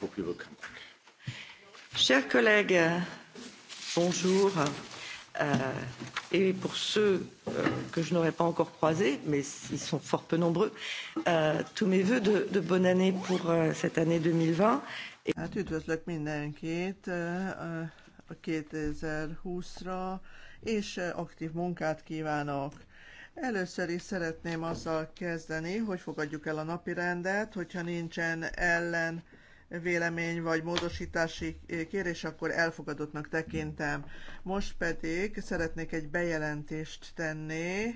hope Chers collègues, bonjour. Euh, et pour ceux euh, que je n'aurais pas encore croisés, mais ils sont fort peu nombreux, euh, tous mes voeux de, de bonne année pour euh, cette année 2020. Et... Hát üdvözlök mindenkit euh, a 2020-ra, és euh, aktív munkát Először is szeretném azzal kezdeni, hogy fogadjuk el a napi rendet, hogyha nincsen ellen vélemény vagy módosítási kérés, akkor elfogadottnak tekintem. Most pedig szeretnék egy bejelentést tenni,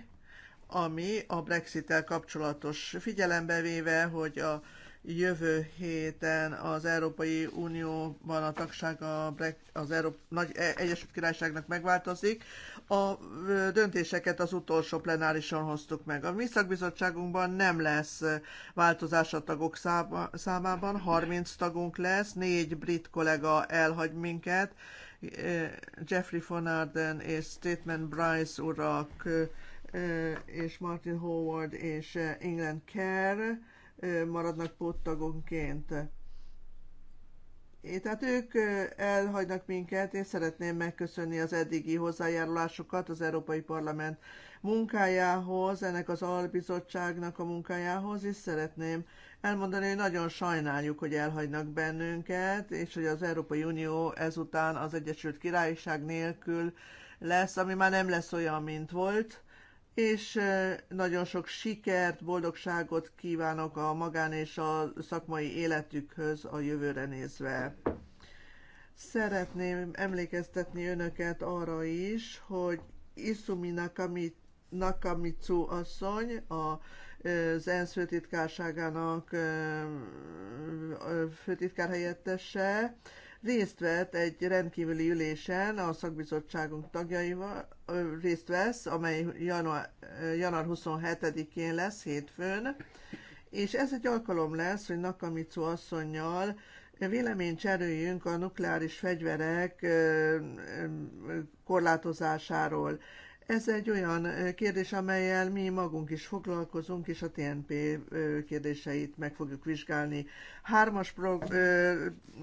ami a Brexit-tel kapcsolatos figyelembe véve, hogy a jövő héten az Európai Unióban a tagsága az Európa, Nagy e- Egyesült Királyságnak megváltozik. A döntéseket az utolsó plenárison hoztuk meg. A Visszakbizottságunkban nem lesz változás a tagok számában, 30 tagunk lesz, négy brit kollega elhagy minket, Jeffrey von Arden és Statement Bryce urak és Martin Howard és England Kerr maradnak póttagonként. É, tehát ők elhagynak minket, és szeretném megköszönni az eddigi hozzájárulásokat az Európai Parlament munkájához, ennek az albizottságnak a munkájához, és szeretném elmondani, hogy nagyon sajnáljuk, hogy elhagynak bennünket, és hogy az Európai Unió ezután az Egyesült Királyság nélkül lesz, ami már nem lesz olyan, mint volt, és nagyon sok sikert, boldogságot kívánok a magán és a szakmai életükhöz a jövőre nézve. Szeretném emlékeztetni önöket arra is, hogy Isumi Nakami, Nakamitsu asszony, a, az ENSZ főtitkárságának főtitkár helyettese, részt vett egy rendkívüli ülésen a szakbizottságunk tagjaival, részt vesz, amely január, január 27-én lesz, hétfőn, és ez egy alkalom lesz, hogy Nakamicu asszonynal véleményt cseréljünk a nukleáris fegyverek korlátozásáról. Ez egy olyan kérdés, amelyel mi magunk is foglalkozunk, és a TNP kérdéseit meg fogjuk vizsgálni. Hármas pro-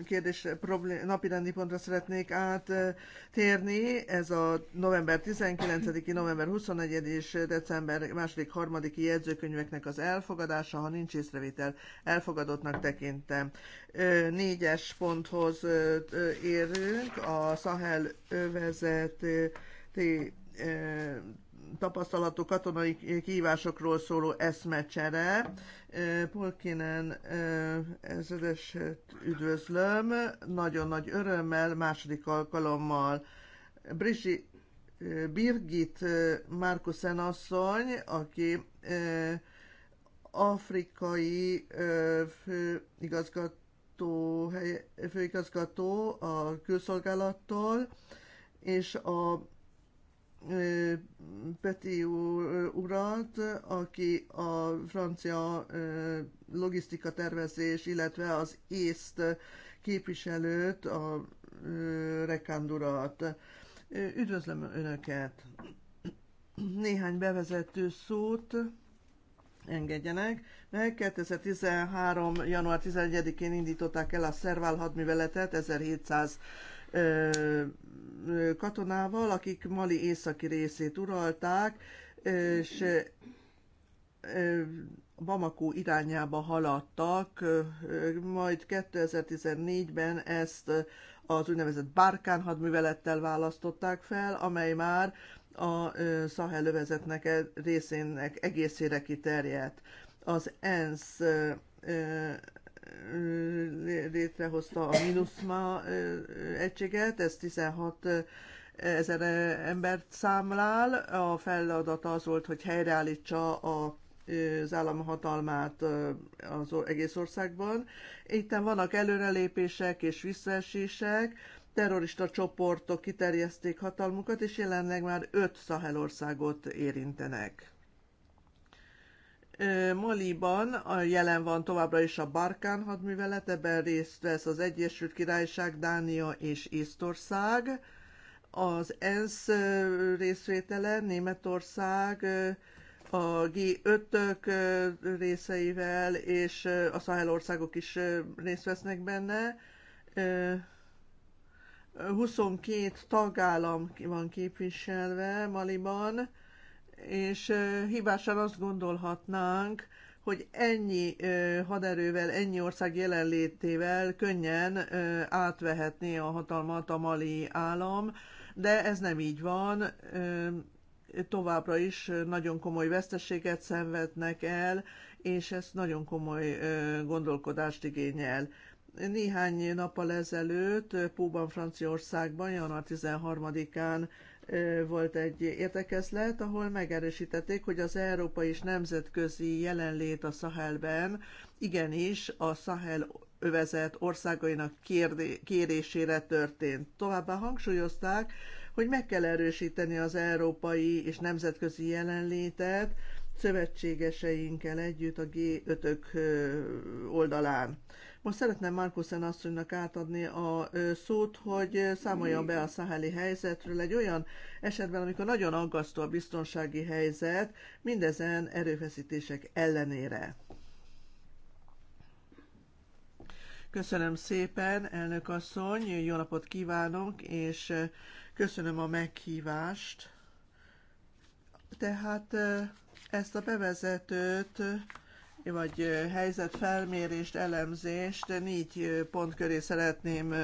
kérdés problém- rendi pontra szeretnék áttérni. Ez a november 19-i, november 21 és december 2-3-i jegyzőkönyveknek az elfogadása, ha nincs észrevétel, elfogadottnak tekintem. Négyes ponthoz érünk, a Sahel övezet tapasztalatú katonai kívásokról szóló eszmecsere. Polkinen ezredeset üdvözlöm, nagyon nagy örömmel, második alkalommal. Brisi Birgit Márkuszen asszony, aki afrikai főigazgató, főigazgató a külszolgálattól, és a Peti urat, aki a francia logisztika tervezés, illetve az észt képviselőt, a rekandurat. Üdvözlöm Önöket! Néhány bevezető szót engedjenek, mert 2013. január 11-én indították el a Szervál hadműveletet 1700 katonával, akik Mali északi részét uralták, és Bamako irányába haladtak, majd 2014-ben ezt az úgynevezett Bárkán hadművelettel választották fel, amely már a Szahel övezetnek e, részének egészére kiterjedt. Az ENSZ létrehozta a MINUSMA egységet, ez 16 ezer embert számlál. A feladata az volt, hogy helyreállítsa a az államhatalmát az egész országban. Itt vannak előrelépések és visszaesések, terrorista csoportok kiterjeszték hatalmukat, és jelenleg már öt Szahel országot érintenek. Maliban jelen van továbbra is a Barkán hadművelet, ebben részt vesz az Egyesült Királyság, Dánia és Észtország. Az ENSZ részvétele Németország a G5-ök részeivel, és a Szahel országok is részt vesznek benne. 22 tagállam van képviselve Maliban, és hibásan azt gondolhatnánk, hogy ennyi haderővel, ennyi ország jelenlétével könnyen átvehetné a hatalmat a mali állam, de ez nem így van. Továbbra is nagyon komoly veszteséget szenvednek el, és ez nagyon komoly gondolkodást igényel. Néhány nappal ezelőtt púban Franciaországban, január 13-án volt egy értekezlet, ahol megerősítették, hogy az európai és nemzetközi jelenlét a Szahelben igenis a Szahel övezet országainak kérésére történt. Továbbá hangsúlyozták, hogy meg kell erősíteni az európai és nemzetközi jelenlétet szövetségeseinkkel együtt a G5-ök oldalán. Most szeretném Márkuszen asszonynak átadni a szót, hogy számolja be a száheli helyzetről egy olyan esetben, amikor nagyon aggasztó a biztonsági helyzet, mindezen erőfeszítések ellenére. Köszönöm szépen, elnök asszony, jó napot kívánok, és köszönöm a meghívást. Tehát ezt a bevezetőt vagy helyzetfelmérést, elemzést négy pont köré szeretném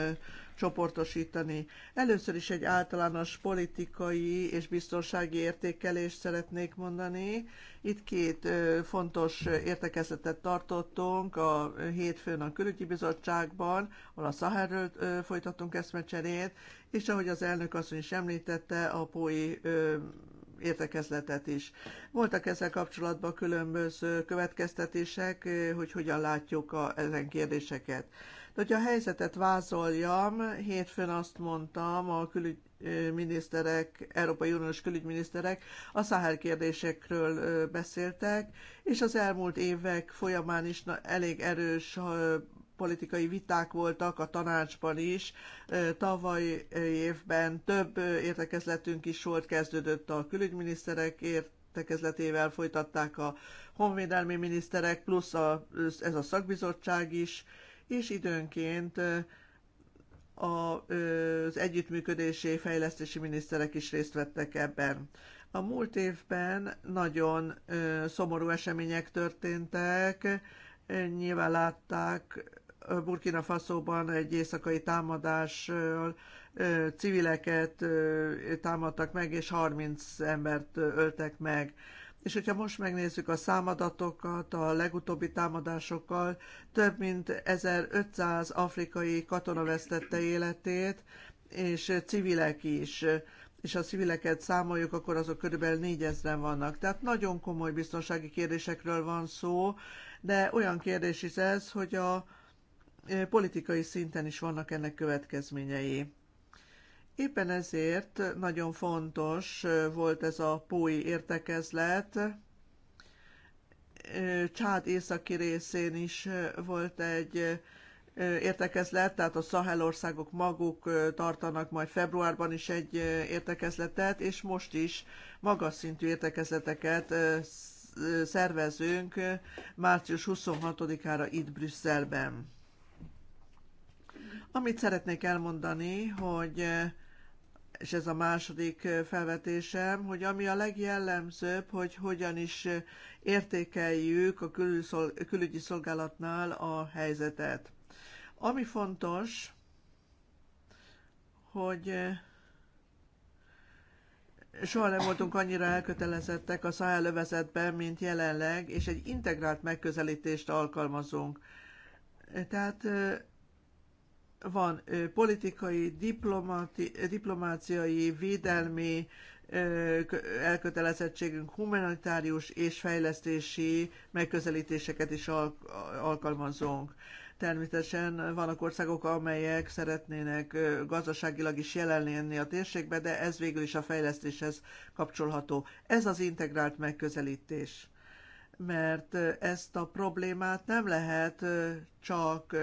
csoportosítani. Először is egy általános politikai és biztonsági értékelést szeretnék mondani. Itt két fontos értekezetet tartottunk a hétfőn a külügyi bizottságban, ahol a Szaherről folytattunk eszmecserét, és ahogy az elnök asszony is említette, a POI értekezletet is. Voltak ezzel kapcsolatban különböző következtetések, eh, hogy hogyan látjuk a, ezen kérdéseket. De hogyha a helyzetet vázoljam, hétfőn azt mondtam a külügyminiszterek, Európai Uniós külügyminiszterek a Száhel kérdésekről eh, beszéltek, és az elmúlt évek folyamán is elég erős eh, politikai viták voltak a tanácsban is. Tavaly évben több értekezletünk is volt kezdődött a külügyminiszterek értekezletével, folytatták a honvédelmi miniszterek, plusz a, ez a szakbizottság is, és időnként az együttműködési fejlesztési miniszterek is részt vettek ebben. A múlt évben nagyon szomorú események történtek, nyilván látták Burkina Faso-ban egy éjszakai támadásról civileket támadtak meg, és 30 embert öltek meg. És hogyha most megnézzük a számadatokat, a legutóbbi támadásokkal, több mint 1500 afrikai katona vesztette életét, és civilek is és a civileket számoljuk, akkor azok körülbelül négyezren vannak. Tehát nagyon komoly biztonsági kérdésekről van szó, de olyan kérdés is ez, hogy a politikai szinten is vannak ennek következményei. Éppen ezért nagyon fontos volt ez a pói értekezlet. Csád északi részén is volt egy értekezlet, tehát a Szahel országok maguk tartanak majd februárban is egy értekezletet, és most is magas szintű értekezleteket szervezünk március 26-ára itt Brüsszelben. Amit szeretnék elmondani, hogy eh, és ez a második eh, felvetésem, hogy ami a legjellemzőbb, hogy hogyan is eh, értékeljük a külügyi szolgálatnál a helyzetet. Ami fontos, hogy soha nem voltunk annyira elkötelezettek a szájelövezetben, mint jelenleg, és egy integrált megközelítést alkalmazunk. Tehát van politikai, diplomati, diplomáciai, védelmi elkötelezettségünk humanitárius és fejlesztési megközelítéseket is alkalmazunk. Természetesen vannak országok, amelyek szeretnének gazdaságilag is jelen lenni a térségbe, de ez végül is a fejlesztéshez kapcsolható. Ez az integrált megközelítés. Mert ezt a problémát nem lehet csak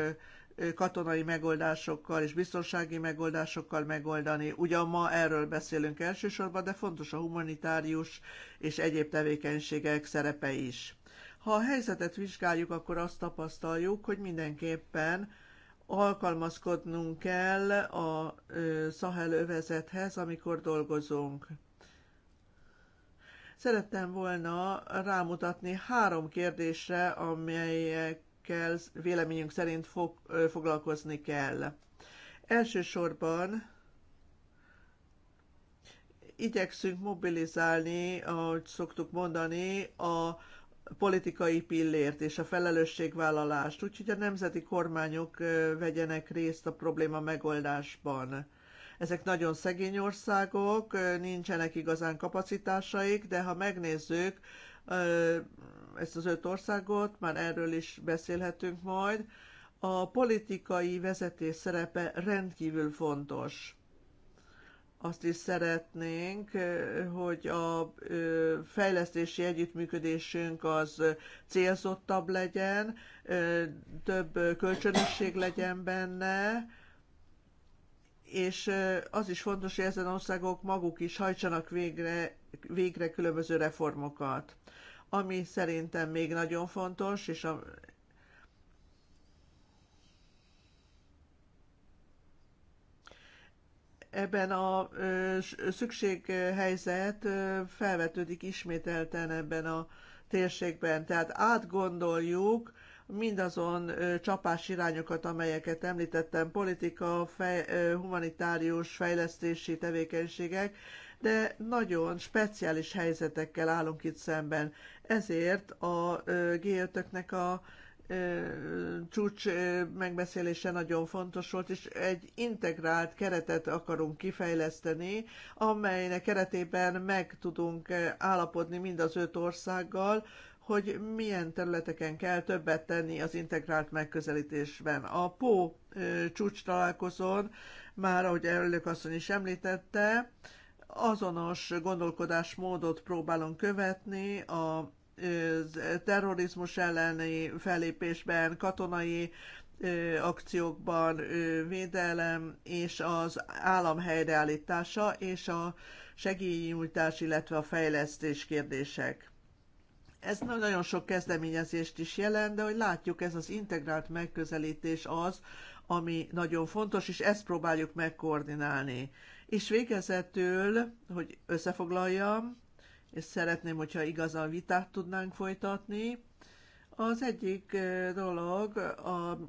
katonai megoldásokkal és biztonsági megoldásokkal megoldani. Ugyan ma erről beszélünk elsősorban, de fontos a humanitárius és egyéb tevékenységek szerepe is. Ha a helyzetet vizsgáljuk, akkor azt tapasztaljuk, hogy mindenképpen alkalmazkodnunk kell a Szahel övezethez, amikor dolgozunk. Szerettem volna rámutatni három kérdésre, amelyek amikkel véleményünk szerint fog, foglalkozni kell. Elsősorban igyekszünk mobilizálni, ahogy szoktuk mondani, a politikai pillért és a felelősségvállalást, úgyhogy a nemzeti kormányok vegyenek részt a probléma megoldásban. Ezek nagyon szegény országok, nincsenek igazán kapacitásaik, de ha megnézzük, ezt az öt országot, már erről is beszélhetünk majd. A politikai vezetés szerepe rendkívül fontos. Azt is szeretnénk, hogy a fejlesztési együttműködésünk az célzottabb legyen, több kölcsönösség legyen benne, és az is fontos, hogy ezen országok maguk is hajtsanak végre, végre különböző reformokat. Ami szerintem még nagyon fontos, és a, ebben a szükséghelyzet felvetődik ismételten ebben a térségben. Tehát átgondoljuk mindazon csapás irányokat, amelyeket említettem, politika, fej, humanitárius, fejlesztési tevékenységek, de nagyon speciális helyzetekkel állunk itt szemben. Ezért a g a csúcs megbeszélése nagyon fontos volt, és egy integrált keretet akarunk kifejleszteni, amelynek keretében meg tudunk állapodni mind az öt országgal, hogy milyen területeken kell többet tenni az integrált megközelítésben. A PO csúcs találkozón, már ahogy elők asszony is említette, azonos gondolkodásmódot próbálunk követni a terrorizmus elleni fellépésben, katonai akciókban védelem és az állam helyreállítása és a segélynyújtás, illetve a fejlesztés kérdések. Ez nagyon sok kezdeményezést is jelent, de hogy látjuk, ez az integrált megközelítés az, ami nagyon fontos, és ezt próbáljuk megkoordinálni. És végezetül, hogy összefoglaljam, és szeretném, hogyha igazán vitát tudnánk folytatni, az egyik dolog,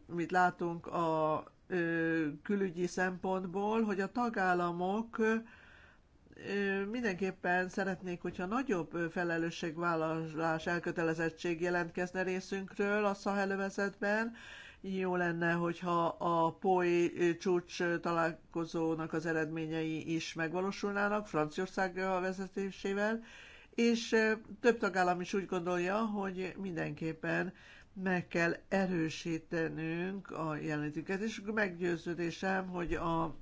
amit látunk a külügyi szempontból, hogy a tagállamok mindenképpen szeretnék, hogyha nagyobb felelősségvállalás, elkötelezettség jelentkezne részünkről a szahelövezetben, jó lenne, hogyha a POI csúcs találkozónak az eredményei is megvalósulnának Franciaország vezetésével, és több tagállam is úgy gondolja, hogy mindenképpen meg kell erősítenünk a jelenlétünket, és meggyőződésem, hogy a, az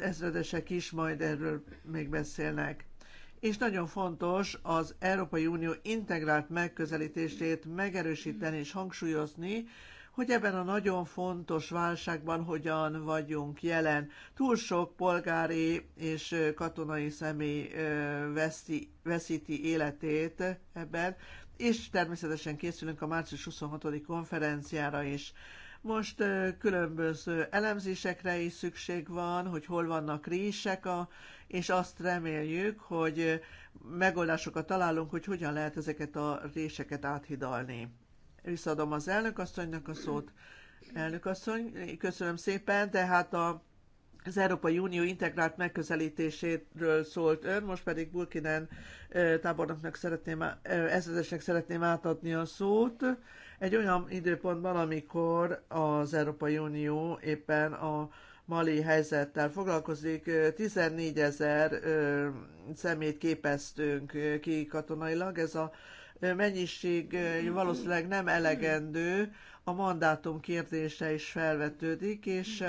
ezredesek is majd erről még beszélnek és nagyon fontos az Európai Unió integrált megközelítését megerősíteni és hangsúlyozni, hogy ebben a nagyon fontos válságban hogyan vagyunk jelen. Túl sok polgári és katonai személy veszi, veszíti életét ebben, és természetesen készülünk a március 26. konferenciára is. Most különböző elemzésekre is szükség van, hogy hol vannak rések, a, és azt reméljük, hogy megoldásokat találunk, hogy hogyan lehet ezeket a réseket áthidalni. Visszadom az elnökasszonynak a szót. Elnök asszony, köszönöm szépen, tehát a az Európai Unió integrált megközelítéséről szólt ön, most pedig Burkinen tábornoknak szeretném, ezredesnek szeretném átadni a szót. Egy olyan időpontban, amikor az Európai Unió éppen a mali helyzettel foglalkozik. 14 ezer szemét képeztünk ki katonailag. Ez a mennyiség valószínűleg nem elegendő. A mandátum kérdése is felvetődik, és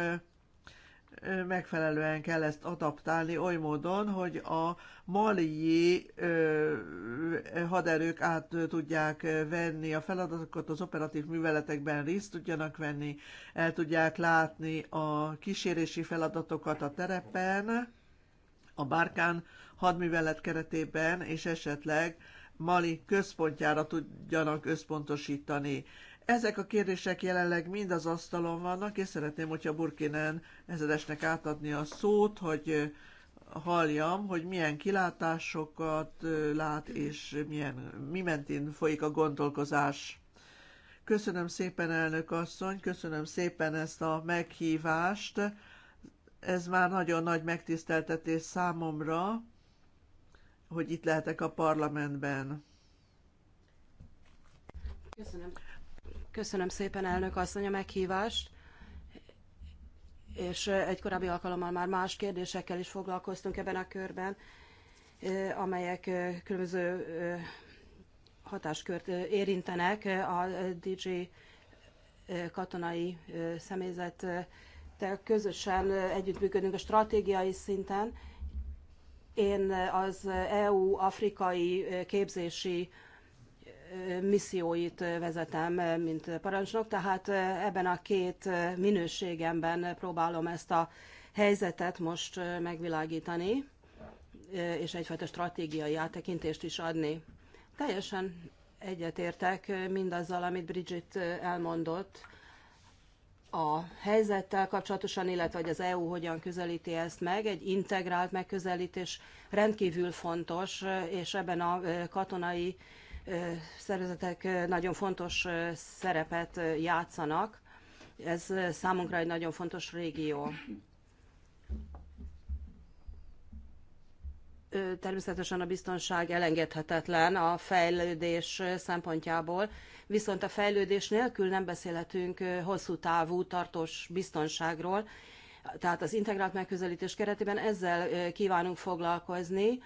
megfelelően kell ezt adaptálni oly módon, hogy a mali haderők át tudják venni a feladatokat, az operatív műveletekben részt tudjanak venni, el tudják látni a kísérési feladatokat a terepen, a Bárkán hadművelet keretében, és esetleg Mali központjára tudjanak összpontosítani. Ezek a kérdések jelenleg mind az asztalon vannak, és szeretném, hogyha Burkinen ezredesnek átadni a szót, hogy halljam, hogy milyen kilátásokat lát, és milyen, mi mentén folyik a gondolkozás. Köszönöm szépen, elnök asszony, köszönöm szépen ezt a meghívást. Ez már nagyon nagy megtiszteltetés számomra, hogy itt lehetek a parlamentben. Köszönöm. Köszönöm szépen, elnök asszony, a meghívást és eh, egy korábbi alkalommal már más kérdésekkel is foglalkoztunk ebben a körben, eh, amelyek eh, különböző hatáskört érintenek a DG katonai személyzettel közösen együttműködünk a stratégiai szinten. Én az EU afrikai képzési misszióit vezetem, mint parancsnok, tehát ebben a két minőségemben próbálom ezt a helyzetet most megvilágítani, és egyfajta stratégiai áttekintést is adni. Teljesen egyetértek mindazzal, amit Bridget elmondott a helyzettel kapcsolatosan, illetve hogy az EU hogyan közelíti ezt meg. Egy integrált megközelítés rendkívül fontos, és ebben a katonai szervezetek nagyon fontos szerepet játszanak. Ez számunkra egy nagyon fontos régió. Természetesen a biztonság elengedhetetlen a fejlődés szempontjából, viszont a fejlődés nélkül nem beszélhetünk hosszú távú tartós biztonságról, tehát az integrált megközelítés keretében ezzel kívánunk foglalkozni,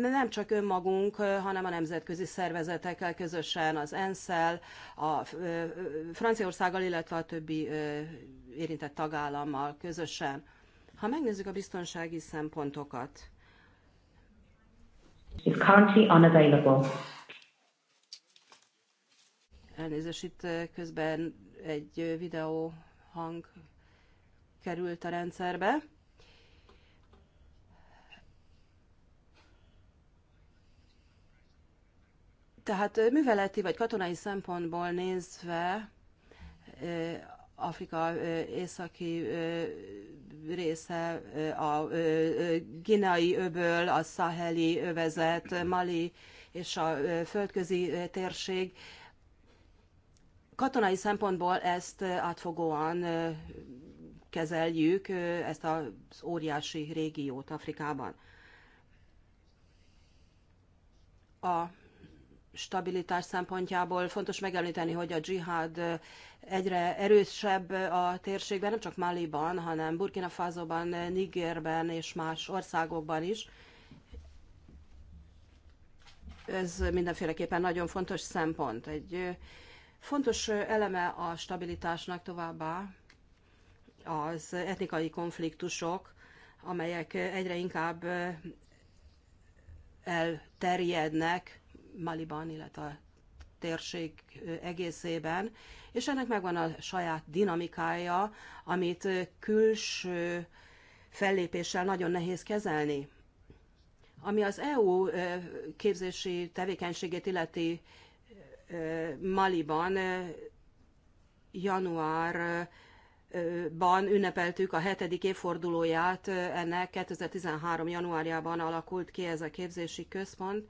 nem csak önmagunk, hanem a nemzetközi szervezetekkel közösen, az ENSZ-el, a Franciaországgal, illetve a többi érintett tagállammal közösen. Ha megnézzük a biztonsági szempontokat, is currently unavailable. Elnézést, itt közben egy videó hang került a rendszerbe. Tehát műveleti vagy katonai szempontból nézve Afrika északi része, a Gineai öböl, a Szaheli övezet, Mali és a földközi térség. Katonai szempontból ezt átfogóan kezeljük ezt az óriási régiót Afrikában. A stabilitás szempontjából fontos megemlíteni, hogy a dzsihád egyre erősebb a térségben, nem csak Maliban, hanem Burkina Fasoban, Nigerben és más országokban is. Ez mindenféleképpen nagyon fontos szempont. Egy fontos eleme a stabilitásnak továbbá az etnikai konfliktusok, amelyek egyre inkább elterjednek Maliban, illetve a térség egészében, és ennek megvan a saját dinamikája, amit külső fellépéssel nagyon nehéz kezelni. Ami az EU képzési tevékenységét illeti Maliban, január ban ünnepeltük a hetedik évfordulóját ennek 2013. januárjában alakult ki ez a képzési központ,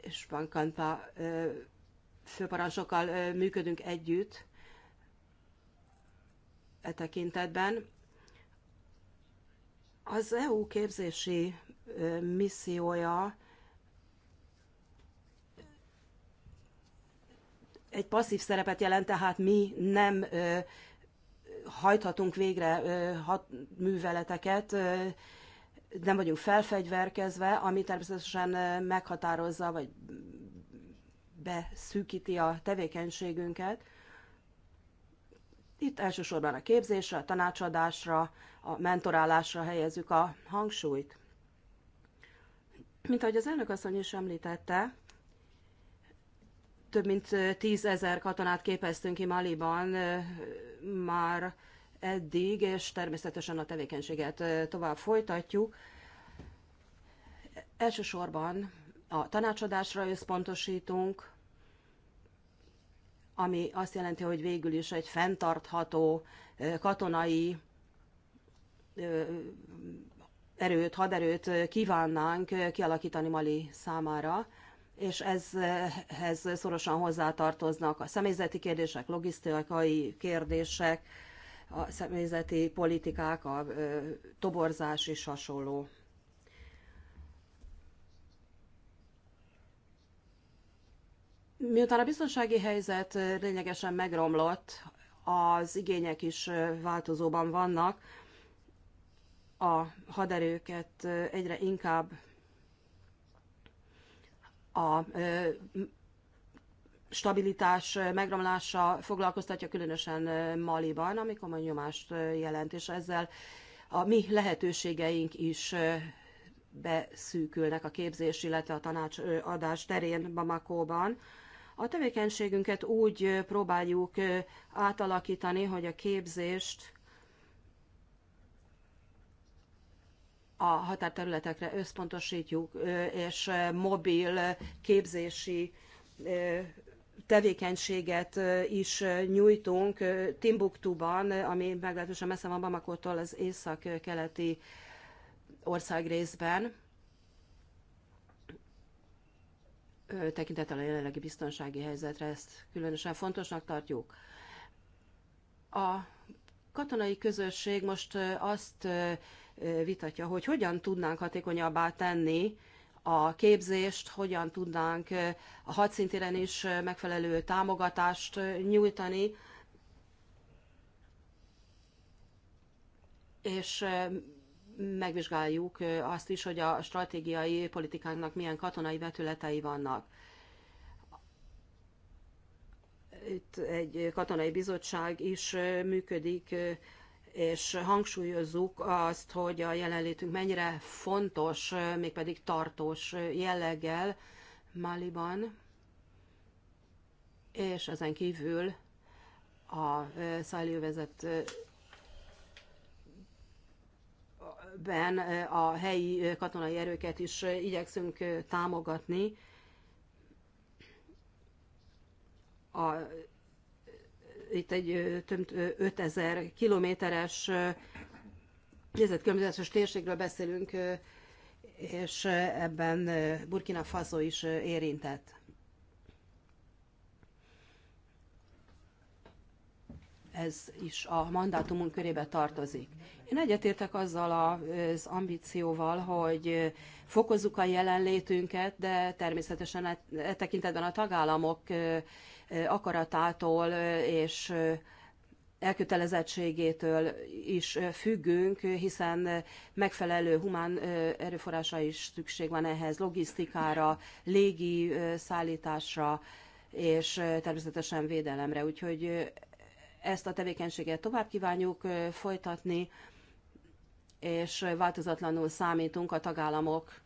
és Bankanpa főparancsokkal működünk együtt e tekintetben. Az EU képzési missziója egy passzív szerepet jelent, tehát mi nem hajthatunk végre hat, műveleteket, nem vagyunk felfegyverkezve, ami természetesen meghatározza, vagy beszűkíti a tevékenységünket. Itt elsősorban a képzésre, a tanácsadásra, a mentorálásra helyezzük a hangsúlyt. Mint ahogy az elnök asszony is említette, több mint tízezer katonát képeztünk ki Maliban már eddig, és természetesen a tevékenységet tovább folytatjuk. Elsősorban a tanácsadásra összpontosítunk, ami azt jelenti, hogy végül is egy fenntartható katonai erőt, haderőt kívánnánk kialakítani Mali számára és ezhez szorosan hozzátartoznak a személyzeti kérdések, logisztikai kérdések, a személyzeti politikák, a toborzás és hasonló. Miután a biztonsági helyzet lényegesen megromlott, az igények is változóban vannak, a haderőket egyre inkább a stabilitás megromlása foglalkoztatja különösen Maliban, amikor a nyomást jelent, és ezzel a mi lehetőségeink is beszűkülnek a képzés, illetve a tanácsadás terén Bamako-ban. A tevékenységünket úgy próbáljuk átalakítani, hogy a képzést a határterületekre összpontosítjuk, és mobil képzési tevékenységet is nyújtunk Timbuktuban, ami meglehetősen messze van Bamakótól az észak-keleti országrészben. Tekintettel a jelenlegi biztonsági helyzetre ezt különösen fontosnak tartjuk. A katonai közösség most azt vitatja, hogy hogyan tudnánk hatékonyabbá tenni a képzést, hogyan tudnánk a hadszintéren is megfelelő támogatást nyújtani, és megvizsgáljuk azt is, hogy a stratégiai politikánknak milyen katonai vetületei vannak. Itt egy katonai bizottság is működik, és hangsúlyozzuk azt, hogy a jelenlétünk mennyire fontos, mégpedig tartós jelleggel Maliban, és ezen kívül a szájlővezet ben a helyi katonai erőket is igyekszünk támogatni. A itt egy több 5000 kilométeres nézetkülönbözős térségről beszélünk, és ebben Burkina Faso is érintett. Ez is a mandátumunk körébe tartozik. Én egyetértek azzal az ambícióval, hogy fokozzuk a jelenlétünket, de természetesen e, e tekintetben a tagállamok akaratától és elkötelezettségétől is függünk, hiszen megfelelő humán erőforrása is szükség van ehhez, logisztikára, légi szállításra és természetesen védelemre. Úgyhogy ezt a tevékenységet tovább kívánjuk folytatni, és változatlanul számítunk a tagállamok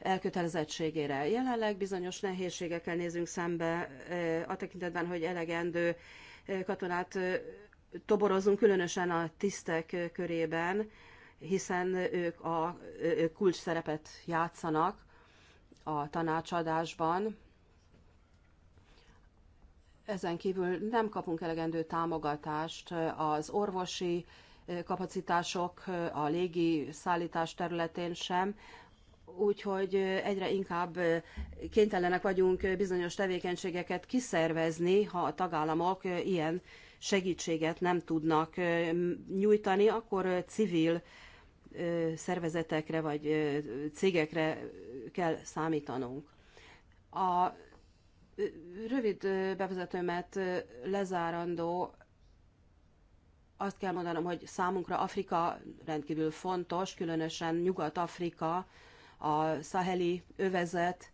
elkötelezettségére. Jelenleg bizonyos nehézségekkel nézünk szembe a tekintetben, hogy elegendő katonát toborozunk, különösen a tisztek körében, hiszen ők a ők kulcs szerepet játszanak a tanácsadásban. Ezen kívül nem kapunk elegendő támogatást az orvosi kapacitások a légi szállítás területén sem, úgyhogy egyre inkább kénytelenek vagyunk bizonyos tevékenységeket kiszervezni, ha a tagállamok ilyen segítséget nem tudnak nyújtani, akkor civil szervezetekre vagy cégekre kell számítanunk. A rövid bevezetőmet lezárandó azt kell mondanom, hogy számunkra Afrika rendkívül fontos, különösen Nyugat-Afrika, a szaheli övezet,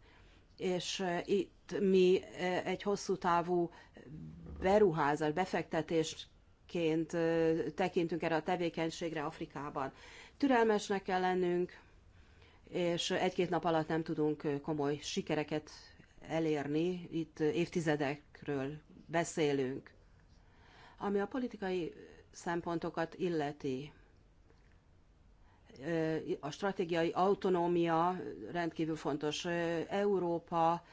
és itt mi egy hosszú távú beruházás, befektetésként tekintünk erre a tevékenységre Afrikában. Türelmesnek kell lennünk, és egy-két nap alatt nem tudunk komoly sikereket elérni, itt évtizedekről beszélünk. Ami a politikai szempontokat illeti, a stratégiai autonómia rendkívül fontos. Európa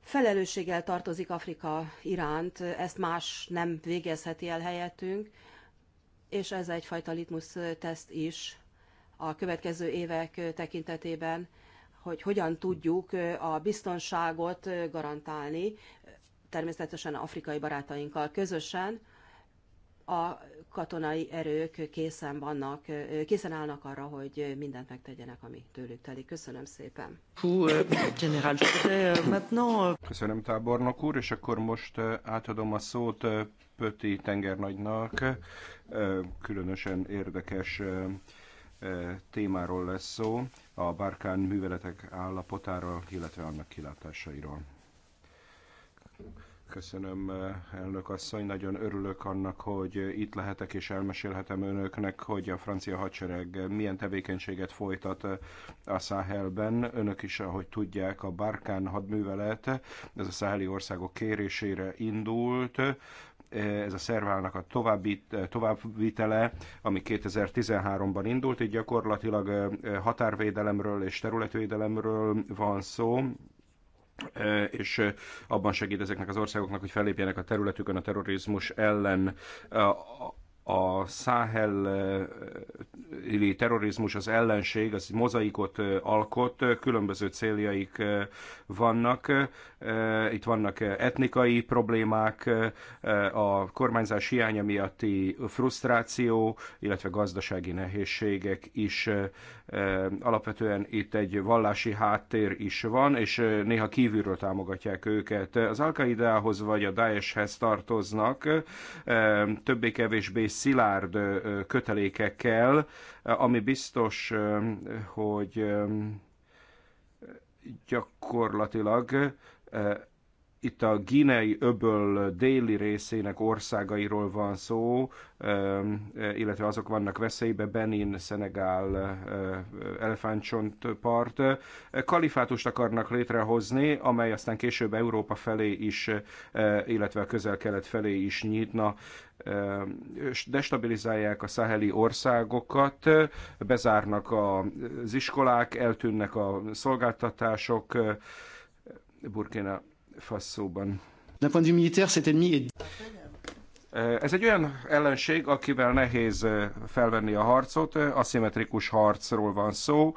felelősséggel tartozik Afrika iránt, ezt más nem végezheti el helyettünk, és ez egyfajta litmus teszt is a következő évek tekintetében, hogy hogyan tudjuk a biztonságot garantálni, természetesen afrikai barátainkkal közösen, a katonai erők készen vannak, készen állnak arra, hogy mindent megtegyenek, ami tőlük telik. Köszönöm szépen. Köszönöm, tábornok úr, és akkor most átadom a szót Pöti tengernagynak. Különösen érdekes témáról lesz szó, a Barkán műveletek állapotáról, illetve annak kilátásairól. Köszönöm, elnök asszony. Nagyon örülök annak, hogy itt lehetek és elmesélhetem önöknek, hogy a francia hadsereg milyen tevékenységet folytat a Száhelben. Önök is, ahogy tudják, a Barkán hadművelet, ez a száheli országok kérésére indult ez a szervának a további, továbbvitele, ami 2013-ban indult, így gyakorlatilag határvédelemről és területvédelemről van szó, és abban segít ezeknek az országoknak, hogy fellépjenek a területükön a terrorizmus ellen a száheli terrorizmus, az ellenség, az mozaikot alkot, különböző céljaik vannak. Itt vannak etnikai problémák, a kormányzás hiánya miatti frusztráció, illetve gazdasági nehézségek is. Alapvetően itt egy vallási háttér is van, és néha kívülről támogatják őket. Az al vagy a Daeshhez tartoznak, többé-kevésbé szilárd kötelékekkel, ami biztos, hogy gyakorlatilag itt a Ginei öböl déli részének országairól van szó, illetve azok vannak veszélybe, Benin, Szenegál, part, Kalifátust akarnak létrehozni, amely aztán később Európa felé is, illetve a közel-kelet felé is nyitna destabilizálják a szaheli országokat, bezárnak az iskolák, eltűnnek a szolgáltatások, Burkina Faszóban. D'un point de vue militaire, cet ennemi est... Ez egy olyan ellenség, akivel nehéz felvenni a harcot, aszimmetrikus harcról van szó,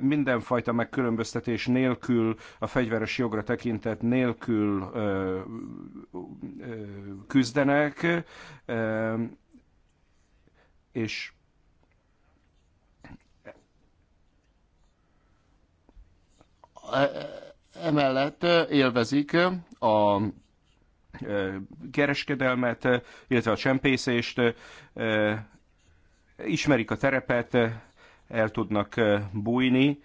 mindenfajta megkülönböztetés nélkül, a fegyveres jogra tekintet nélkül küzdenek, és uh Emellett élvezik a kereskedelmet, illetve a csempészést, ismerik a terepet, el tudnak bújni,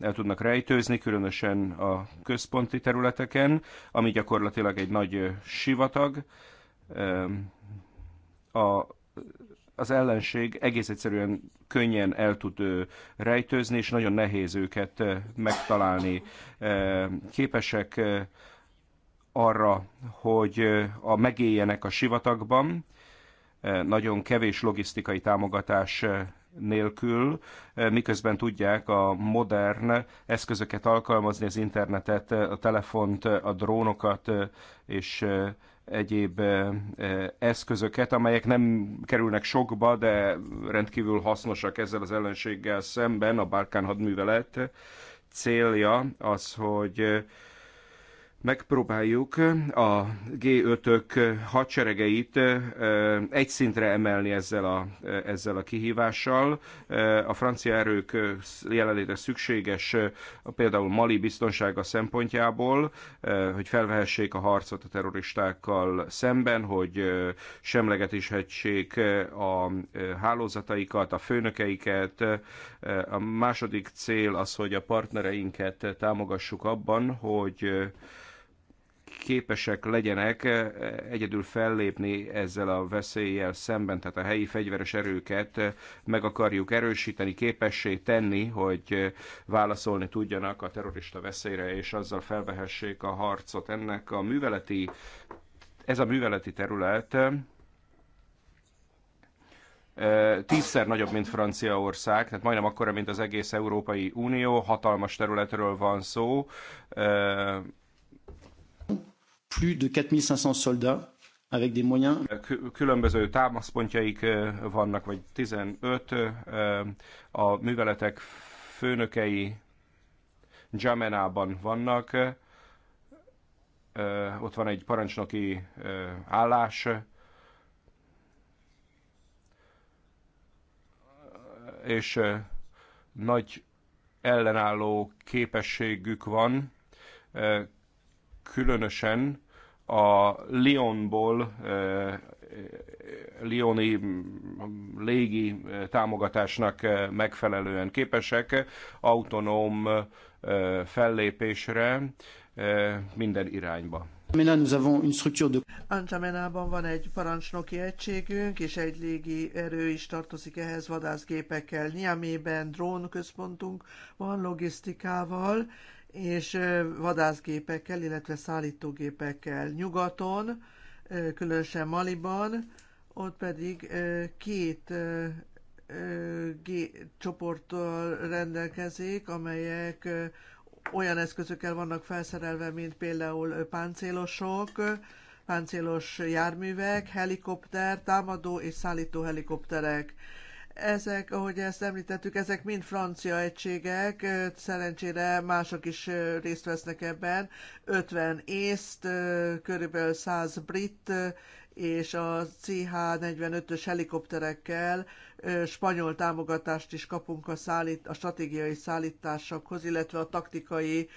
el tudnak rejtőzni, különösen a központi területeken, ami gyakorlatilag egy nagy sivatag. A az ellenség egész egyszerűen könnyen el tud rejtőzni, és nagyon nehéz őket megtalálni. Képesek arra, hogy a megéljenek a sivatagban, nagyon kevés logisztikai támogatás nélkül, miközben tudják a modern eszközöket alkalmazni, az internetet, a telefont, a drónokat és egyéb eszközöket, amelyek nem kerülnek sokba, de rendkívül hasznosak ezzel az ellenséggel szemben. A Balkán hadművelet célja az, hogy megpróbáljuk a G5-ök hadseregeit egy szintre emelni ezzel a, ezzel a kihívással. A francia erők jelenléte szükséges például Mali biztonsága szempontjából, hogy felvehessék a harcot a terroristákkal szemben, hogy semlegetishegysék a hálózataikat, a főnökeiket. A második cél az, hogy a partnereinket támogassuk abban, hogy képesek legyenek e, egyedül fellépni ezzel a veszéllyel szemben, tehát a helyi fegyveres erőket e, meg akarjuk erősíteni, képessé tenni, hogy e, válaszolni tudjanak a terrorista veszélyre, és azzal felvehessék a harcot. Ennek a műveleti, ez a műveleti terület tízszer nagyobb, mint Franciaország, tehát majdnem akkora, mint az egész Európai Unió, hatalmas területről van szó, plus de 4500 soldats avec des moyens. Euh, különböző támaszpontjaik euh, vannak, vagy 15 euh, a műveletek főnökei Jamenában vannak. Ott van egy parancsnoki állás, és nagy ellenálló képességük van, különösen a Lyonból eh, eh, lyoni mm, légi eh, támogatásnak megfelelően képesek autonóm fellépésre minden irányba. Antamenában van egy parancsnoki egységünk, és egy légi erő is tartozik ehhez vadászgépekkel. Niamében drónközpontunk központunk van logisztikával, és vadászgépekkel, illetve szállítógépekkel. Nyugaton, különösen Maliban, ott pedig két csoporttal rendelkezik, amelyek olyan eszközökkel vannak felszerelve, mint például páncélosok, páncélos járművek, helikopter, támadó és szállító helikopterek. Ezek, ahogy ezt említettük, ezek mind francia egységek, szerencsére mások is részt vesznek ebben, 50 észt, körülbelül 100 brit, és a CH-45-ös helikopterekkel spanyol támogatást is kapunk a, szállít, a stratégiai szállításokhoz, illetve a taktikai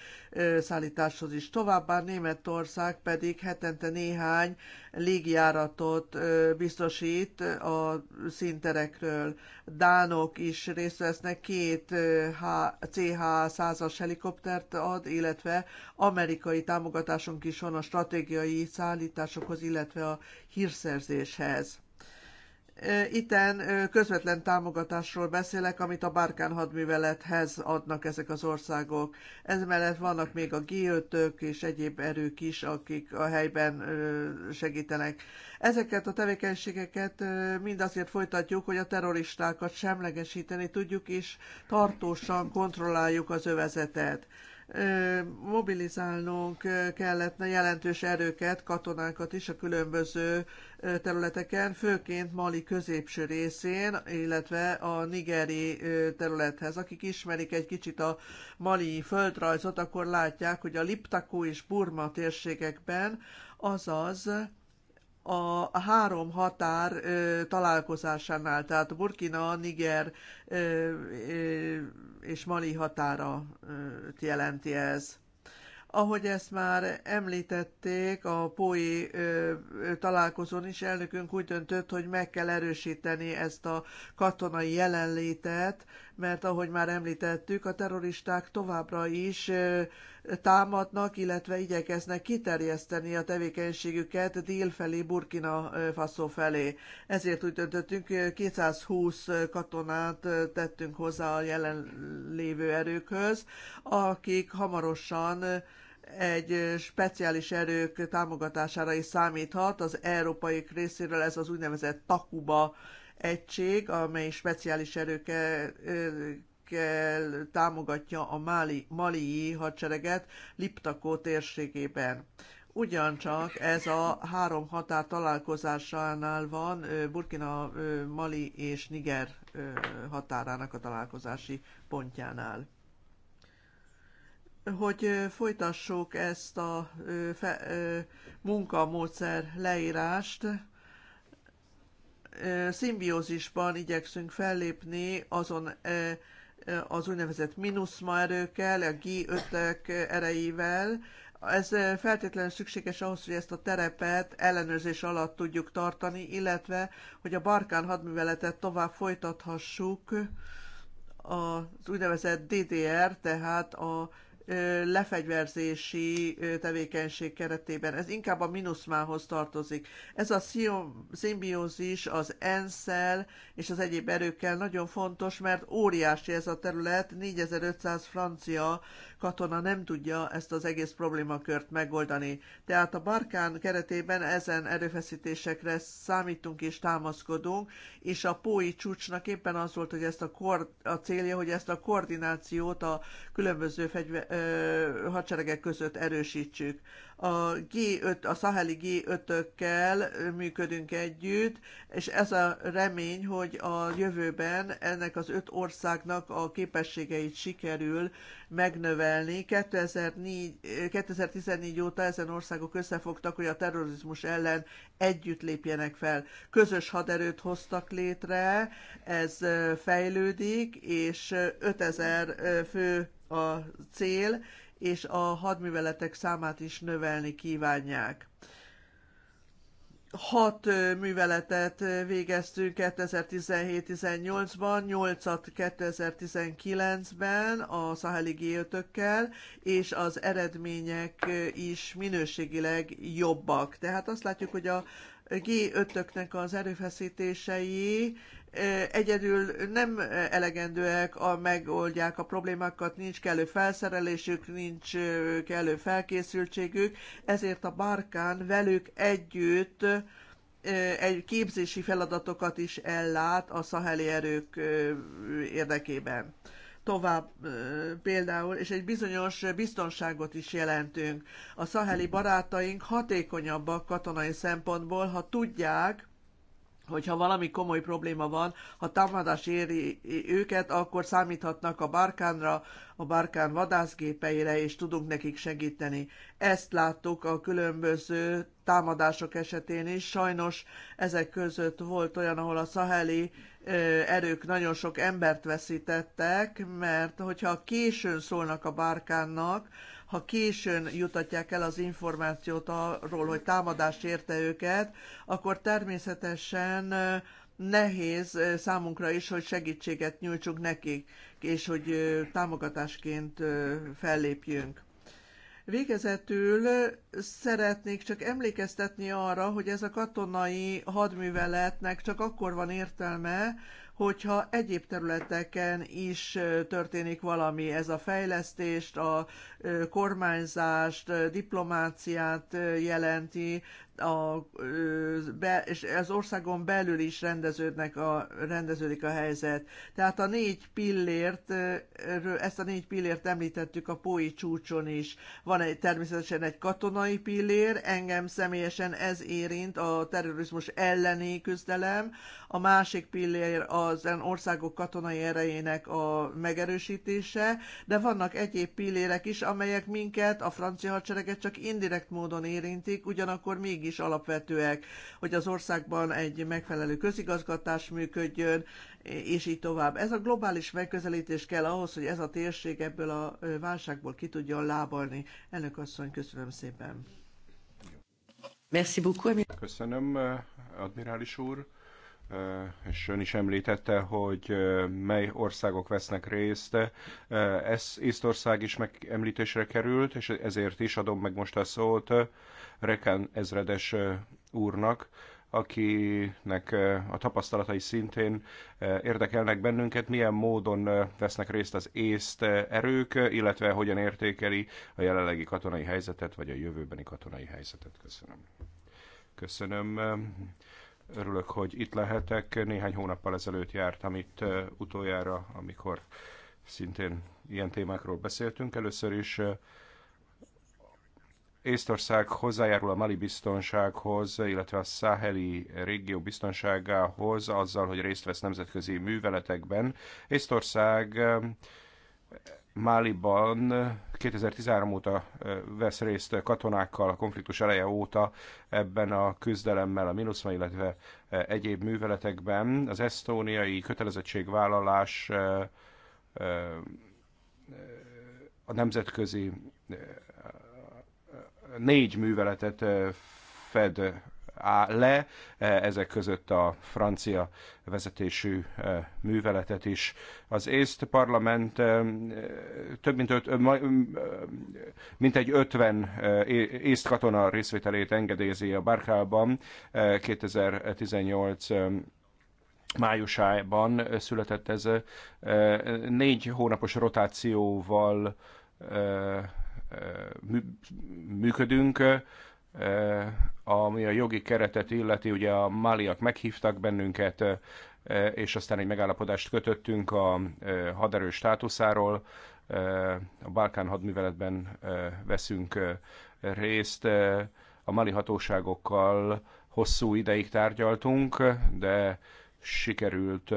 szállításhoz is. Továbbá Németország pedig hetente néhány légjáratot biztosít a szinterekről. Dánok is részt vesznek, két CH-100-as helikoptert ad, illetve amerikai támogatásunk is van a stratégiai szállításokhoz, illetve a hírszerzéshez Itten közvetlen támogatásról beszélek, amit a Bárkán hadművelethez adnak ezek az országok. Ez mellett vannak még a g és egyéb erők is, akik a helyben segítenek. Ezeket a tevékenységeket mind azért folytatjuk, hogy a terroristákat semlegesíteni tudjuk, és tartósan kontrolláljuk az övezetet mobilizálnunk kellett jelentős erőket, katonákat is a különböző területeken, főként Mali középső részén, illetve a nigeri területhez. Akik ismerik egy kicsit a mali földrajzot, akkor látják, hogy a Liptakú és Burma térségekben, azaz a három határ ö, találkozásánál, tehát Burkina, Niger ö, ö, és Mali határa ö, jelenti ez. Ahogy ezt már említették, a POI találkozón is elnökünk úgy döntött, hogy meg kell erősíteni ezt a katonai jelenlétet, mert ahogy már említettük, a terroristák továbbra is támadnak, illetve igyekeznek kiterjeszteni a tevékenységüket dél felé, Burkina Faso felé. Ezért úgy döntöttünk, 220 katonát tettünk hozzá a jelenlévő erőkhöz, akik hamarosan egy speciális erők támogatására is számíthat. Az európai részéről ez az úgynevezett Takuba egység, amely speciális erőkkel támogatja a Mali, Mali hadsereget Liptakó térségében. Ugyancsak ez a három határ találkozásánál van Burkina, Mali és Niger határának a találkozási pontjánál hogy folytassuk ezt a munkamódszer leírást, szimbiózisban igyekszünk fellépni azon az úgynevezett minuszma erőkkel, a g 5 erejével. Ez feltétlenül szükséges ahhoz, hogy ezt a terepet ellenőrzés alatt tudjuk tartani, illetve hogy a Barkán hadműveletet tovább folytathassuk az úgynevezett DDR, tehát a lefegyverzési tevékenység keretében. Ez inkább a minuszmához tartozik. Ez a szimbiózis az ensz és az egyéb erőkkel nagyon fontos, mert óriási ez a terület, 4500 francia katona nem tudja ezt az egész problémakört megoldani. Tehát a Barkán keretében ezen erőfeszítésekre számítunk és támaszkodunk, és a Pói csúcsnak éppen az volt, hogy ezt a, kor, a célja, hogy ezt a koordinációt a különböző fegyver, ö, hadseregek között erősítsük. A, G5, a szaheli G5-ökkel működünk együtt, és ez a remény, hogy a jövőben ennek az öt országnak a képességeit sikerül megnövelni. 2004, 2014 óta ezen országok összefogtak, hogy a terrorizmus ellen együtt lépjenek fel. Közös haderőt hoztak létre, ez fejlődik, és 5000 fő a cél, és a hadműveletek számát is növelni kívánják hat műveletet végeztünk 2017-18-ban, 8-at 2019-ben a Szaheli g és az eredmények is minőségileg jobbak. Tehát azt látjuk, hogy a G5-öknek az erőfeszítései egyedül nem elegendőek, a, megoldják a problémákat, nincs kellő felszerelésük, nincs kellő felkészültségük, ezért a bárkán velük együtt egy képzési feladatokat is ellát a szaheli erők érdekében tovább például, és egy bizonyos biztonságot is jelentünk. A szaheli barátaink hatékonyabbak katonai szempontból, ha tudják, hogyha valami komoly probléma van, ha támadás éri őket, akkor számíthatnak a Barkánra, a Barkán vadászgépeire, és tudunk nekik segíteni. Ezt láttuk a különböző támadások esetén is. Sajnos ezek között volt olyan, ahol a szaheli erők nagyon sok embert veszítettek, mert hogyha későn szólnak a Barkánnak, ha későn jutatják el az információt arról, hogy támadás érte őket, akkor természetesen nehéz számunkra is, hogy segítséget nyújtsunk nekik, és hogy támogatásként fellépjünk. Végezetül szeretnék csak emlékeztetni arra, hogy ez a katonai hadműveletnek csak akkor van értelme, hogyha egyéb területeken is történik valami, ez a fejlesztést, a kormányzást, diplomáciát jelenti, a, be, és az országon belül is rendeződnek a, rendeződik a helyzet. Tehát a négy pillért, ezt a négy pillért említettük a Pói csúcson is. Van egy, természetesen egy katonai pillér, engem személyesen ez érint a terrorizmus elleni küzdelem. A másik pillér az országok katonai erejének a megerősítése, de vannak egyéb pillérek is, amelyek minket, a francia hadsereget csak indirekt módon érintik, ugyanakkor mégis is alapvetőek, hogy az országban egy megfelelő közigazgatás működjön, és így tovább. Ez a globális megközelítés kell ahhoz, hogy ez a térség ebből a válságból ki tudjon lábalni. Elnök asszony, köszönöm szépen. Merci beaucoup. Köszönöm, eh, admirális úr eh, és ön is említette, hogy eh, mely országok vesznek részt. Ez Észtország is megemlítésre került, és ezért is adom meg most a szót Reken ezredes úrnak, akinek a tapasztalatai szintén érdekelnek bennünket, milyen módon vesznek részt az észt erők, illetve hogyan értékeli a jelenlegi katonai helyzetet, vagy a jövőbeni katonai helyzetet. Köszönöm. Köszönöm. Örülök, hogy itt lehetek. Néhány hónappal ezelőtt jártam itt utoljára, amikor szintén ilyen témákról beszéltünk. Először is Észtország hozzájárul a mali biztonsághoz, illetve a száheli régió biztonságához azzal, hogy részt vesz nemzetközi műveletekben. Észtország eh, Máliban 2013 óta eh, vesz részt katonákkal, a konfliktus eleje óta ebben a küzdelemmel, a MINUSZMA, illetve eh, egyéb műveletekben. Az esztóniai kötelezettségvállalás a nemzetközi négy műveletet fed le, ezek között a francia vezetésű műveletet is. Az észt parlament több mint, öt, mint egy 50 észt katona részvételét engedélyezi a Barkában 2018 májusában született ez négy hónapos rotációval működünk. Ami a jogi keretet illeti, ugye a máliak meghívtak bennünket, és aztán egy megállapodást kötöttünk a haderő státuszáról. A Balkán hadműveletben veszünk részt. A mali hatóságokkal hosszú ideig tárgyaltunk, de sikerült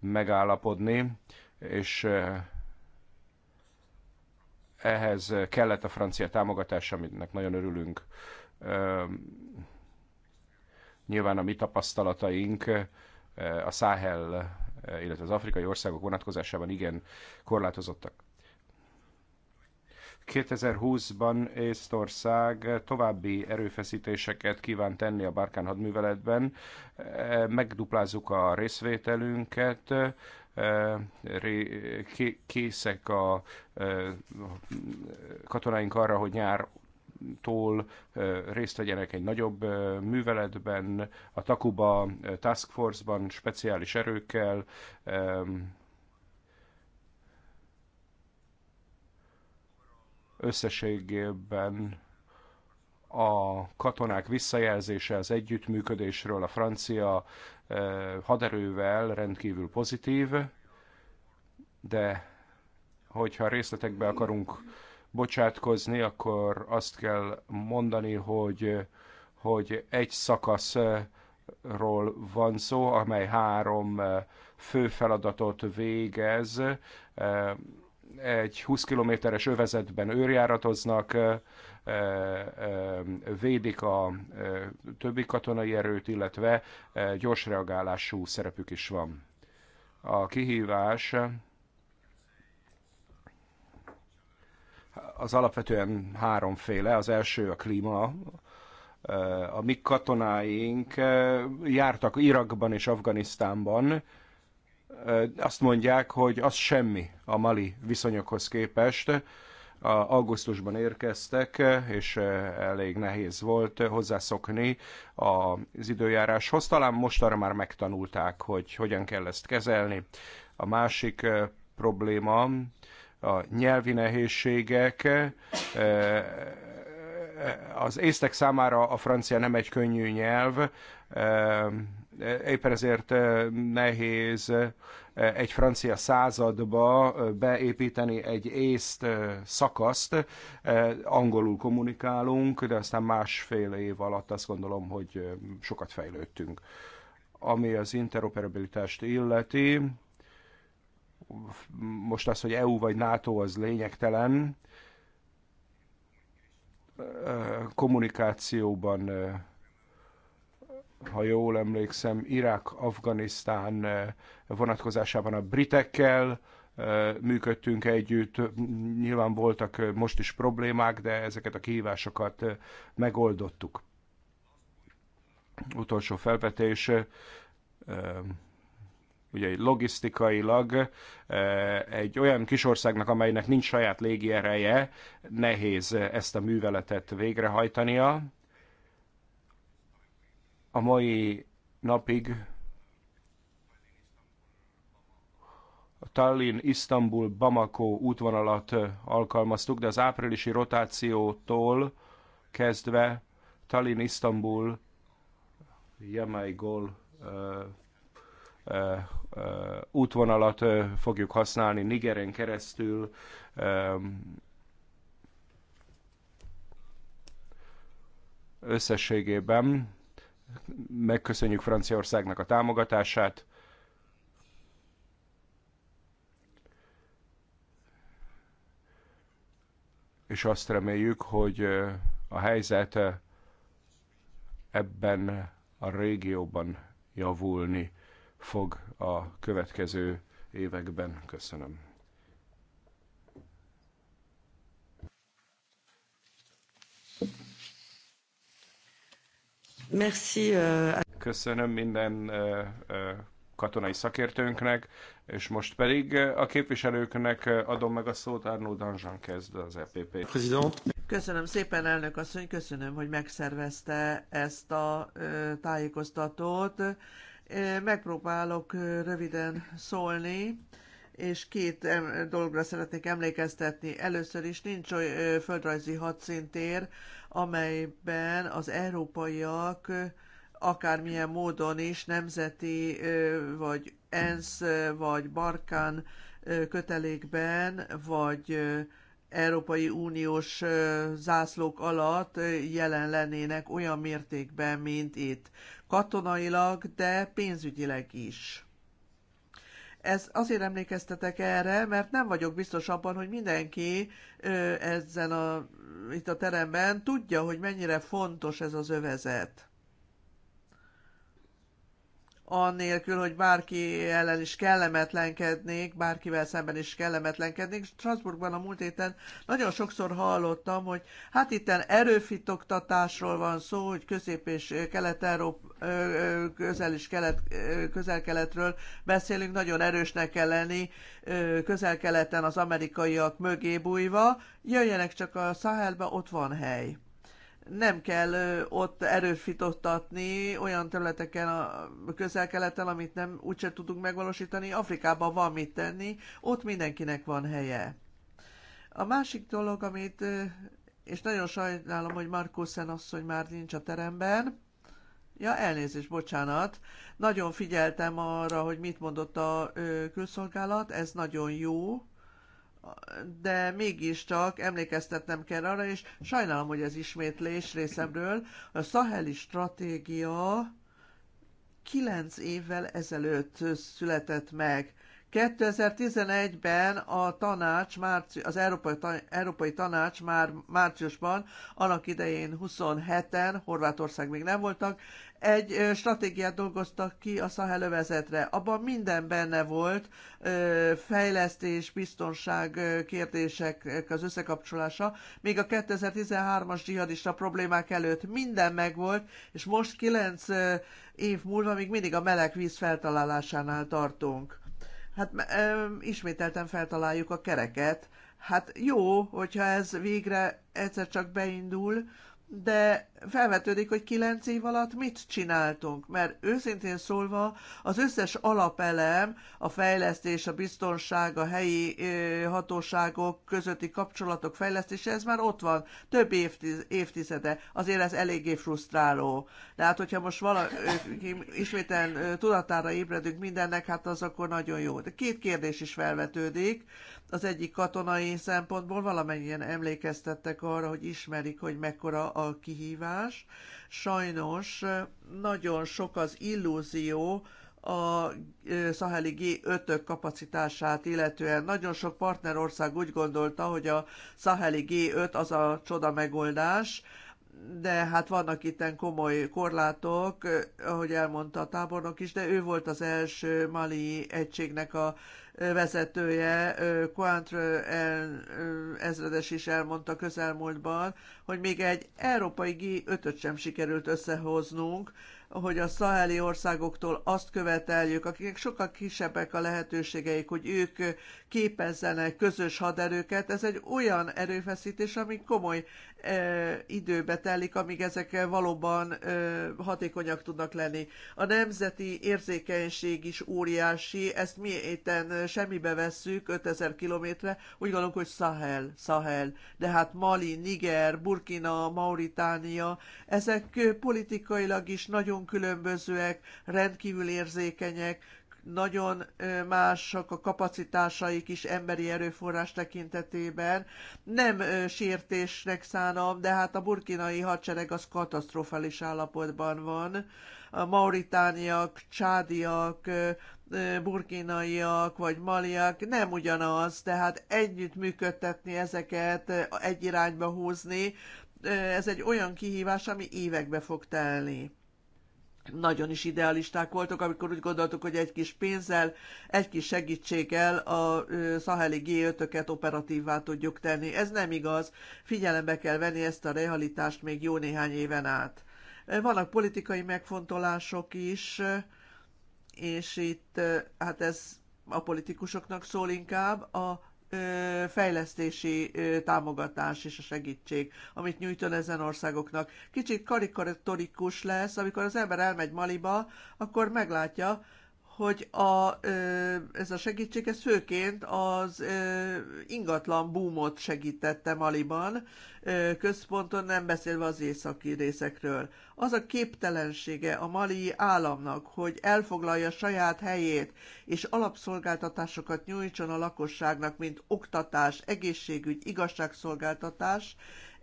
megállapodni, és ehhez kellett a francia támogatás, aminek nagyon örülünk. Nyilván a mi tapasztalataink a Száhel, illetve az afrikai országok vonatkozásában igen korlátozottak. 2020-ban Észtország további erőfeszítéseket kíván tenni a Barkán hadműveletben. Megduplázzuk a részvételünket, készek a katonáink arra, hogy nyár tól részt vegyenek egy nagyobb műveletben, a Takuba Task Force-ban speciális erőkkel, összességében a katonák visszajelzése az együttműködésről, a francia haderővel rendkívül pozitív, de hogyha részletekbe akarunk bocsátkozni, akkor azt kell mondani, hogy, hogy egy szakaszról van szó, amely három fő feladatot végez. Egy 20 kilométeres övezetben őrjáratoznak, védik a többi katonai erőt, illetve gyors reagálású szerepük is van. A kihívás az alapvetően háromféle. Az első a klíma, a mi katonáink jártak Irakban és Afganisztánban, azt mondják, hogy az semmi a mali viszonyokhoz képest, a, augusztusban érkeztek, és eh, elég nehéz volt hozzászokni az időjáráshoz. Talán mostanra már megtanulták, hogy hogyan kell ezt kezelni. A másik eh, probléma a nyelvi nehézségek. Eh, az észtek számára a francia nem egy könnyű nyelv, éppen ezért eh, nehéz eh, egy francia századba eh, beépíteni egy észt szakaszt. Angolul kommunikálunk, de aztán másfél év alatt azt gondolom, hogy sokat fejlődtünk. Ami az interoperabilitást illeti, most az, hogy EU vagy NATO, az lényegtelen. Kommunikációban ha jól emlékszem, Irák-Afganisztán eh, vonatkozásában a britekkel eh, működtünk együtt. Nyilván voltak eh, most is problémák, de ezeket a kihívásokat megoldottuk. Utolsó felvetés ugye logisztikailag egy olyan kis országnak, amelynek nincs saját légiereje, nehéz ezt a műveletet végrehajtania a mai napig a tallinn istanbul bamako útvonalat alkalmaztuk, de az áprilisi rotációtól kezdve tallinn istanbul Jamaigol útvonalat fogjuk használni Nigeren keresztül. Összességében Megköszönjük Franciaországnak a támogatását. És azt reméljük, hogy a helyzet ebben a régióban javulni fog a következő években. Köszönöm. Merci. Uh... Köszönöm minden uh, katonai szakértőnknek, és most pedig a képviselőknek adom meg a szót, Arnaud Danjean kezd az EPP. President. Köszönöm szépen, elnök asszony, köszönöm, hogy megszervezte ezt a tájékoztatót. Megpróbálok röviden szólni és két dologra szeretnék emlékeztetni. Először is nincs oly földrajzi hadszintér, amelyben az európaiak akármilyen módon is nemzeti vagy ENSZ vagy Barkán kötelékben, vagy Európai Uniós zászlók alatt jelen lennének olyan mértékben, mint itt. Katonailag, de pénzügyileg is. Ez azért emlékeztetek erre, mert nem vagyok biztos abban, hogy mindenki ezen a, itt a teremben tudja, hogy mennyire fontos ez az övezet annélkül, hogy bárki ellen is kellemetlenkednék, bárkivel szemben is kellemetlenkednék. Strasbourgban a múlt héten nagyon sokszor hallottam, hogy hát itten erőfitoktatásról van szó, hogy közép- és kelet közel- és kelet, közel-keletről beszélünk, nagyon erősnek kell lenni közel-keleten az amerikaiak mögé bújva, jöjjenek csak a Sahelbe, ott van hely nem kell ott erőfitottatni olyan területeken a közel-keleten, amit nem úgyse tudunk megvalósítani. Afrikában van mit tenni, ott mindenkinek van helye. A másik dolog, amit, és nagyon sajnálom, hogy Markusen asszony már nincs a teremben, Ja, elnézést, bocsánat. Nagyon figyeltem arra, hogy mit mondott a külszolgálat, ez nagyon jó de mégiscsak emlékeztetnem kell arra, és sajnálom, hogy ez ismétlés részemről, a Szaheli stratégia kilenc évvel ezelőtt született meg. 2011-ben a tanács, márci, az Európai, Európai Tanács már márciusban, annak idején 27-en, Horvátország még nem voltak, egy stratégiát dolgoztak ki a sahelövezetre, Abban minden benne volt, fejlesztés, biztonság kérdések az összekapcsolása. Még a 2013-as dzsihadista problémák előtt minden megvolt, és most kilenc év múlva még mindig a meleg víz feltalálásánál tartunk. Hát ismételten feltaláljuk a kereket. Hát jó, hogyha ez végre egyszer csak beindul, de felvetődik, hogy kilenc év alatt mit csináltunk, mert őszintén szólva az összes alapelem, a fejlesztés, a biztonság, a helyi hatóságok közötti kapcsolatok fejlesztése, ez már ott van, több évtiz, évtizede, azért ez eléggé frusztráló. De hát, hogyha most valaki ismétlen tudatára ébredünk mindennek, hát az akkor nagyon jó. De két kérdés is felvetődik, az egyik katonai szempontból valamennyien emlékeztettek arra, hogy ismerik, hogy mekkora a kihívás, kihívás. Sajnos nagyon sok az illúzió, a szaheli G5-ök kapacitását illetően. Nagyon sok partnerország úgy gondolta, hogy a szaheli G5 az a csoda megoldás, de hát vannak itten komoly korlátok, eh, ahogy elmondta a tábornok is, de ő volt az első mali egységnek a eh, vezetője, Quantre eh, el, ezredes is elmondta közelmúltban, hogy még egy európai g 5 sem sikerült összehoznunk, hogy a szaheli országoktól azt követeljük, akiknek sokkal kisebbek a lehetőségeik, hogy ők képezzenek közös haderőket. Ez egy olyan erőfeszítés, ami komoly időbe telik, amíg ezek valóban hatékonyak tudnak lenni. A nemzeti érzékenység is óriási, ezt mi éten semmibe vesszük 5000 kilométre. úgy gondolunk, hogy Sahel, Sahel, de hát Mali, Niger, Burkina, Mauritánia, ezek politikailag is nagyon különbözőek, rendkívül érzékenyek, nagyon mások a kapacitásaik is emberi erőforrás tekintetében. Nem sértésnek szánom, de hát a burkinai hadsereg az katasztrofális állapotban van. A mauritániak, csádiak, burkinaiak vagy maliak, nem ugyanaz, tehát együtt működtetni ezeket, egy irányba húzni, ez egy olyan kihívás, ami évekbe fog telni nagyon is idealisták voltak, amikor úgy gondoltuk, hogy egy kis pénzzel, egy kis segítséggel a szaheli G5-öket operatívvá tudjuk tenni. Ez nem igaz. Figyelembe kell venni ezt a realitást még jó néhány éven át. Vannak politikai megfontolások is, és itt hát ez a politikusoknak szól inkább. A fejlesztési támogatás és a segítség, amit nyújton ezen országoknak. Kicsit karikatorikus lesz, amikor az ember elmegy Maliba, akkor meglátja, hogy a, ez a segítség, ez főként az ingatlan búmot segítette Maliban, központon nem beszélve az északi részekről. Az a képtelensége a mali államnak, hogy elfoglalja saját helyét, és alapszolgáltatásokat nyújtson a lakosságnak, mint oktatás, egészségügy, igazságszolgáltatás,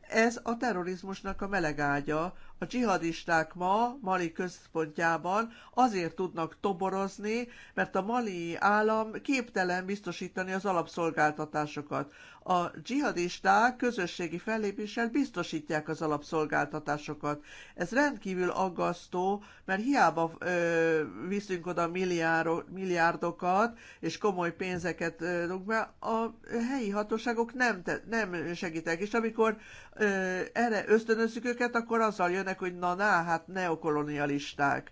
ez a terrorizmusnak a melegágya, a dzsihadisták ma Mali központjában azért tudnak toborozni, mert a mali állam képtelen biztosítani az alapszolgáltatásokat. A dzsihadisták közösségi fellépéssel biztosítják az alapszolgáltatásokat. Ez rendkívül aggasztó, mert hiába ö, viszünk oda milliárd, milliárdokat és komoly pénzeket ö, be, a helyi hatóságok nem, te, nem segítek. És amikor ö, erre ösztönözzük őket, akkor azzal jön jönnek, hogy na, na, hát neokolonialisták.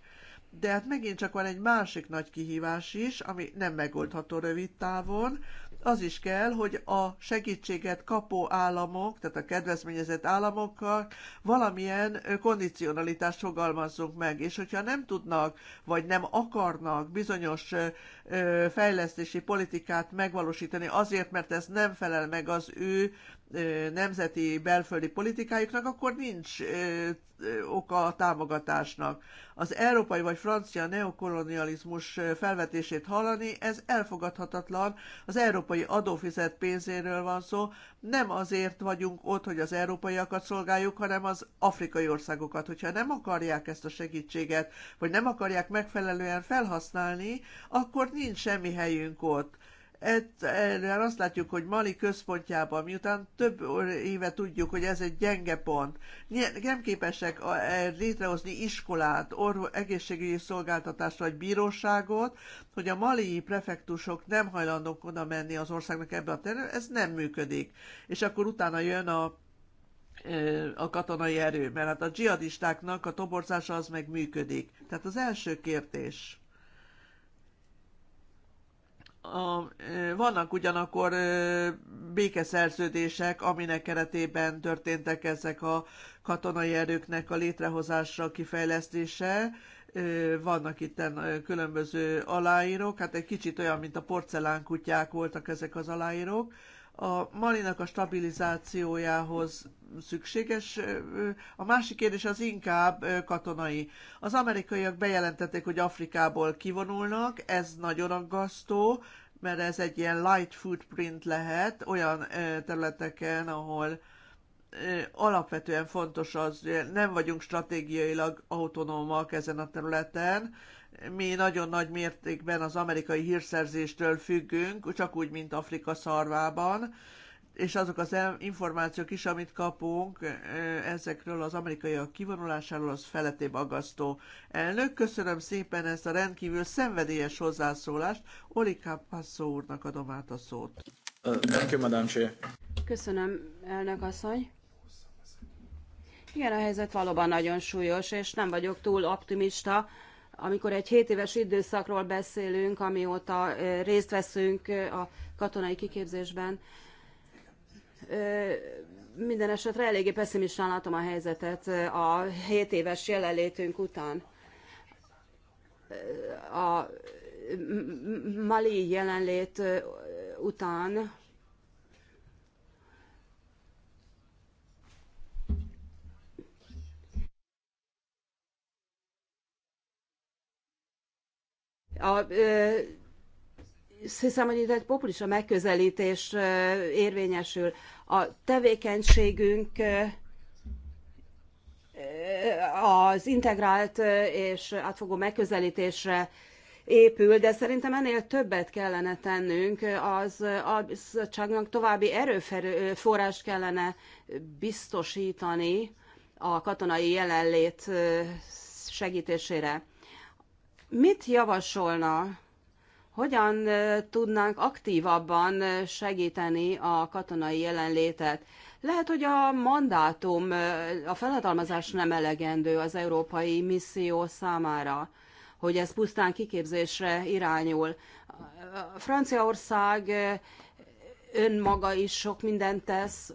De hát megint csak van egy másik nagy kihívás is, ami nem megoldható rövid távon. Az is kell, hogy a segítséget kapó államok, tehát a kedvezményezett államokkal valamilyen kondicionalitást fogalmazzunk meg, és hogyha nem tudnak, vagy nem akarnak bizonyos fejlesztési politikát megvalósítani azért, mert ez nem felel meg az ő nemzeti belföldi politikájuknak, akkor nincs oka a támogatásnak. Az európai vagy francia neokolonializmus felvetését hallani, ez elfogadhatatlan. Az európai adófizet pénzéről van szó. Nem azért vagyunk ott, hogy az európaiakat szolgáljuk, hanem az afrikai országokat. Hogyha nem akarják ezt a segítséget, vagy nem akarják megfelelően felhasználni, akkor Hát nincs semmi helyünk ott. Erről azt látjuk, hogy Mali központjában, miután több éve tudjuk, hogy ez egy gyenge pont, nem képesek e, létrehozni iskolát, orvos, egészségügyi szolgáltatást vagy bíróságot, hogy a mali prefektusok nem hajlandók oda menni az országnak ebbe a területre, ez nem működik. És akkor utána jön a e, a katonai erő, mert hát a dzsihadistáknak a toborzása az meg működik. Tehát az első kérdés a, vannak ugyanakkor békeszerződések, aminek keretében történtek ezek a katonai erőknek a létrehozásra, kifejlesztése. Vannak itt különböző aláírók, hát egy kicsit olyan, mint a porcelánkutyák voltak ezek az aláírók, a Malinak a stabilizációjához szükséges. A másik kérdés az inkább katonai. Az amerikaiak bejelentették, hogy Afrikából kivonulnak, ez nagyon aggasztó, mert ez egy ilyen light footprint lehet olyan területeken, ahol alapvetően fontos az, hogy nem vagyunk stratégiailag autonómak ezen a területen, mi nagyon nagy mértékben az amerikai hírszerzéstől függünk, csak úgy, mint Afrika szarvában, és azok az információk is, amit kapunk ezekről az amerikaiak kivonulásáról, az feleté bagasztó. Elnök, köszönöm szépen ezt a rendkívül szenvedélyes hozzászólást. Orika Passzó úrnak adom át a szót. Köszönöm, elnök asszony. Igen, a helyzet valóban nagyon súlyos, és nem vagyok túl optimista amikor egy 7 éves időszakról beszélünk, amióta részt veszünk a katonai kiképzésben, minden esetre eléggé pessimistán látom a helyzetet a 7 éves jelenlétünk után. A mali jelenlét után A, ö, hiszem, hogy itt egy populista megközelítés érvényesül. A tevékenységünk az integrált és átfogó megközelítésre épül, de szerintem ennél többet kellene tennünk, az a bizottságnak további erőforrás kellene biztosítani a katonai jelenlét segítésére. Mit javasolna, hogyan tudnánk aktívabban segíteni a katonai jelenlétet? Lehet, hogy a mandátum, a felhatalmazás nem elegendő az európai misszió számára, hogy ez pusztán kiképzésre irányul. Franciaország önmaga is sok mindent tesz,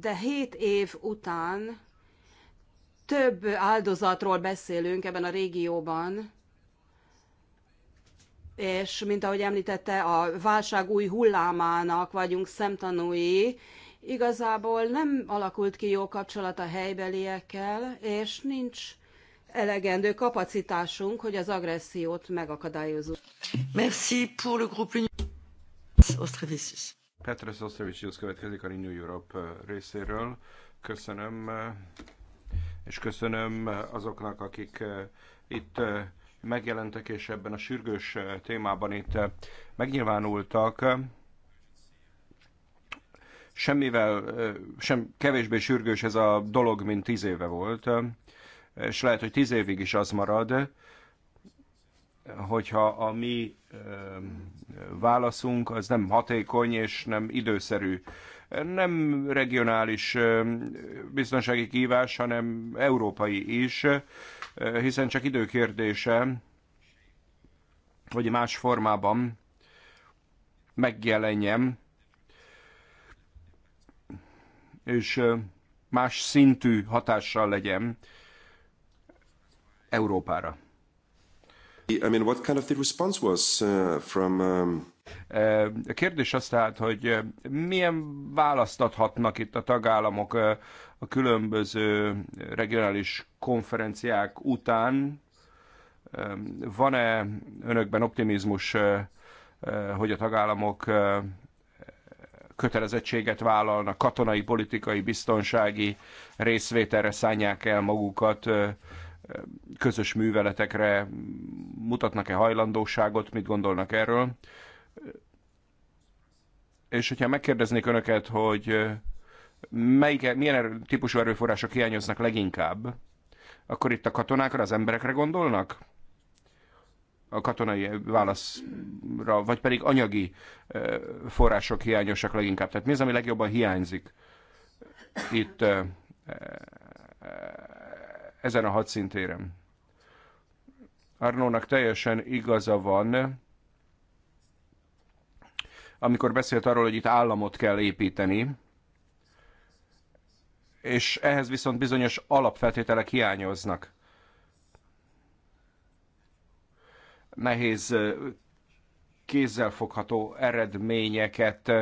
de hét év után több áldozatról beszélünk ebben a régióban, és mint ahogy említette, a válság új hullámának vagyunk szemtanúi, igazából nem alakult ki jó kapcsolat a helybeliekkel, és nincs elegendő kapacitásunk, hogy az agressziót megakadályozzuk. Merci pour le groupe Ostrevicius. Petrus Ostrevicius következik a Renew Europe részéről. Köszönöm, és köszönöm azoknak, akik eh, itt eh, megjelentek, és ebben a sürgős eh, témában itt megnyilvánultak. Semmivel, sem kevésbé sürgős ez a dolog, mint tíz éve volt, és lehet, hogy tíz évig is az marad, hogyha a mi válaszunk az nem hatékony és nem időszerű nem regionális biztonsági kívás, hanem európai is, hiszen csak időkérdése, hogy más formában megjelenjem, és más szintű hatással legyen Európára. I mean, what kind of the response was uh, from um, a kérdés az tehát, hogy milyen választ adhatnak itt a tagállamok a különböző regionális konferenciák után. Van-e önökben optimizmus, hogy a tagállamok kötelezettséget vállalnak, katonai, politikai, biztonsági részvételre szállják el magukat, közös műveletekre mutatnak-e hajlandóságot, mit gondolnak erről? és hogyha megkérdeznék önöket, hogy melyik, e- milyen erő, típusú erőforrások hiányoznak leginkább, akkor itt a katonákra, az emberekre gondolnak? A katonai válaszra, vagy pedig anyagi források hiányosak leginkább. Tehát mi az, ami legjobban hiányzik itt ezen a hadszintéren? Arnónak teljesen igaza van, amikor beszélt arról, hogy itt államot kell építeni, és ehhez viszont bizonyos alapfeltételek hiányoznak. Nehéz kézzelfogható eredményeket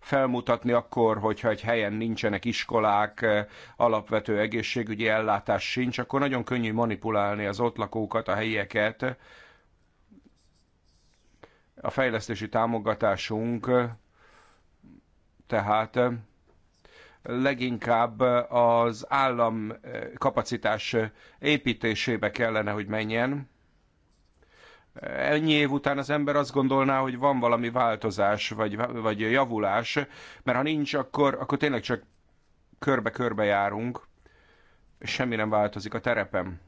felmutatni akkor, hogyha egy helyen nincsenek iskolák, alapvető egészségügyi ellátás sincs, akkor nagyon könnyű manipulálni az ott lakókat, a helyieket, a fejlesztési támogatásunk tehát eh, leginkább az állam eh, kapacitás eh, építésébe kellene, hogy menjen. Ennyi év után az ember azt gondolná, hogy van valami változás, vagy, vagy javulás, mert ha nincs, akkor, akkor tényleg csak körbe-körbe járunk, és semmi nem változik a terepem.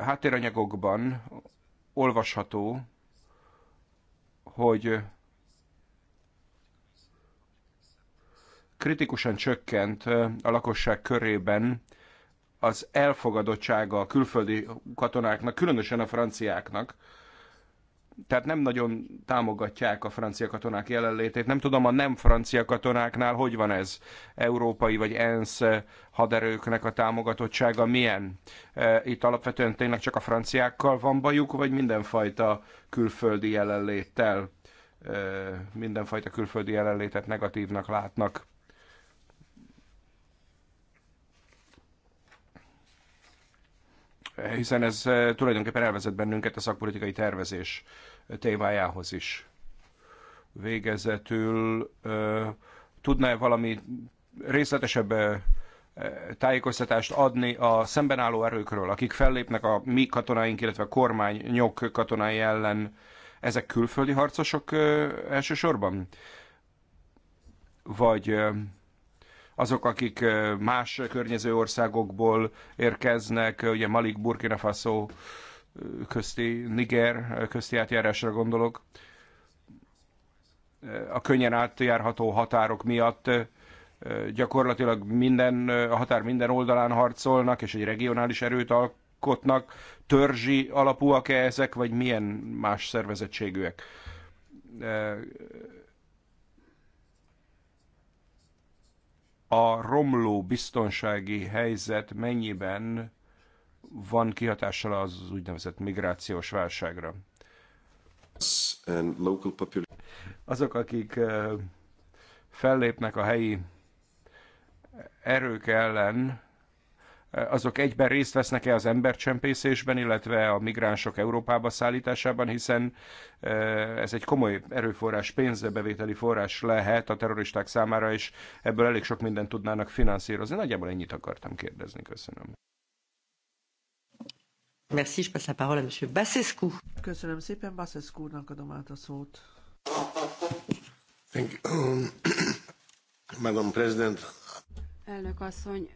háttéranyagokban olvasható, hogy kritikusan csökkent a lakosság körében az elfogadottsága a külföldi katonáknak, különösen a franciáknak, tehát nem nagyon támogatják a francia katonák jelenlétét. Nem tudom, a nem francia katonáknál hogy van ez? Európai vagy ENSZ haderőknek a támogatottsága milyen? E, itt alapvetően tényleg csak a franciákkal van bajuk, vagy mindenfajta külföldi jelenléttel? E, mindenfajta külföldi jelenlétet negatívnak látnak. hiszen ez eh, tulajdonképpen elvezet bennünket a szakpolitikai tervezés témájához is. Végezetül eh, tudná valami részletesebb eh, tájékoztatást adni a szemben álló erőkről, akik fellépnek a mi katonáink, illetve a nyok katonái ellen, ezek külföldi harcosok elsősorban? Vagy azok, akik más környező országokból érkeznek, ugye Malik, Burkina Faso közti, Niger közti átjárásra gondolok, a könnyen átjárható határok miatt gyakorlatilag minden, a határ minden oldalán harcolnak, és egy regionális erőt alkotnak. Törzsi alapúak-e ezek, vagy milyen más szervezettségűek? a romló biztonsági helyzet mennyiben van kihatással az úgynevezett migrációs válságra? Azok, akik fellépnek a helyi erők ellen, azok egyben részt vesznek-e az embercsempészésben, illetve a migránsok Európába szállításában, hiszen e, ez egy komoly erőforrás, pénzbevételi forrás lehet a terroristák számára, és ebből elég sok mindent tudnának finanszírozni. Nagyjából ennyit akartam kérdezni, köszönöm. Merci, je passe la parole à Monsieur Basescu. Köszönöm szépen, Basescu-nak adom át a szót. Thank you. Um, Madam President. Elnök asszony,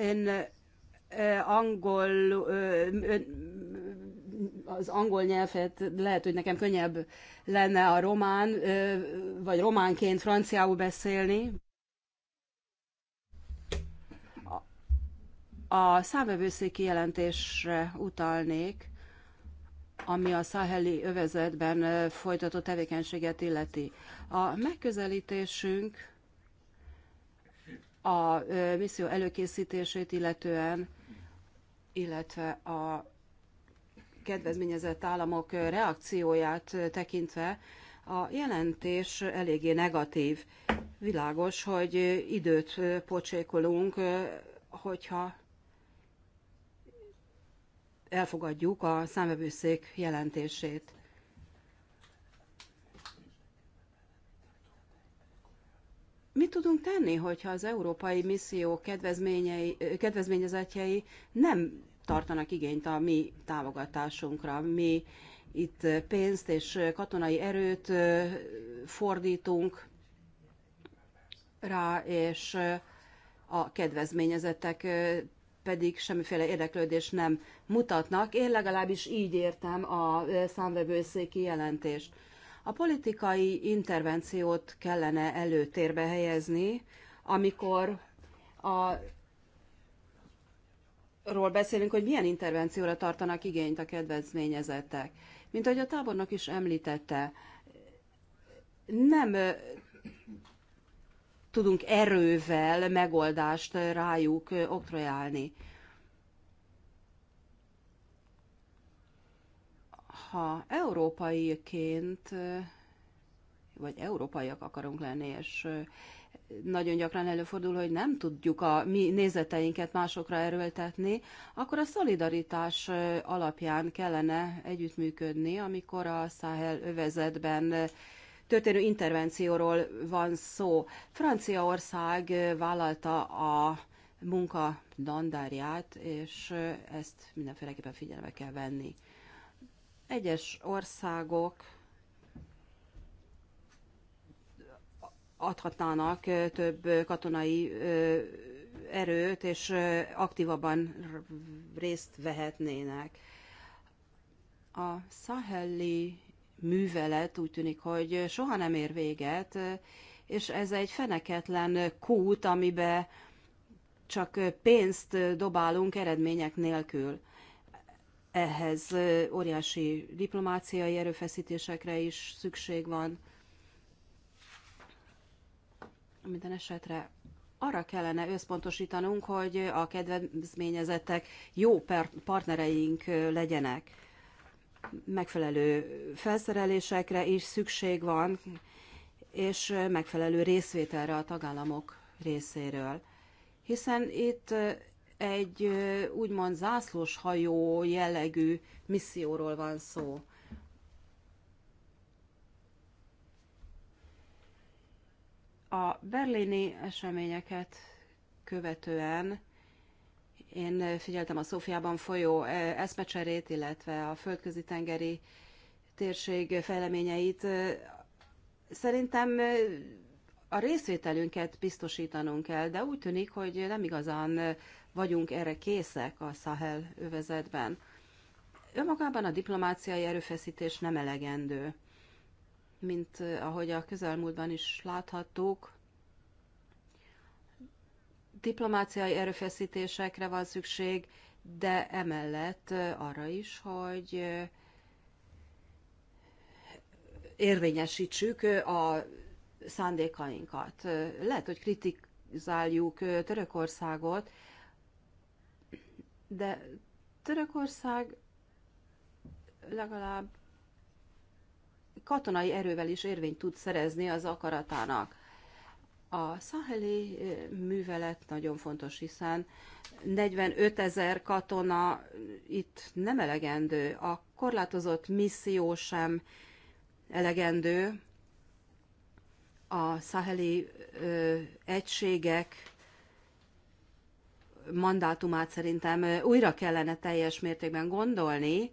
én angol, az angol nyelvet lehet, hogy nekem könnyebb lenne a román, vagy románként franciául beszélni. A számvevőszéki jelentésre utalnék, ami a szaheli övezetben folytatott tevékenységet illeti. A megközelítésünk a misszió előkészítését illetően, illetve a kedvezményezett államok reakcióját tekintve a jelentés eléggé negatív. Világos, hogy időt pocsékolunk, hogyha elfogadjuk a számvevőszék jelentését. Mit tudunk tenni, hogyha az európai misszió kedvezményei, kedvezményezetjei nem tartanak igényt a mi támogatásunkra? Mi itt pénzt és katonai erőt fordítunk rá, és a kedvezményezettek pedig semmiféle érdeklődés nem mutatnak. Én legalábbis így értem a számvevőszéki jelentést. A politikai intervenciót kellene előtérbe helyezni, amikor a ról beszélünk, hogy milyen intervencióra tartanak igényt a kedvezményezettek. Mint ahogy a tábornok is említette, nem tudunk erővel megoldást rájuk oktrojálni. ha európaiként, vagy európaiak akarunk lenni, és nagyon gyakran előfordul, hogy nem tudjuk a mi nézeteinket másokra erőltetni, akkor a szolidaritás alapján kellene együttműködni, amikor a Száhel övezetben történő intervencióról van szó. Franciaország vállalta a munka dandárját, és ezt mindenféleképpen figyelembe kell venni. Egyes országok adhatnának több katonai erőt, és aktívabban részt vehetnének. A szahelli művelet úgy tűnik, hogy soha nem ér véget, és ez egy feneketlen kút, amibe csak pénzt dobálunk eredmények nélkül ehhez óriási diplomáciai erőfeszítésekre is szükség van. Minden esetre arra kellene összpontosítanunk, hogy a kedvezményezettek jó partnereink legyenek. Megfelelő felszerelésekre is szükség van, és megfelelő részvételre a tagállamok részéről. Hiszen itt egy úgymond zászlós hajó jellegű misszióról van szó. A berlini eseményeket követően én figyeltem a Szófiában folyó eszmecserét, illetve a földközi tengeri térség fejleményeit. Szerintem a részvételünket biztosítanunk kell, de úgy tűnik, hogy nem igazán vagyunk erre készek a Sahel övezetben. Önmagában a diplomáciai erőfeszítés nem elegendő. Mint eh, ahogy a közelmúltban is láthattuk, diplomáciai erőfeszítésekre van szükség, de emellett eh, arra is, hogy eh, érvényesítsük a szándékainkat. Lehet, hogy kritikáljuk Törökországot, de Törökország legalább katonai erővel is érvényt tud szerezni az akaratának. A szaheli művelet nagyon fontos, hiszen 45 ezer katona itt nem elegendő, a korlátozott misszió sem elegendő, a szaheli ö, egységek mandátumát szerintem újra kellene teljes mértékben gondolni.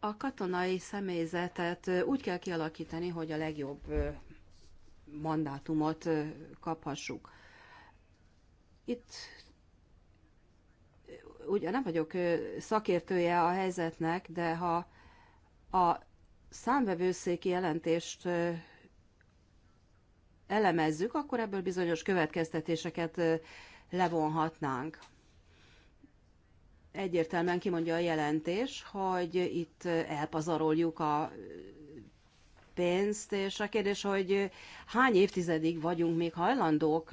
A katonai személyzetet úgy kell kialakítani, hogy a legjobb mandátumot kaphassuk. Itt ugye nem vagyok szakértője a helyzetnek, de ha a számvevőszéki jelentést elemezzük, akkor ebből bizonyos következtetéseket levonhatnánk. Egyértelműen kimondja a jelentés, hogy itt elpazaroljuk a pénzt, és a kérdés, hogy hány évtizedig vagyunk még hajlandók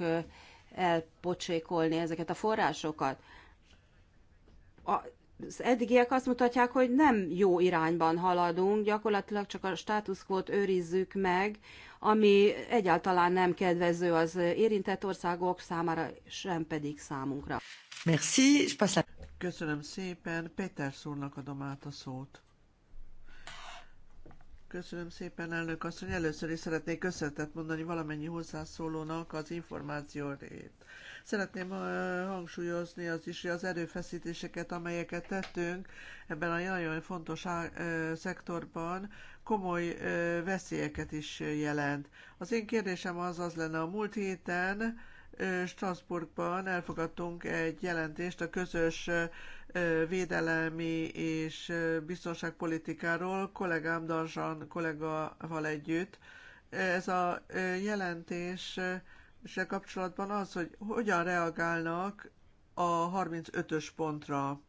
elpocsékolni ezeket a forrásokat. Az eddigiek azt mutatják, hogy nem jó irányban haladunk, gyakorlatilag csak a státuszkvót őrizzük meg, ami egyáltalán nem kedvező az érintett országok számára, sem pedig számunkra. Merci. Köszönöm szépen. Péter szólnak adom át a szót. Köszönöm szépen, elnök asszony. Először is szeretnék köszönetet mondani valamennyi hozzászólónak az információért. Szeretném hangsúlyozni az is, hogy az erőfeszítéseket, amelyeket tettünk ebben a nagyon fontos szektorban, komoly veszélyeket is jelent. Az én kérdésem az az lenne, a múlt héten Strasbourgban elfogadtunk egy jelentést a közös védelemi és biztonságpolitikáról kollégám Darzsan kollégával együtt. Ez a jelentés kapcsolatban az, hogy hogyan reagálnak a 35-ös pontra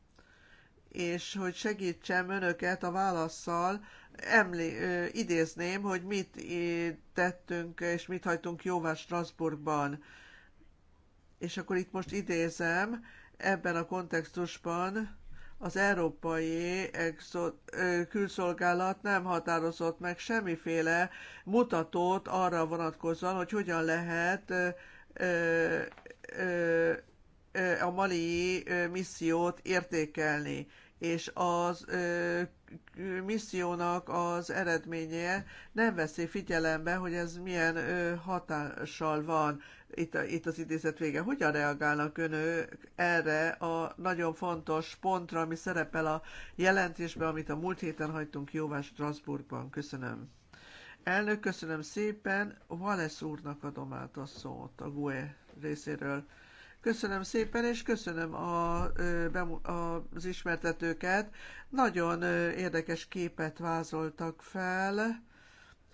és hogy segítsem önöket a válaszsal, emlé, ö, idézném, hogy mit tettünk és mit hagytunk jóvá Strasbourgban. És akkor itt most idézem, ebben a kontextusban az európai külszolgálat nem határozott meg semmiféle mutatót arra vonatkozóan, hogy hogyan lehet ö, ö, a mali missziót értékelni, és az missziónak az eredménye nem veszi figyelembe, hogy ez milyen hatással van itt, itt az idézet vége. Hogyan reagálnak önök erre a nagyon fontos pontra, ami szerepel a jelentésben, amit a múlt héten hagytunk jóvá Strasbourgban? Köszönöm. Elnök, köszönöm szépen. Valesz úrnak adom át a szót a GUE részéről. Köszönöm szépen, és köszönöm a, az ismertetőket. Nagyon érdekes képet vázoltak fel.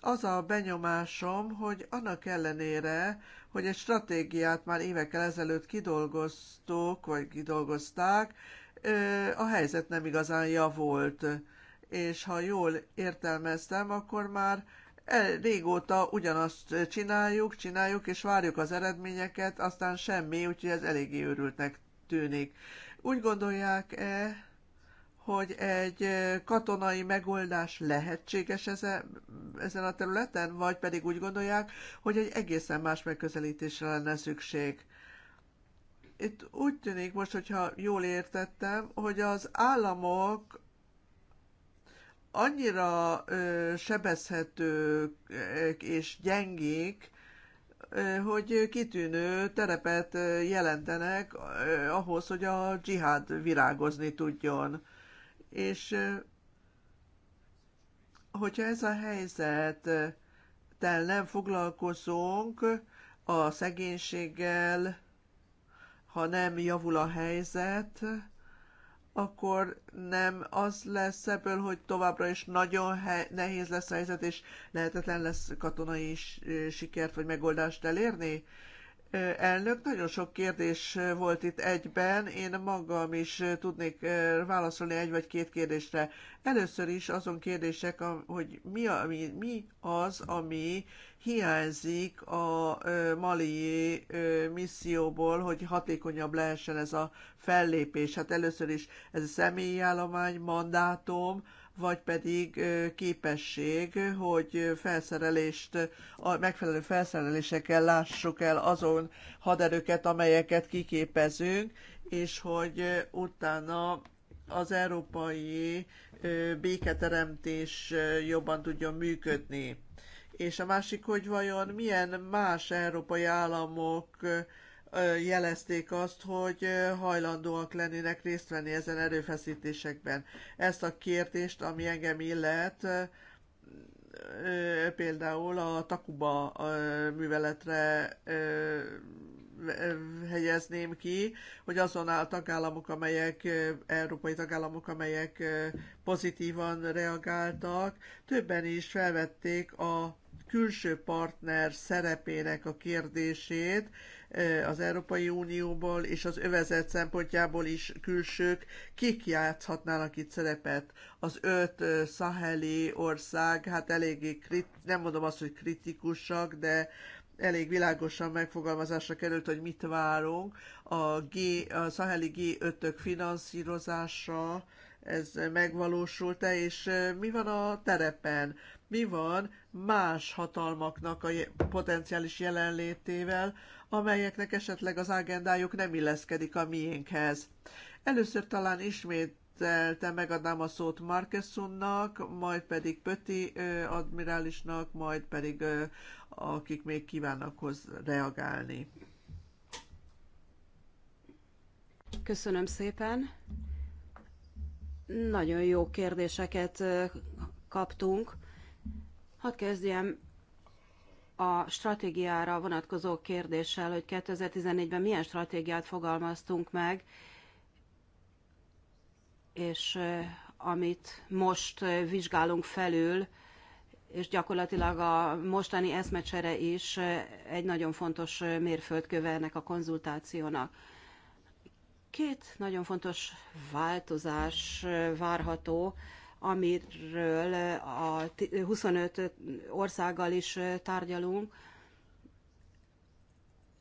Az a benyomásom, hogy annak ellenére, hogy egy stratégiát már évekkel ezelőtt kidolgoztuk, vagy kidolgozták, a helyzet nem igazán javult. És ha jól értelmeztem, akkor már E, régóta ugyanazt csináljuk, csináljuk, és várjuk az eredményeket, aztán semmi, úgyhogy ez eléggé őrültnek tűnik. Úgy gondolják-e, hogy egy e, katonai megoldás lehetséges ezen a területen, vagy pedig úgy gondolják, hogy egy egészen más megközelítésre lenne szükség? Itt úgy tűnik most, hogyha jól értettem, hogy az államok annyira sebezhetők és gyengék, hogy kitűnő terepet jelentenek ahhoz, hogy a dzsihád virágozni tudjon. És hogyha ez a helyzet tel nem foglalkozunk, a szegénységgel, ha nem javul a helyzet, akkor nem az lesz ebből, hogy továbbra is nagyon nehéz lesz a helyzet, és lehetetlen lesz katonai eh, sikert vagy megoldást elérni? elnök. Nagyon sok kérdés volt itt egyben. Én magam is tudnék válaszolni egy vagy két kérdésre. Először is azon kérdések, hogy mi, a, mi, mi az, ami hiányzik a mali misszióból, hogy hatékonyabb lehessen ez a fellépés. Hát először is ez a állomány, mandátum, vagy pedig képesség, hogy felszerelést, a megfelelő felszerelésekkel lássuk el azon haderőket, amelyeket kiképezünk, és hogy utána az európai béketeremtés jobban tudjon működni. És a másik, hogy vajon milyen más európai államok jelezték azt, hogy hajlandóak lennének részt venni ezen erőfeszítésekben. Ezt a kérdést, ami engem illet, például a Takuba műveletre helyezném ki, hogy azon a tagállamok, amelyek, európai tagállamok, amelyek pozitívan reagáltak, többen is felvették a külső partner szerepének a kérdését, az Európai Unióból és az övezet szempontjából is külsők, kik játszhatnának itt szerepet. Az öt szaheli ország, hát eléggé, krit- nem mondom azt, hogy kritikusak, de elég világosan megfogalmazásra került, hogy mit várunk. A, G, a szaheli G5-ök finanszírozása, ez megvalósult-e, és mi van a terepen? mi van más hatalmaknak a potenciális jelenlétével, amelyeknek esetleg az agendájuk nem illeszkedik a miénkhez. Először talán ismét te megadnám a szót Markesunnak, majd pedig Pöti admirálisnak, majd pedig akik még kívánnak hoz reagálni. Köszönöm szépen. Nagyon jó kérdéseket kaptunk. Hadd kezdjem a stratégiára vonatkozó kérdéssel, hogy 2014-ben milyen stratégiát fogalmaztunk meg, és amit most vizsgálunk felül, és gyakorlatilag a mostani eszmecsere is egy nagyon fontos mérföldköve ennek a konzultációnak. Két nagyon fontos változás várható amiről a 25 országgal is tárgyalunk,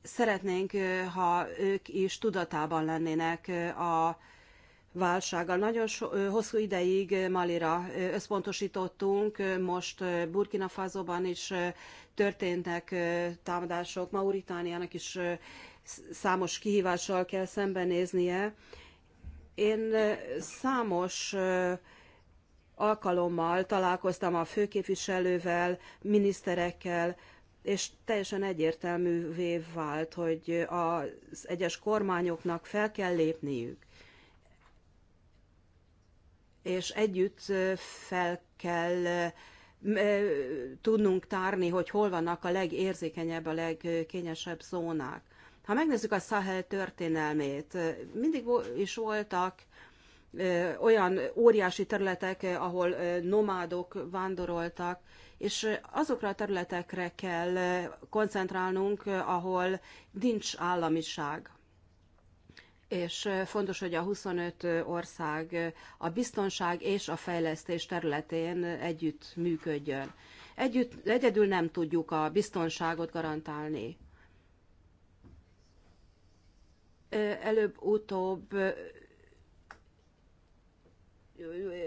szeretnénk, ha ők is tudatában lennének a válsággal. Nagyon so, hosszú ideig Malira összpontosítottunk, most Burkina Fasoban is történtek támadások, Mauritániának is számos kihívással kell szembenéznie. Én számos alkalommal találkoztam a főképviselővel, miniszterekkel, és teljesen egyértelművé vált, hogy az egyes kormányoknak fel kell lépniük, és együtt fel kell tudnunk tárni, hogy hol vannak a legérzékenyebb, a legkényesebb zónák. Ha megnézzük a Sahel történelmét, mindig is voltak olyan óriási területek, ahol nomádok vándoroltak, és azokra a területekre kell koncentrálnunk, ahol nincs államiság. És fontos, hogy a 25 ország a biztonság és a fejlesztés területén együtt működjön. Együtt, egyedül nem tudjuk a biztonságot garantálni. Előbb-utóbb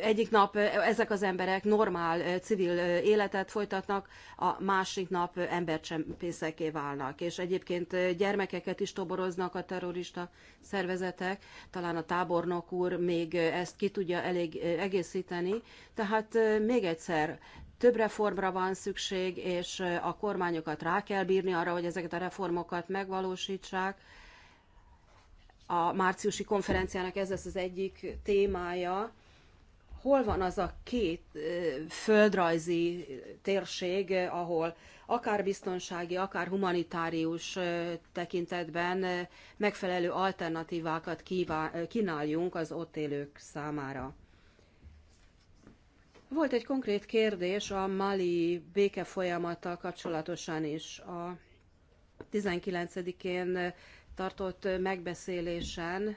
egyik nap ezek az emberek normál civil életet folytatnak, a másik nap embercsempészeké válnak. És egyébként gyermekeket is toboroznak a terrorista szervezetek, talán a tábornok úr még ezt ki tudja elég egészíteni. Tehát még egyszer, több reformra van szükség, és a kormányokat rá kell bírni arra, hogy ezeket a reformokat megvalósítsák. A márciusi konferenciának ez lesz az egyik témája, hol van az a két földrajzi térség, ahol akár biztonsági, akár humanitárius tekintetben megfelelő alternatívákat kínáljunk az ott élők számára. Volt egy konkrét kérdés a Mali béke kapcsolatosan is. A 19-én tartott megbeszélésen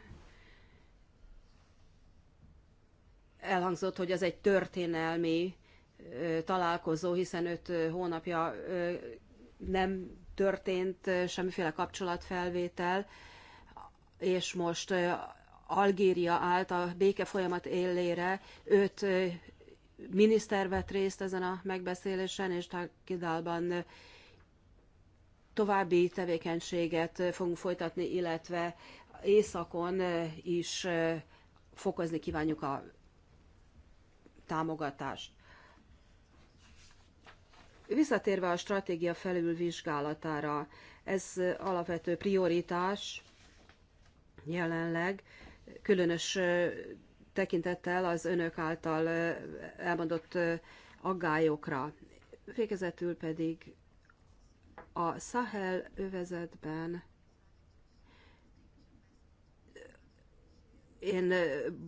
elhangzott, hogy ez egy történelmi találkozó, hiszen öt hónapja nem történt semmiféle kapcsolatfelvétel, és most Algéria állt a béke folyamat élére, öt miniszter vett részt ezen a megbeszélésen, és Takidalban további tevékenységet fogunk folytatni, illetve északon is fokozni kívánjuk a támogatást. Visszatérve a stratégia felülvizsgálatára, ez alapvető prioritás jelenleg, különös tekintettel az önök által elmondott aggályokra. Végezetül pedig a Sahel övezetben Én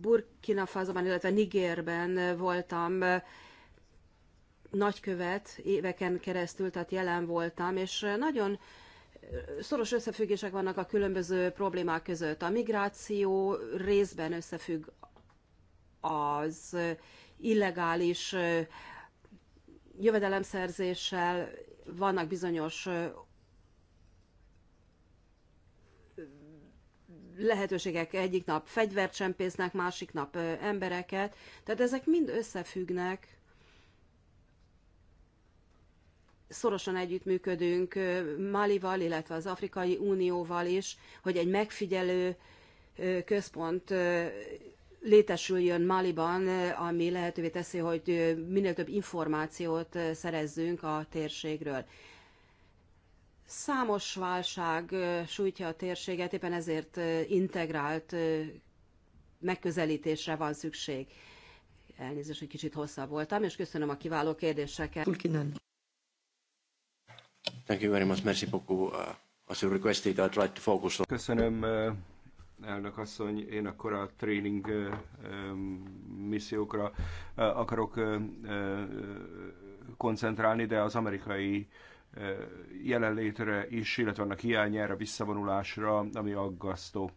Burkina Fasoban, illetve Nigérben voltam nagykövet éveken keresztül, tehát jelen voltam, és nagyon szoros összefüggések vannak a különböző problémák között. A migráció részben összefügg az illegális jövedelemszerzéssel, vannak bizonyos lehetőségek egyik nap fegyvert csempésznek, másik nap embereket. Tehát ezek mind összefüggnek. Szorosan együttműködünk Malival, illetve az Afrikai Unióval is, hogy egy megfigyelő központ létesüljön Maliban, ami lehetővé teszi, hogy minél több információt szerezzünk a térségről. Számos válság sújtja a térséget, éppen ezért integrált megközelítésre van szükség. Elnézést, hogy kicsit hosszabb voltam, és köszönöm a kiváló kérdéseket. Kulkinen. Thank you very much. Merci beaucoup. Uh, as you to focus on... Köszönöm, uh, elnök asszony. Én akkor a training uh, um, missziókra uh, akarok uh, uh, koncentrálni, de az amerikai uh, jelenlétre is, illetve annak hiányára, visszavonulásra, ami aggasztó.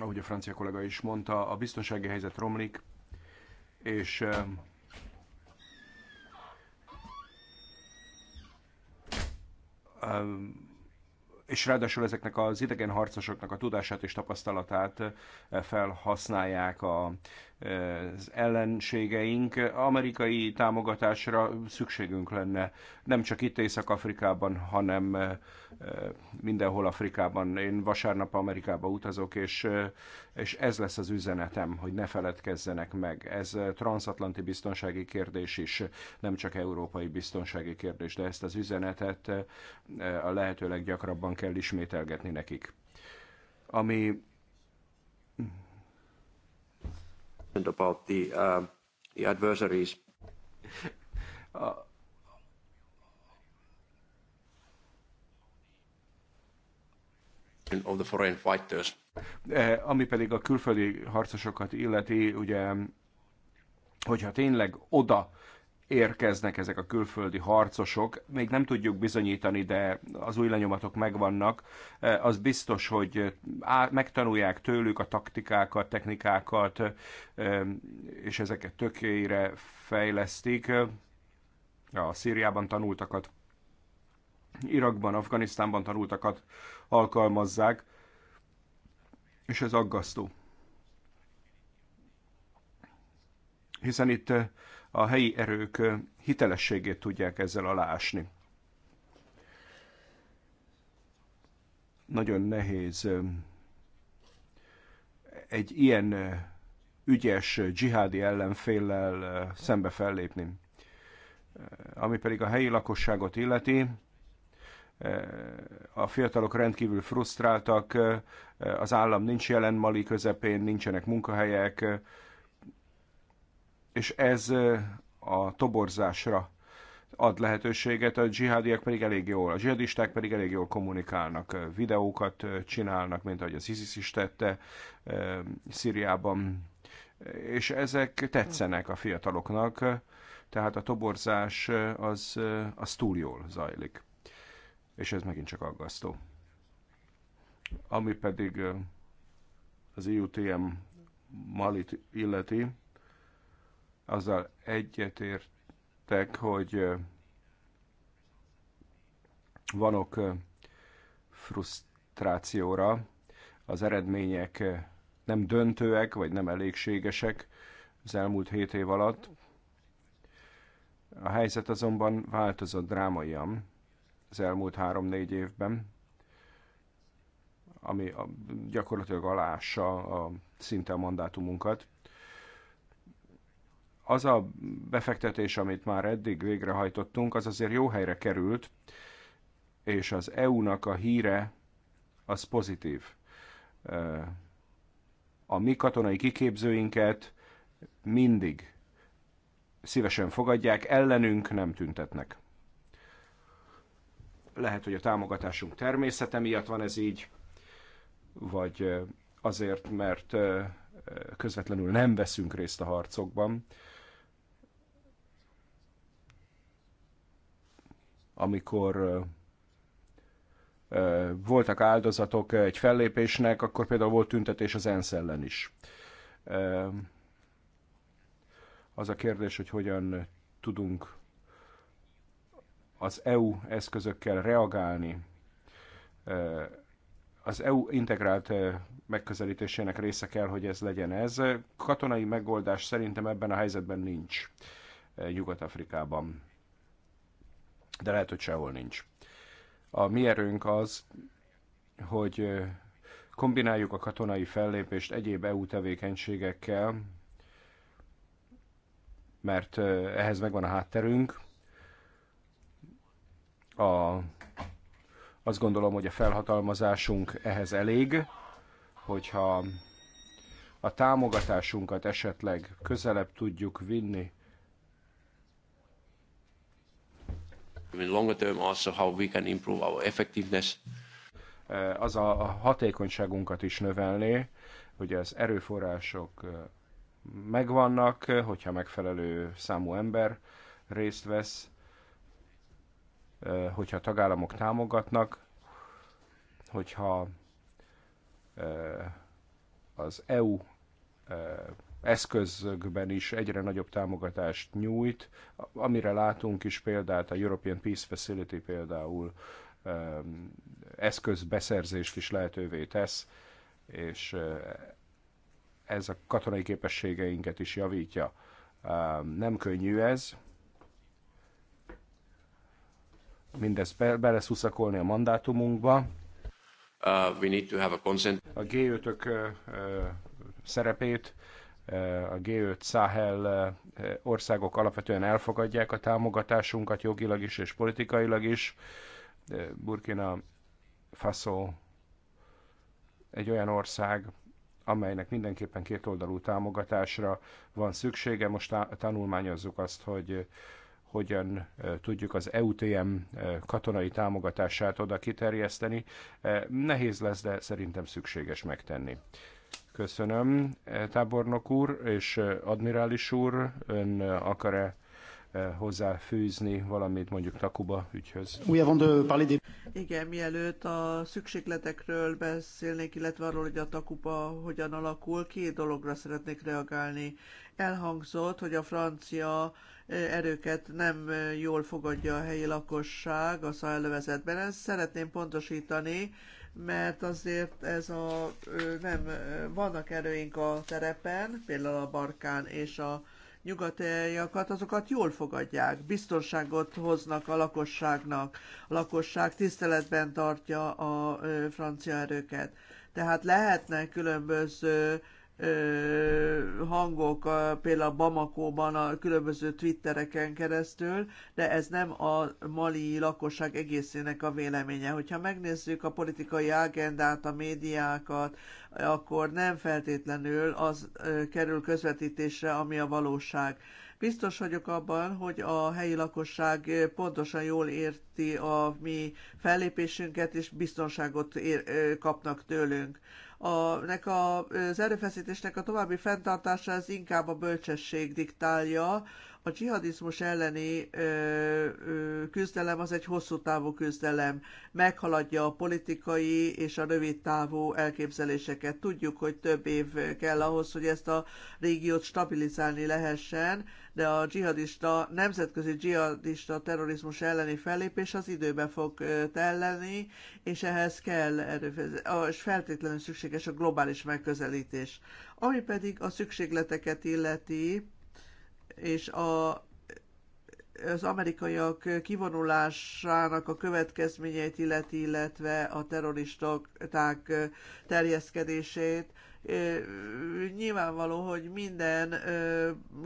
Ahogy a francia kollega is mondta, a biztonsági helyzet romlik, és és ráadásul ezeknek az idegen harcosoknak a tudását és tapasztalatát felhasználják a az ellenségeink. Amerikai támogatásra szükségünk lenne, nem csak itt Észak-Afrikában, hanem mindenhol Afrikában. Én vasárnap Amerikába utazok, és, és ez lesz az üzenetem, hogy ne feledkezzenek meg. Ez transatlanti biztonsági kérdés is, nem csak európai biztonsági kérdés, de ezt az üzenetet a lehető leggyakrabban kell ismételgetni nekik. Ami about the, uh, the adversaries. Uh, of the foreign fighters. Eh, ami pedig a külföldi harcosokat illeti, ugye, hogyha tényleg oda érkeznek ezek a külföldi harcosok. Még nem tudjuk bizonyítani, de az új lenyomatok megvannak. Eh, az biztos, hogy eh, megtanulják tőlük a taktikákat, technikákat, eh, és ezeket tökélyre fejlesztik. A Szíriában tanultakat, Irakban, Afganisztánban tanultakat alkalmazzák, és ez aggasztó. Hiszen itt a helyi erők hitelességét tudják ezzel alásni. Nagyon nehéz egy ilyen ügyes dzsihádi ellenféllel szembe fellépni. Ami pedig a helyi lakosságot illeti, a fiatalok rendkívül frusztráltak, az állam nincs jelen Mali közepén, nincsenek munkahelyek, és ez a toborzásra ad lehetőséget, a dzsihádiak pedig elég jól, a dzsihadisták pedig elég jól kommunikálnak, videókat csinálnak, mint ahogy az ISIS is tette Szíriában, és ezek tetszenek a fiataloknak, tehát a toborzás az, az túl jól zajlik. És ez megint csak aggasztó. Ami pedig az IUTM Malit illeti, azzal egyetértek, hogy vanok frusztrációra, az eredmények nem döntőek, vagy nem elégségesek az elmúlt hét év alatt. A helyzet azonban változott drámaian az elmúlt három-négy évben, ami gyakorlatilag alássa a, szinte a mandátumunkat az a befektetés, amit már eddig végrehajtottunk, az azért jó helyre került, és az EU-nak a híre az pozitív. A mi katonai kiképzőinket mindig szívesen fogadják, ellenünk nem tüntetnek. Lehet, hogy a támogatásunk természete miatt van ez így, vagy azért, mert közvetlenül nem veszünk részt a harcokban, amikor voltak áldozatok egy fellépésnek, akkor például volt tüntetés az ENSZ ellen is. Az a kérdés, hogy hogyan tudunk az EU eszközökkel reagálni az EU integrált megközelítésének része kell, hogy ez legyen ez. Katonai megoldás szerintem ebben a helyzetben nincs Nyugat-Afrikában de lehet, hogy sehol nincs. A mi erőnk az, hogy kombináljuk a katonai fellépést egyéb EU tevékenységekkel, mert ehhez megvan a hátterünk. A, azt gondolom, hogy a felhatalmazásunk ehhez elég, hogyha a támogatásunkat esetleg közelebb tudjuk vinni mean, longer term also how we can improve our effectiveness. Eh, az a hatékonyságunkat is növelni, hogy az erőforrások eh, megvannak, eh, hogyha megfelelő számú ember részt vesz, hogyha a tagállamok támogatnak, hogyha az EU eszközökben is egyre nagyobb támogatást nyújt, amire látunk is példát, a European Peace Facility például eszközbeszerzést is lehetővé tesz, és eh, ez a katonai képességeinket is javítja. Nem könnyű ez, mindezt be, beleszuszakolni a mandátumunkba. Uh, we need to have a, consent. a G5-ök uh, eh, eh, szerepét a G5 Sahel országok alapvetően elfogadják a támogatásunkat jogilag is és politikailag is. Burkina Faso egy olyan ország, amelynek mindenképpen kétoldalú támogatásra van szüksége. Most tanulmányozzuk azt, hogy hogyan tudjuk az EUTM katonai támogatását oda kiterjeszteni. Nehéz lesz, de szerintem szükséges megtenni. Köszönöm, e, tábornok úr és e, admirális úr, ön e, akar-e hozzáfűzni valamit mondjuk Takuba ügyhöz. Igen, mielőtt a szükségletekről beszélnék, illetve arról, hogy a Takuba hogyan alakul, két dologra szeretnék reagálni. Elhangzott, hogy a francia erőket nem jól fogadja a helyi lakosság a szájlövezetben. Ezt szeretném pontosítani, mert azért ez a, nem, vannak erőink a terepen, például a Barkán és a nyugatiakat, azokat jól fogadják, biztonságot hoznak a lakosságnak, a lakosság tiszteletben tartja a francia erőket. Tehát lehetnek különböző hangok, például Bamako-ban a különböző twittereken keresztül, de ez nem a mali lakosság egészének a véleménye. Hogyha megnézzük a politikai agendát, a médiákat, akkor nem feltétlenül az kerül közvetítésre, ami a valóság. Biztos vagyok abban, hogy a helyi lakosság pontosan jól érti a mi fellépésünket, és biztonságot ér, kapnak tőlünk a, nek a, az erőfeszítésnek a további fenntartása ez inkább a bölcsesség diktálja, a dzsihadizmus elleni ö, ö, küzdelem az egy hosszú távú küzdelem, meghaladja a politikai és a rövid távú elképzeléseket. Tudjuk, hogy több év kell ahhoz, hogy ezt a régiót stabilizálni lehessen, de a dzsihadista, nemzetközi dzsihadista terrorizmus elleni fellépés az időbe fog telleni, és ehhez kell, és feltétlenül szükséges a globális megközelítés. Ami pedig a szükségleteket illeti, és a az amerikaiak kivonulásának a következményeit illeti, illetve a terroristák terjeszkedését. Nyilvánvaló, hogy minden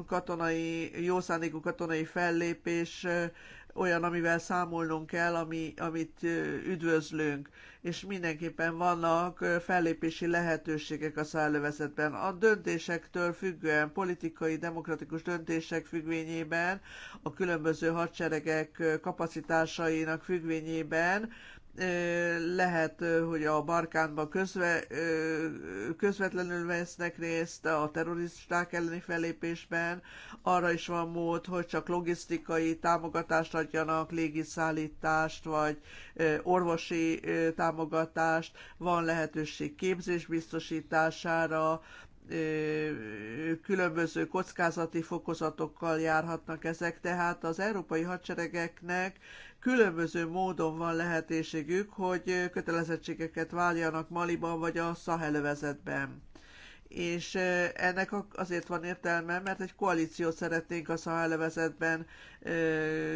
katonai, jószándékú katonai fellépés olyan, amivel számolnunk kell, ami, amit üdvözlünk, és mindenképpen vannak fellépési lehetőségek a szállövezetben. A döntésektől függően, politikai, demokratikus döntések függvényében, a különböző hadseregek kapacitásainak függvényében lehet, hogy a Barkánba közve, közvetlenül vesznek részt a terroristák elleni fellépésben. Arra is van mód, hogy csak logisztikai támogatást adjanak, légiszállítást, vagy orvosi támogatást. Van lehetőség képzés biztosítására, különböző kockázati fokozatokkal járhatnak ezek, tehát az európai hadseregeknek különböző módon van lehetőségük, hogy kötelezettségeket váljanak Maliban vagy a Szahelövezetben és ennek azért van értelme, mert egy koalíciót szeretnénk a szahállevezetben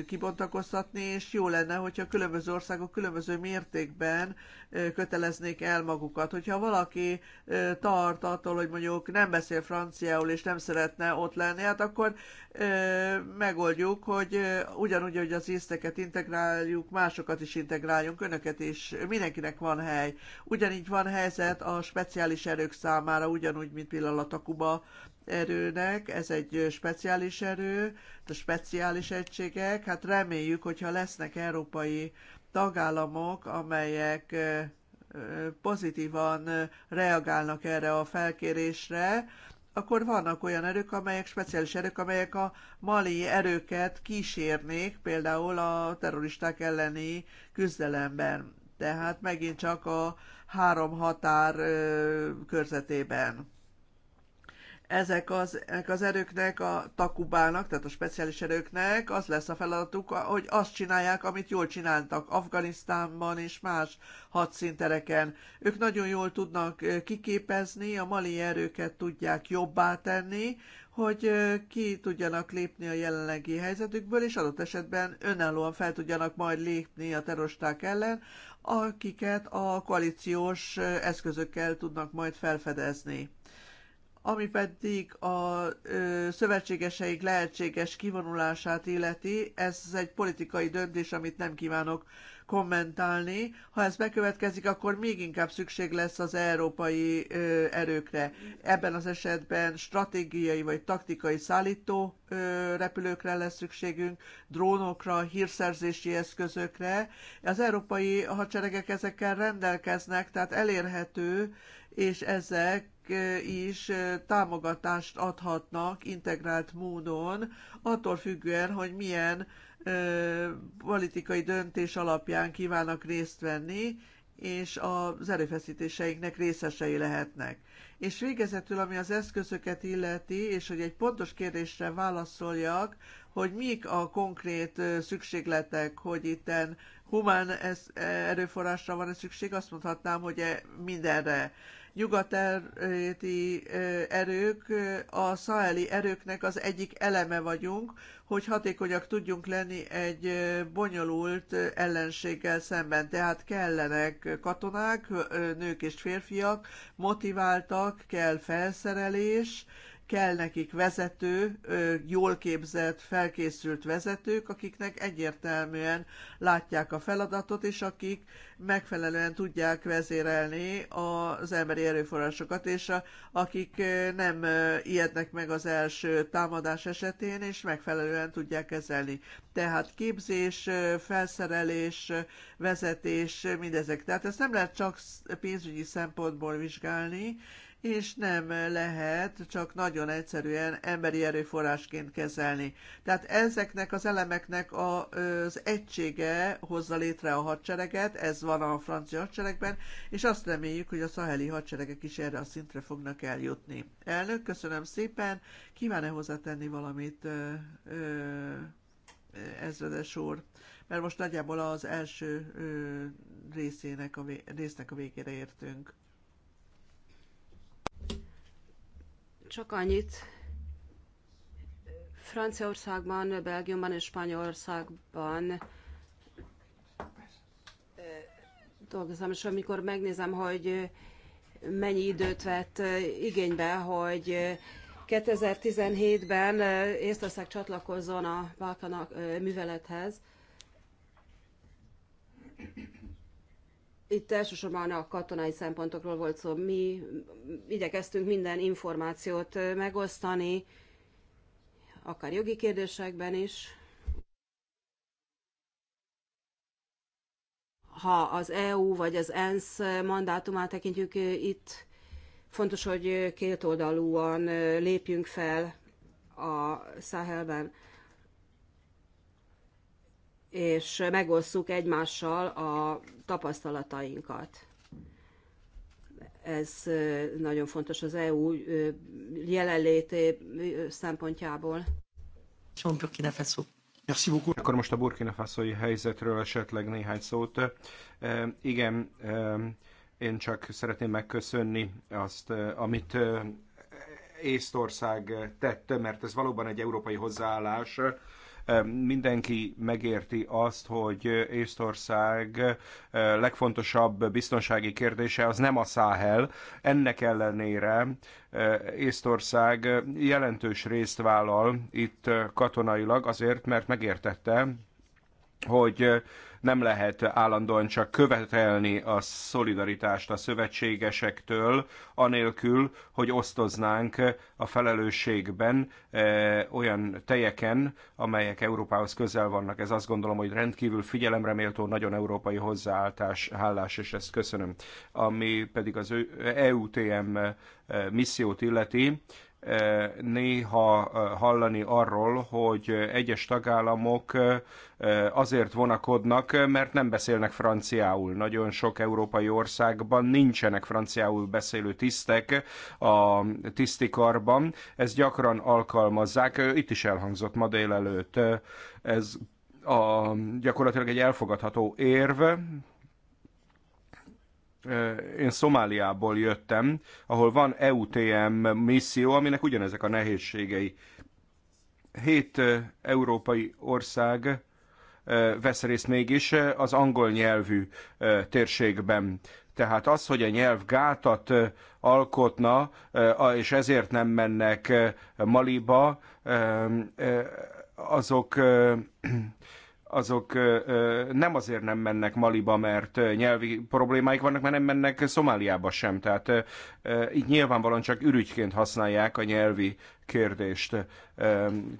kibontakoztatni, és jó lenne, hogyha különböző országok különböző mértékben köteleznék el magukat. Hogyha valaki tart attól, hogy mondjuk nem beszél franciául, és nem szeretne ott lenni, hát akkor megoldjuk, hogy ugyanúgy, hogy az észteket integráljuk, másokat is integráljunk, önöket is, mindenkinek van hely. Ugyanígy van helyzet a speciális erők számára, ugyanúgy ugyanúgy, mint pillanat a Kuba erőnek, ez egy speciális erő, a speciális egységek, hát reméljük, hogyha lesznek európai tagállamok, amelyek pozitívan reagálnak erre a felkérésre, akkor vannak olyan erők, amelyek speciális erők, amelyek a mali erőket kísérnék, például a terroristák elleni küzdelemben. Tehát megint csak a három határ körzetében ezek az, ezek az erőknek, a takubának, tehát a speciális erőknek az lesz a feladatuk, hogy azt csinálják, amit jól csináltak Afganisztánban és más hadszintereken. Ők nagyon jól tudnak kiképezni, a mali erőket tudják jobbá tenni, hogy ki tudjanak lépni a jelenlegi helyzetükből, és adott esetben önállóan fel tudjanak majd lépni a terosták ellen, akiket a koalíciós eszközökkel tudnak majd felfedezni ami pedig a ö, szövetségeseik lehetséges kivonulását illeti, ez egy politikai döntés, amit nem kívánok kommentálni. Ha ez bekövetkezik, akkor még inkább szükség lesz az európai ö, erőkre. Ebben az esetben stratégiai vagy taktikai szállító ö, repülőkre lesz szükségünk, drónokra, hírszerzési eszközökre. Az európai hadseregek ezekkel rendelkeznek, tehát elérhető, és ezek is támogatást adhatnak integrált módon, attól függően, hogy milyen politikai döntés alapján kívánnak részt venni, és az erőfeszítéseinknek részesei lehetnek. És végezetül, ami az eszközöket illeti, és hogy egy pontos kérdésre válaszoljak, hogy mik a konkrét szükségletek, hogy itten humán erőforrásra van-e szükség, azt mondhatnám, hogy e, mindenre nyugaterti erők a szaheli erőknek az egyik eleme vagyunk, hogy hatékonyak tudjunk lenni egy bonyolult ellenséggel szemben. Tehát kellenek katonák, nők és férfiak, motiváltak, kell felszerelés, kell nekik vezető, jól képzett, felkészült vezetők, akiknek egyértelműen látják a feladatot, és akik megfelelően tudják vezérelni az emberi erőforrásokat, és a, akik nem ijednek meg az első támadás esetén, és megfelelően tudják kezelni. Tehát képzés, felszerelés, vezetés, mindezek. Tehát ezt nem lehet csak pénzügyi szempontból vizsgálni, és nem lehet csak nagyon egyszerűen emberi erőforrásként kezelni. Tehát ezeknek az elemeknek az egysége hozza létre a hadsereget, ez van a francia hadseregben, és azt reméljük, hogy a szaheli hadseregek is erre a szintre fognak eljutni. Elnök, köszönöm szépen, kíván-e hozzátenni valamit ezredes úr? Mert most nagyjából az első részének a, résznek a végére értünk. Csak annyit, Franciaországban, Belgiumban és Spanyolországban eh, dolgozom, és amikor megnézem, hogy eh, mennyi időt vett eh, igénybe, hogy 2017-ben Észtország csatlakozzon a Balkan művelethez, itt elsősorban a katonai szempontokról volt szó. Mi igyekeztünk minden információt megosztani, akár jogi kérdésekben is. Ha az EU vagy az ENSZ mandátumát tekintjük itt, fontos, hogy kétoldalúan lépjünk fel a Száhelben és megosszuk egymással a tapasztalatainkat. Ez nagyon fontos az EU jelenléti szempontjából. Akkor most a burkina faso helyzetről esetleg néhány szót. igen, én csak szeretném megköszönni azt, amit Észtország tett, mert ez valóban egy európai hozzáállás Mindenki megérti azt, hogy Észtország legfontosabb biztonsági kérdése az nem a Száhel. Ennek ellenére Észtország jelentős részt vállal itt katonailag azért, mert megértette, hogy nem lehet állandóan csak követelni a szolidaritást a szövetségesektől, anélkül, hogy osztoznánk a felelősségben eh, olyan tejeken, amelyek Európához közel vannak. Ez azt gondolom, hogy rendkívül figyelemre méltó, nagyon európai hozzáállás, hálás, és ezt köszönöm. Ami pedig az EUTM eh, missziót illeti, néha hallani arról, hogy egyes tagállamok azért vonakodnak, mert nem beszélnek franciául. Nagyon sok európai országban nincsenek franciául beszélő tisztek a tisztikarban. Ezt gyakran alkalmazzák. Itt is elhangzott ma délelőtt. Ez a, gyakorlatilag egy elfogadható érv, én Szomáliából jöttem, ahol van EUTM misszió, aminek ugyanezek a nehézségei. Hét európai ország vesz részt mégis az angol nyelvű térségben. Tehát az, hogy a nyelv gátat alkotna, és ezért nem mennek Maliba, azok azok nem azért nem mennek Maliba, mert nyelvi problémáik vannak, mert nem mennek Szomáliába sem. Tehát itt nyilvánvalóan csak ürügyként használják a nyelvi kérdést.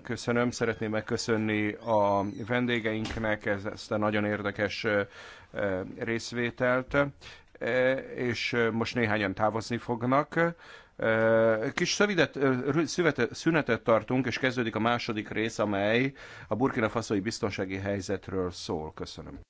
Köszönöm, szeretném megköszönni a vendégeinknek ezt a nagyon érdekes részvételt, és most néhányan távozni fognak. Kis szövidet, szüvete, szünetet tartunk, és kezdődik a második rész, amely a burkina faszói biztonsági helyzetről szól. Köszönöm.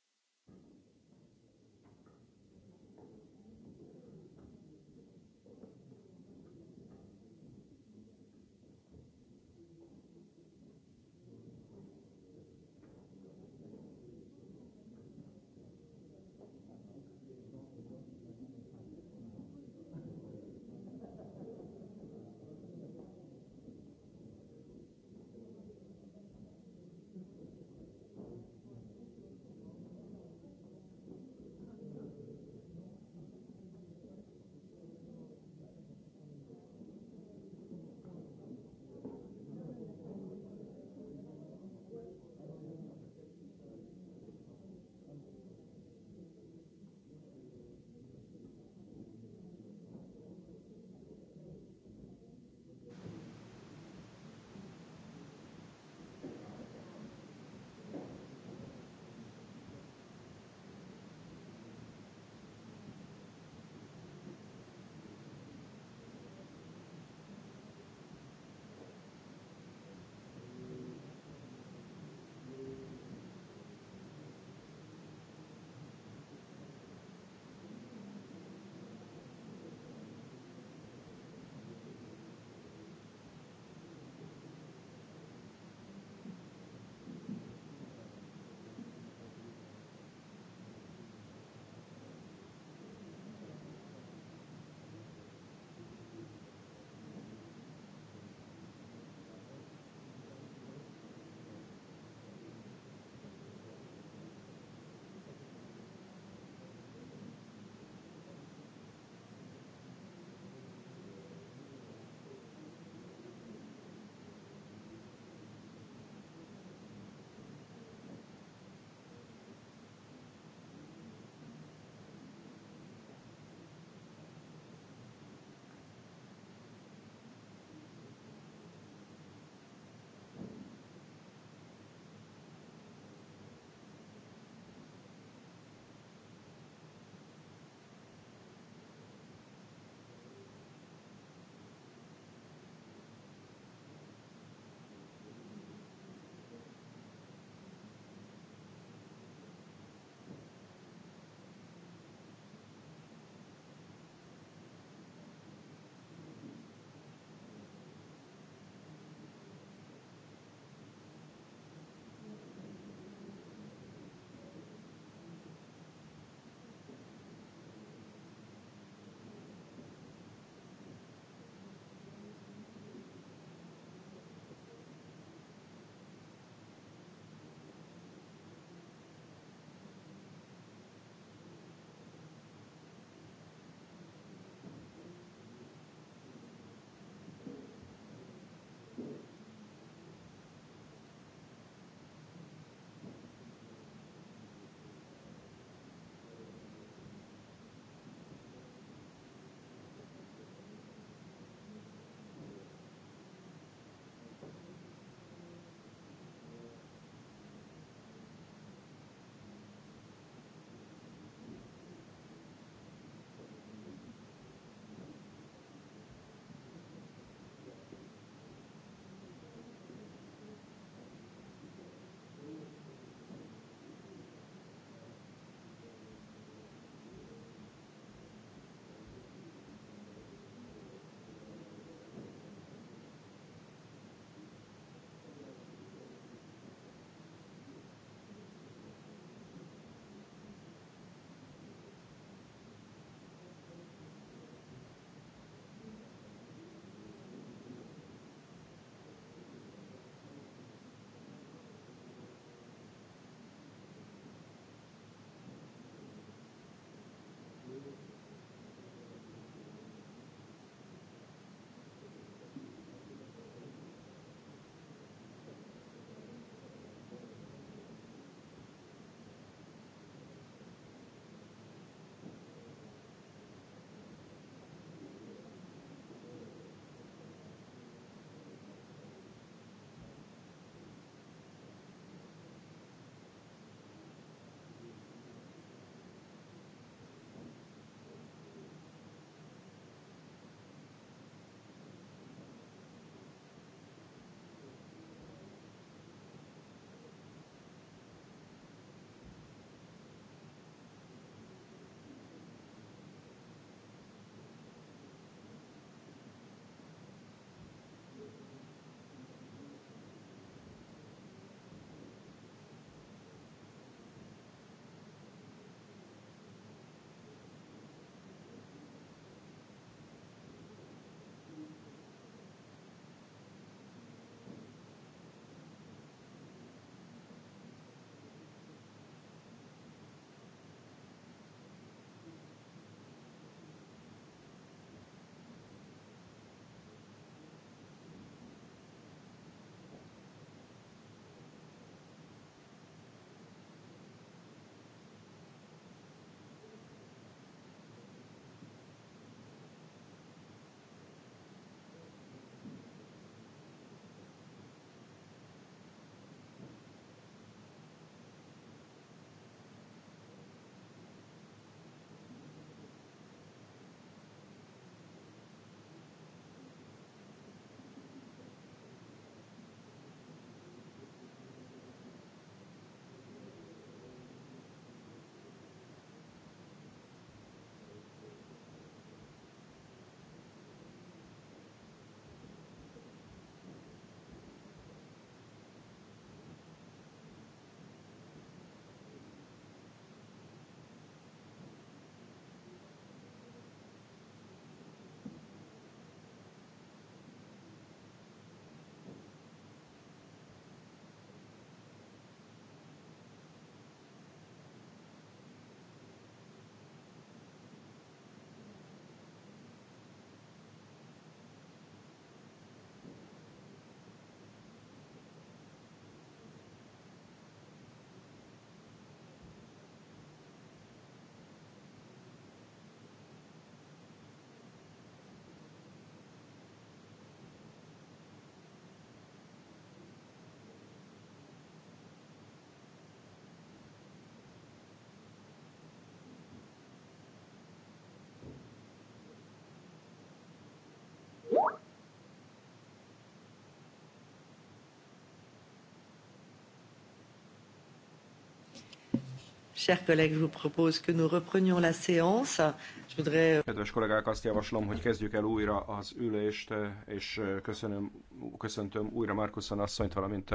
Chers collègues, je vous propose que nous reprenions la séance. Je voudrais... Euh, Kedves kollégák, azt javaslom, hogy kezdjük el újra az ülést, és köszönöm, köszöntöm újra Markuszon asszonyt, valamint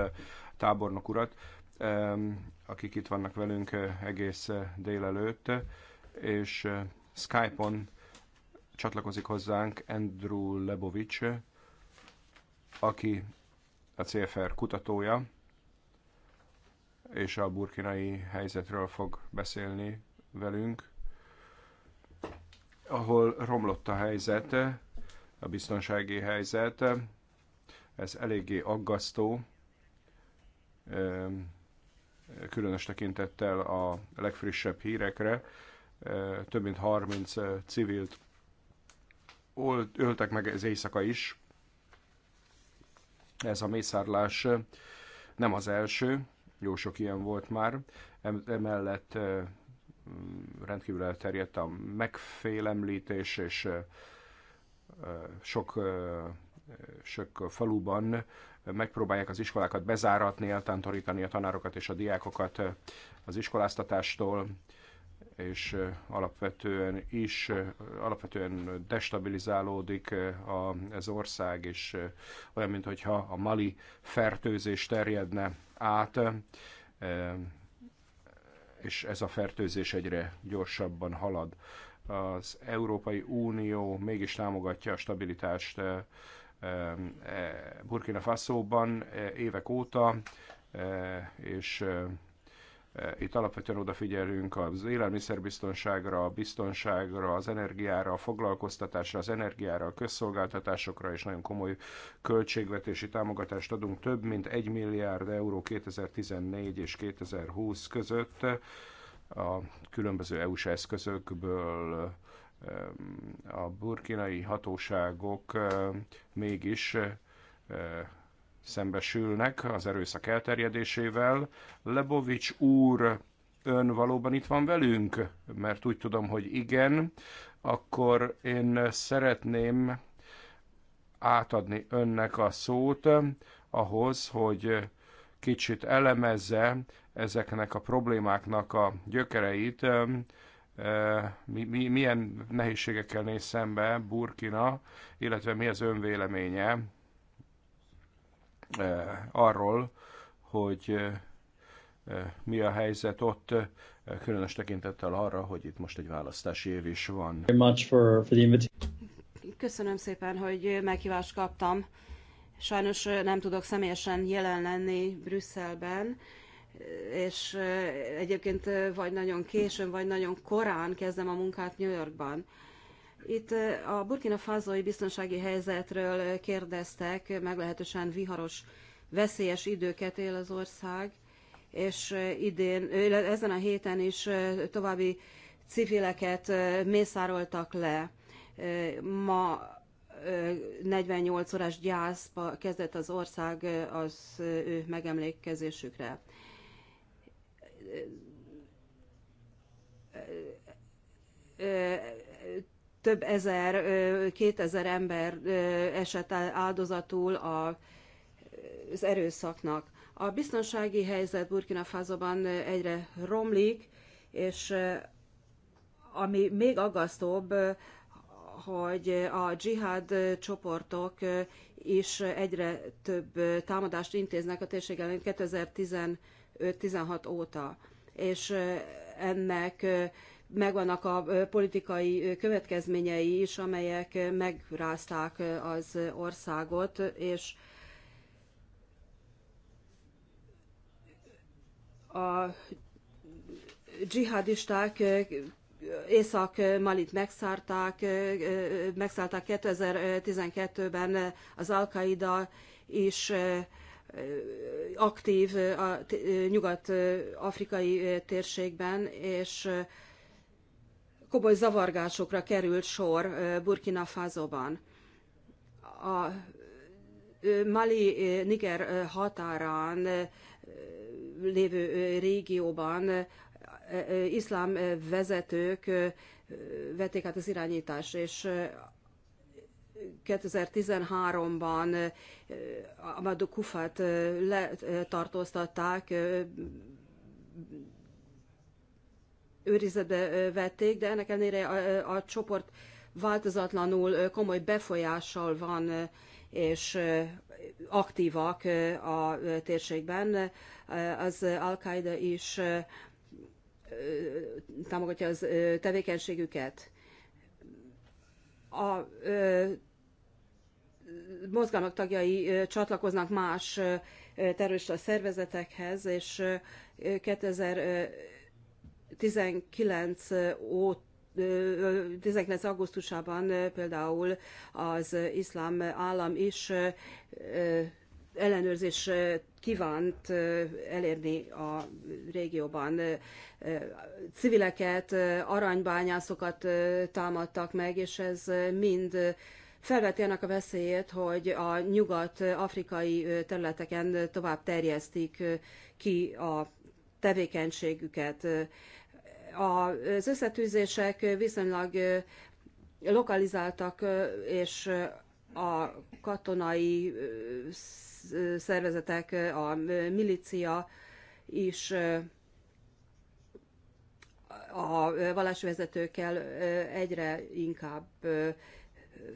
tábornok urat, akik itt vannak velünk egész délelőtt, és Skype-on csatlakozik hozzánk Andrew Lebovics, aki a CFR kutatója, és a burkinai helyzetről fog beszélni velünk, ahol romlott a helyzet, a biztonsági helyzet. Ez eléggé aggasztó, különös tekintettel a legfrissebb hírekre. Több mint 30 civilt öltek meg az éjszaka is. Ez a mészárlás nem az első, jó sok ilyen volt már. Emellett rendkívül elterjedt a megfélemlítés, és sok, sok faluban megpróbálják az iskolákat bezáratni, eltántorítani a tanárokat és a diákokat az iskoláztatástól és alapvetően is, alapvetően destabilizálódik az ország, és olyan, mintha a mali fertőzés terjedne át, és ez a fertőzés egyre gyorsabban halad. Az Európai Unió mégis támogatja a stabilitást e, Burkina Faso-ban évek óta, és Eh, itt alapvetően odafigyelünk az élelmiszerbiztonságra, a biztonságra, az energiára, a foglalkoztatásra, az energiára, a közszolgáltatásokra, és nagyon komoly költségvetési támogatást adunk, több mint 1 milliárd euró 2014 és 2020 között a különböző EU-s eszközökből a burkinai hatóságok eh, mégis eh, szembesülnek az erőszak elterjedésével. Lebovics úr, ön valóban itt van velünk? Mert úgy tudom, hogy igen. Akkor én szeretném átadni önnek a szót ahhoz, hogy kicsit elemezze ezeknek a problémáknak a gyökereit, mi, mi, milyen nehézségekkel néz szembe Burkina, illetve mi az önvéleménye Eh, arról, hogy eh, eh, mi a helyzet ott, különös tekintettel arra, hogy itt most egy választási év is van. Köszönöm szépen, hogy meghívást kaptam. Sajnos nem tudok személyesen jelen lenni Brüsszelben, és egyébként vagy nagyon későn, vagy nagyon korán kezdem a munkát New Yorkban. Itt a burkina fázói biztonsági helyzetről kérdeztek, meglehetősen viharos, veszélyes időket él az ország, és idén, ezen a héten is további civileket mészároltak le. Ma 48 órás gyászba kezdett az ország az ő megemlékezésükre több ezer, kétezer ember esett áldozatul az erőszaknak. A biztonsági helyzet Burkina Fasoban egyre romlik, és ami még aggasztóbb, hogy a dzsihád csoportok is egyre több támadást intéznek a térség ellen 2015-16 óta. És ennek megvannak a politikai következményei is, amelyek megrázták az országot, és a dzsihadisták Észak-Malit megszárták, megszállták 2012-ben az Al-Qaida is aktív a nyugat-afrikai térségben, és komoly zavargásokra került sor Burkina Fasoban. A Mali-Niger határán lévő régióban iszlám vezetők vették át az irányítást, és 2013-ban Amadou Kufat letartóztatták, őrizetbe vették, de ennek ellenére a, a csoport változatlanul komoly befolyással van és aktívak a térségben. Az Al-Qaeda is támogatja az tevékenységüket. A mozgalmak tagjai csatlakoznak más terrorista szervezetekhez, és 2000 19 óta 19. augusztusában például az iszlám állam is ellenőrzés kívánt elérni a régióban. Civileket, aranybányászokat támadtak meg, és ez mind felveti annak a veszélyét, hogy a nyugat-afrikai területeken tovább terjesztik ki a tevékenységüket az összetűzések viszonylag lokalizáltak, és a katonai szervezetek, a milícia is a vallásvezetőkkel egyre inkább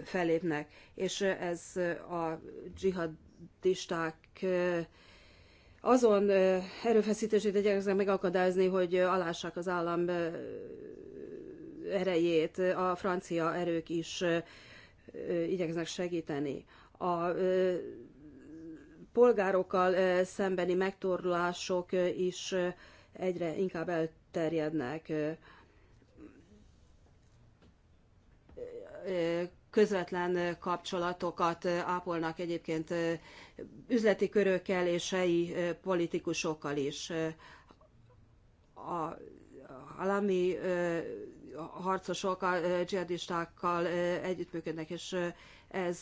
felépnek, és ez a dzsihadisták azon erőfeszítését igyekeznek megakadályozni, hogy alássák az állam erejét, a francia erők is igyekeznek segíteni. A polgárokkal szembeni megtorlások is egyre inkább elterjednek közvetlen kapcsolatokat ápolnak egyébként üzleti körökkel és helyi politikusokkal is. A halami harcosok a dzsihadistákkal együttműködnek, és ez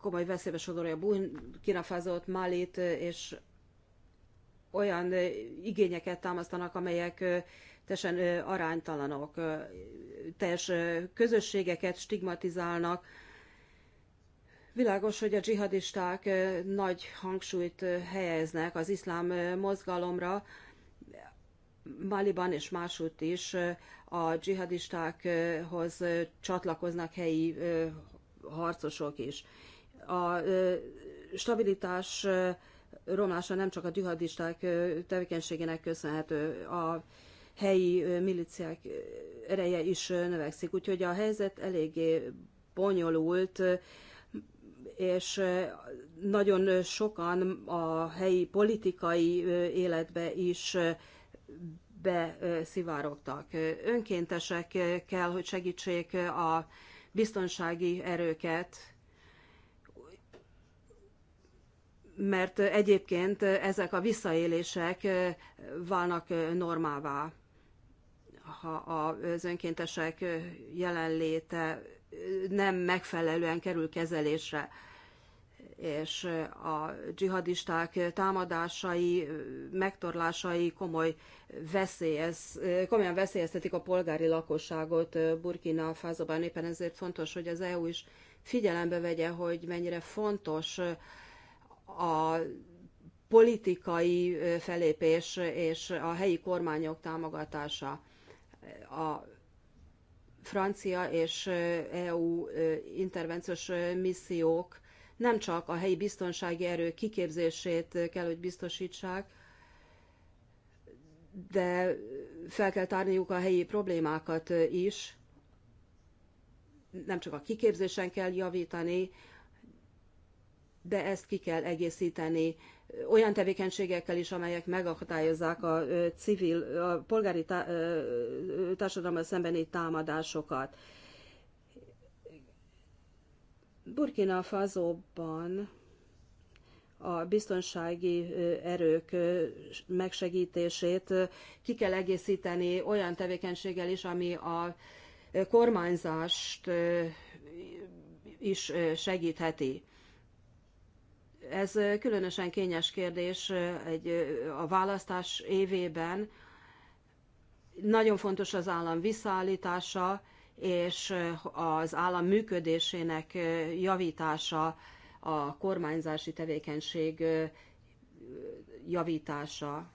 komoly veszélybe sodorja Burkina Fasot, Malit, és olyan igényeket támasztanak, amelyek teljesen aránytalanok, teljes közösségeket stigmatizálnak. Világos, hogy a dzsihadisták nagy hangsúlyt helyeznek az iszlám mozgalomra, Maliban és másút is a dzsihadistákhoz csatlakoznak helyi harcosok is. A stabilitás romlása nem csak a dzsihadisták tevékenységének köszönhető, a helyi miliciák ereje is növekszik. Úgyhogy a helyzet eléggé bonyolult, és nagyon sokan a helyi politikai életbe is beszivárogtak. Önkéntesek kell, hogy segítsék a biztonsági erőket, mert egyébként ezek a visszaélések válnak normává ha az önkéntesek jelenléte nem megfelelően kerül kezelésre, és a dzsihadisták támadásai, megtorlásai komoly veszélyez, komolyan veszélyeztetik a polgári lakosságot Burkina Fázóban. Éppen ezért fontos, hogy az EU is figyelembe vegye, hogy mennyire fontos a politikai felépés és a helyi kormányok támogatása a francia és EU intervenciós missziók nem csak a helyi biztonsági erő kiképzését kell, hogy biztosítsák, de fel kell tárniuk a helyi problémákat is. Nem csak a kiképzésen kell javítani, de ezt ki kell egészíteni olyan tevékenységekkel is, amelyek megakadályozzák a civil, a polgári társadalommal szembeni támadásokat. Burkina Fazóban a biztonsági erők megsegítését ki kell egészíteni olyan tevékenységgel is, ami a kormányzást is segítheti. Ez különösen kényes kérdés egy, a választás évében. Nagyon fontos az állam visszaállítása és az állam működésének javítása, a kormányzási tevékenység javítása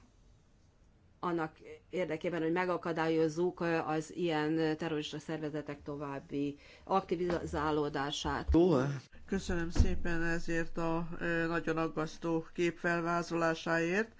annak érdekében, hogy megakadályozzuk az ilyen terrorista szervezetek további aktivizálódását. Eh? Köszönöm szépen ezért a nagyon aggasztó képfelvázolásáért.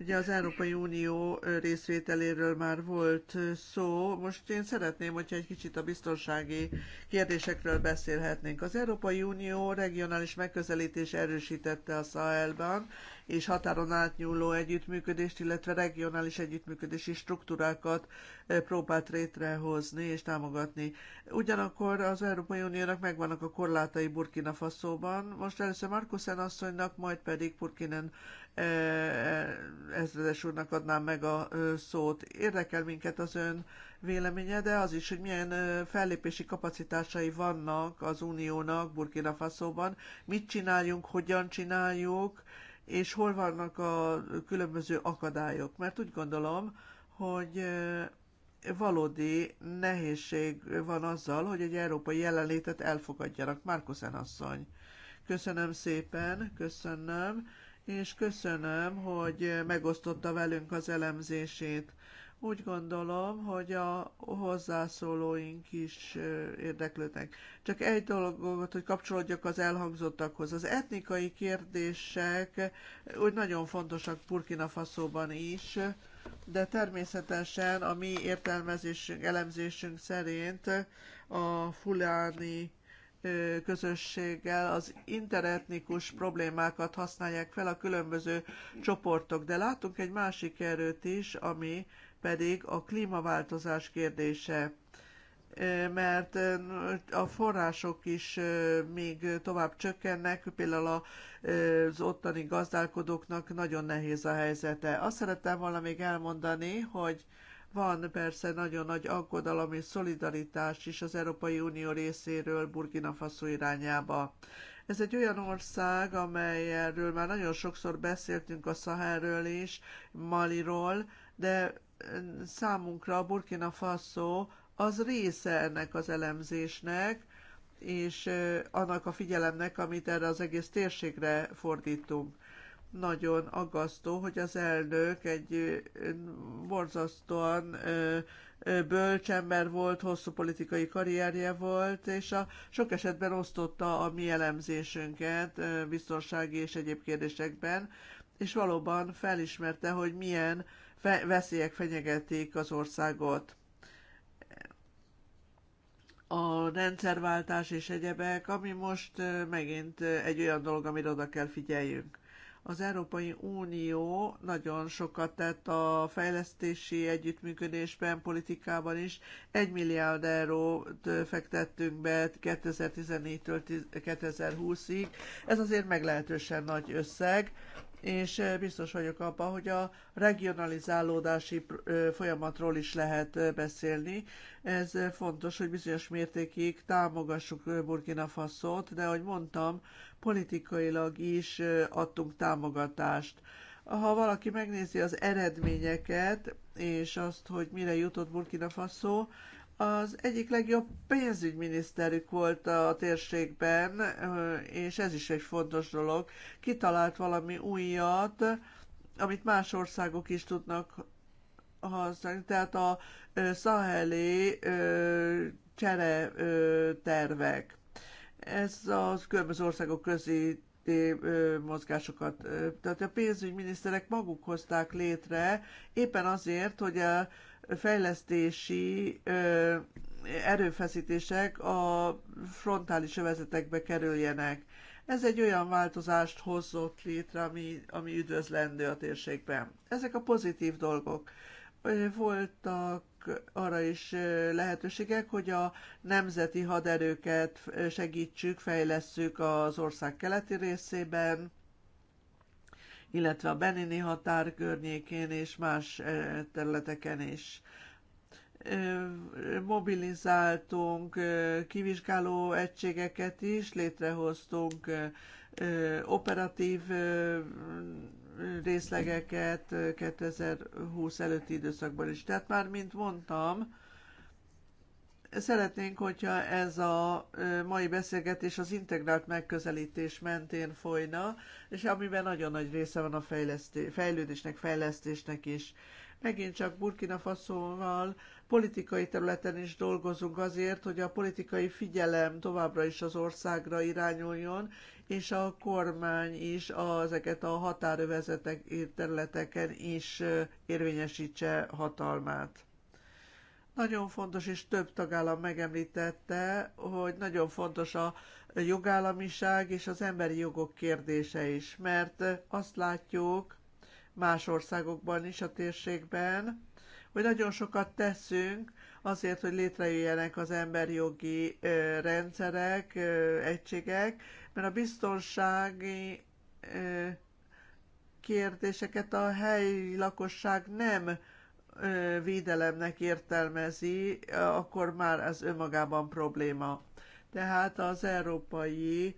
Ugye az Európai Unió részvételéről már volt szó. Most én szeretném, hogyha egy kicsit a biztonsági kérdésekről beszélhetnénk. Az Európai Unió regionális megközelítés erősítette a Sahelban, és határon átnyúló együttműködést, illetve regionális együttműködési struktúrákat eh, próbált rétrehozni és támogatni. Ugyanakkor az Európai Uniónak megvannak a korlátai Burkina Faszóban. Most először Markusen asszonynak, majd pedig Burkinen eh, eh, ezredes úrnak adnám meg a szót. Érdekel minket az ön véleménye, de az is, hogy milyen fellépési kapacitásai vannak az uniónak Burkina Faszóban, mit csináljunk, hogyan csináljuk, és hol vannak a különböző akadályok. Mert úgy gondolom, hogy valódi nehézség van azzal, hogy egy európai jelenlétet elfogadjanak. Márkuszen asszony. Köszönöm szépen, köszönöm, és köszönöm, hogy megosztotta velünk az elemzését. Úgy gondolom, hogy a hozzászólóink is érdeklődnek. Csak egy dologot, hogy kapcsolódjak az elhangzottakhoz. Az etnikai kérdések úgy nagyon fontosak Burkina Faszóban is, de természetesen a mi értelmezésünk, elemzésünk szerint a fuláni közösséggel az interetnikus problémákat használják fel a különböző csoportok. De látunk egy másik erőt is, ami pedig a klímaváltozás kérdése mert a források is még tovább csökkennek, például az ottani gazdálkodóknak nagyon nehéz a helyzete. Azt szerettem volna még elmondani, hogy van persze nagyon nagy aggodalom és szolidaritás is az Európai Unió részéről Burkina Faso irányába. Ez egy olyan ország, amelyről már nagyon sokszor beszéltünk a Szaháról is, Maliról, de számunkra a Burkina Faso az része ennek az elemzésnek, és annak a figyelemnek, amit erre az egész térségre fordítunk. Nagyon aggasztó, hogy az elnök egy borzasztóan bölcs ember volt, hosszú politikai karrierje volt, és a, sok esetben osztotta a mi elemzésünket biztonsági és egyéb kérdésekben, és valóban felismerte, hogy milyen veszélyek fenyegetik az országot. A rendszerváltás és egyebek, ami most megint egy olyan dolog, amire oda kell figyeljünk. Az Európai Unió nagyon sokat tett a fejlesztési együttműködésben, politikában is. Egy milliárd eurót fektettünk be 2014-től 2020-ig. Ez azért meglehetősen nagy összeg, és biztos vagyok abban, hogy a regionalizálódási folyamatról is lehet beszélni. Ez fontos, hogy bizonyos mértékig támogassuk Burkina Faszót, de ahogy mondtam, politikailag is adtunk támogatást. Ha valaki megnézi az eredményeket, és azt, hogy mire jutott Burkina Faso, az egyik legjobb pénzügyminiszterük volt a térségben, és ez is egy fontos dolog. Kitalált valami újat, amit más országok is tudnak használni, tehát a szaheli csere tervek. Ez az különböző országok közé mozgásokat. Tehát a pénzügyminiszterek maguk hozták létre, éppen azért, hogy a fejlesztési erőfeszítések a frontális övezetekbe kerüljenek. Ez egy olyan változást hozott létre, ami, ami üdvözlendő a térségben. Ezek a pozitív dolgok. Voltak arra is lehetőségek, hogy a nemzeti haderőket segítsük, fejlesszük az ország keleti részében, illetve a Benini határ környékén és más eh, területeken is mobilizáltunk kivizsgáló egységeket is, létrehoztunk operatív részlegeket 2020 előtti időszakban is. Tehát már, mint mondtam, Szeretnénk, hogyha ez a mai beszélgetés az integrált megközelítés mentén folyna, és amiben nagyon nagy része van a fejleszté- fejlődésnek, fejlesztésnek is. Megint csak Burkina Faszóval politikai területen is dolgozunk azért, hogy a politikai figyelem továbbra is az országra irányuljon, és a kormány is ezeket a határövezetek területeken is érvényesítse hatalmát. Nagyon fontos, és több tagállam megemlítette, hogy nagyon fontos a jogállamiság és az emberi jogok kérdése is, mert azt látjuk más országokban is a térségben, hogy nagyon sokat teszünk azért, hogy létrejöjjenek az emberi jogi rendszerek, egységek, mert a biztonsági kérdéseket a helyi lakosság nem védelemnek értelmezi, akkor már ez önmagában probléma. Tehát az európai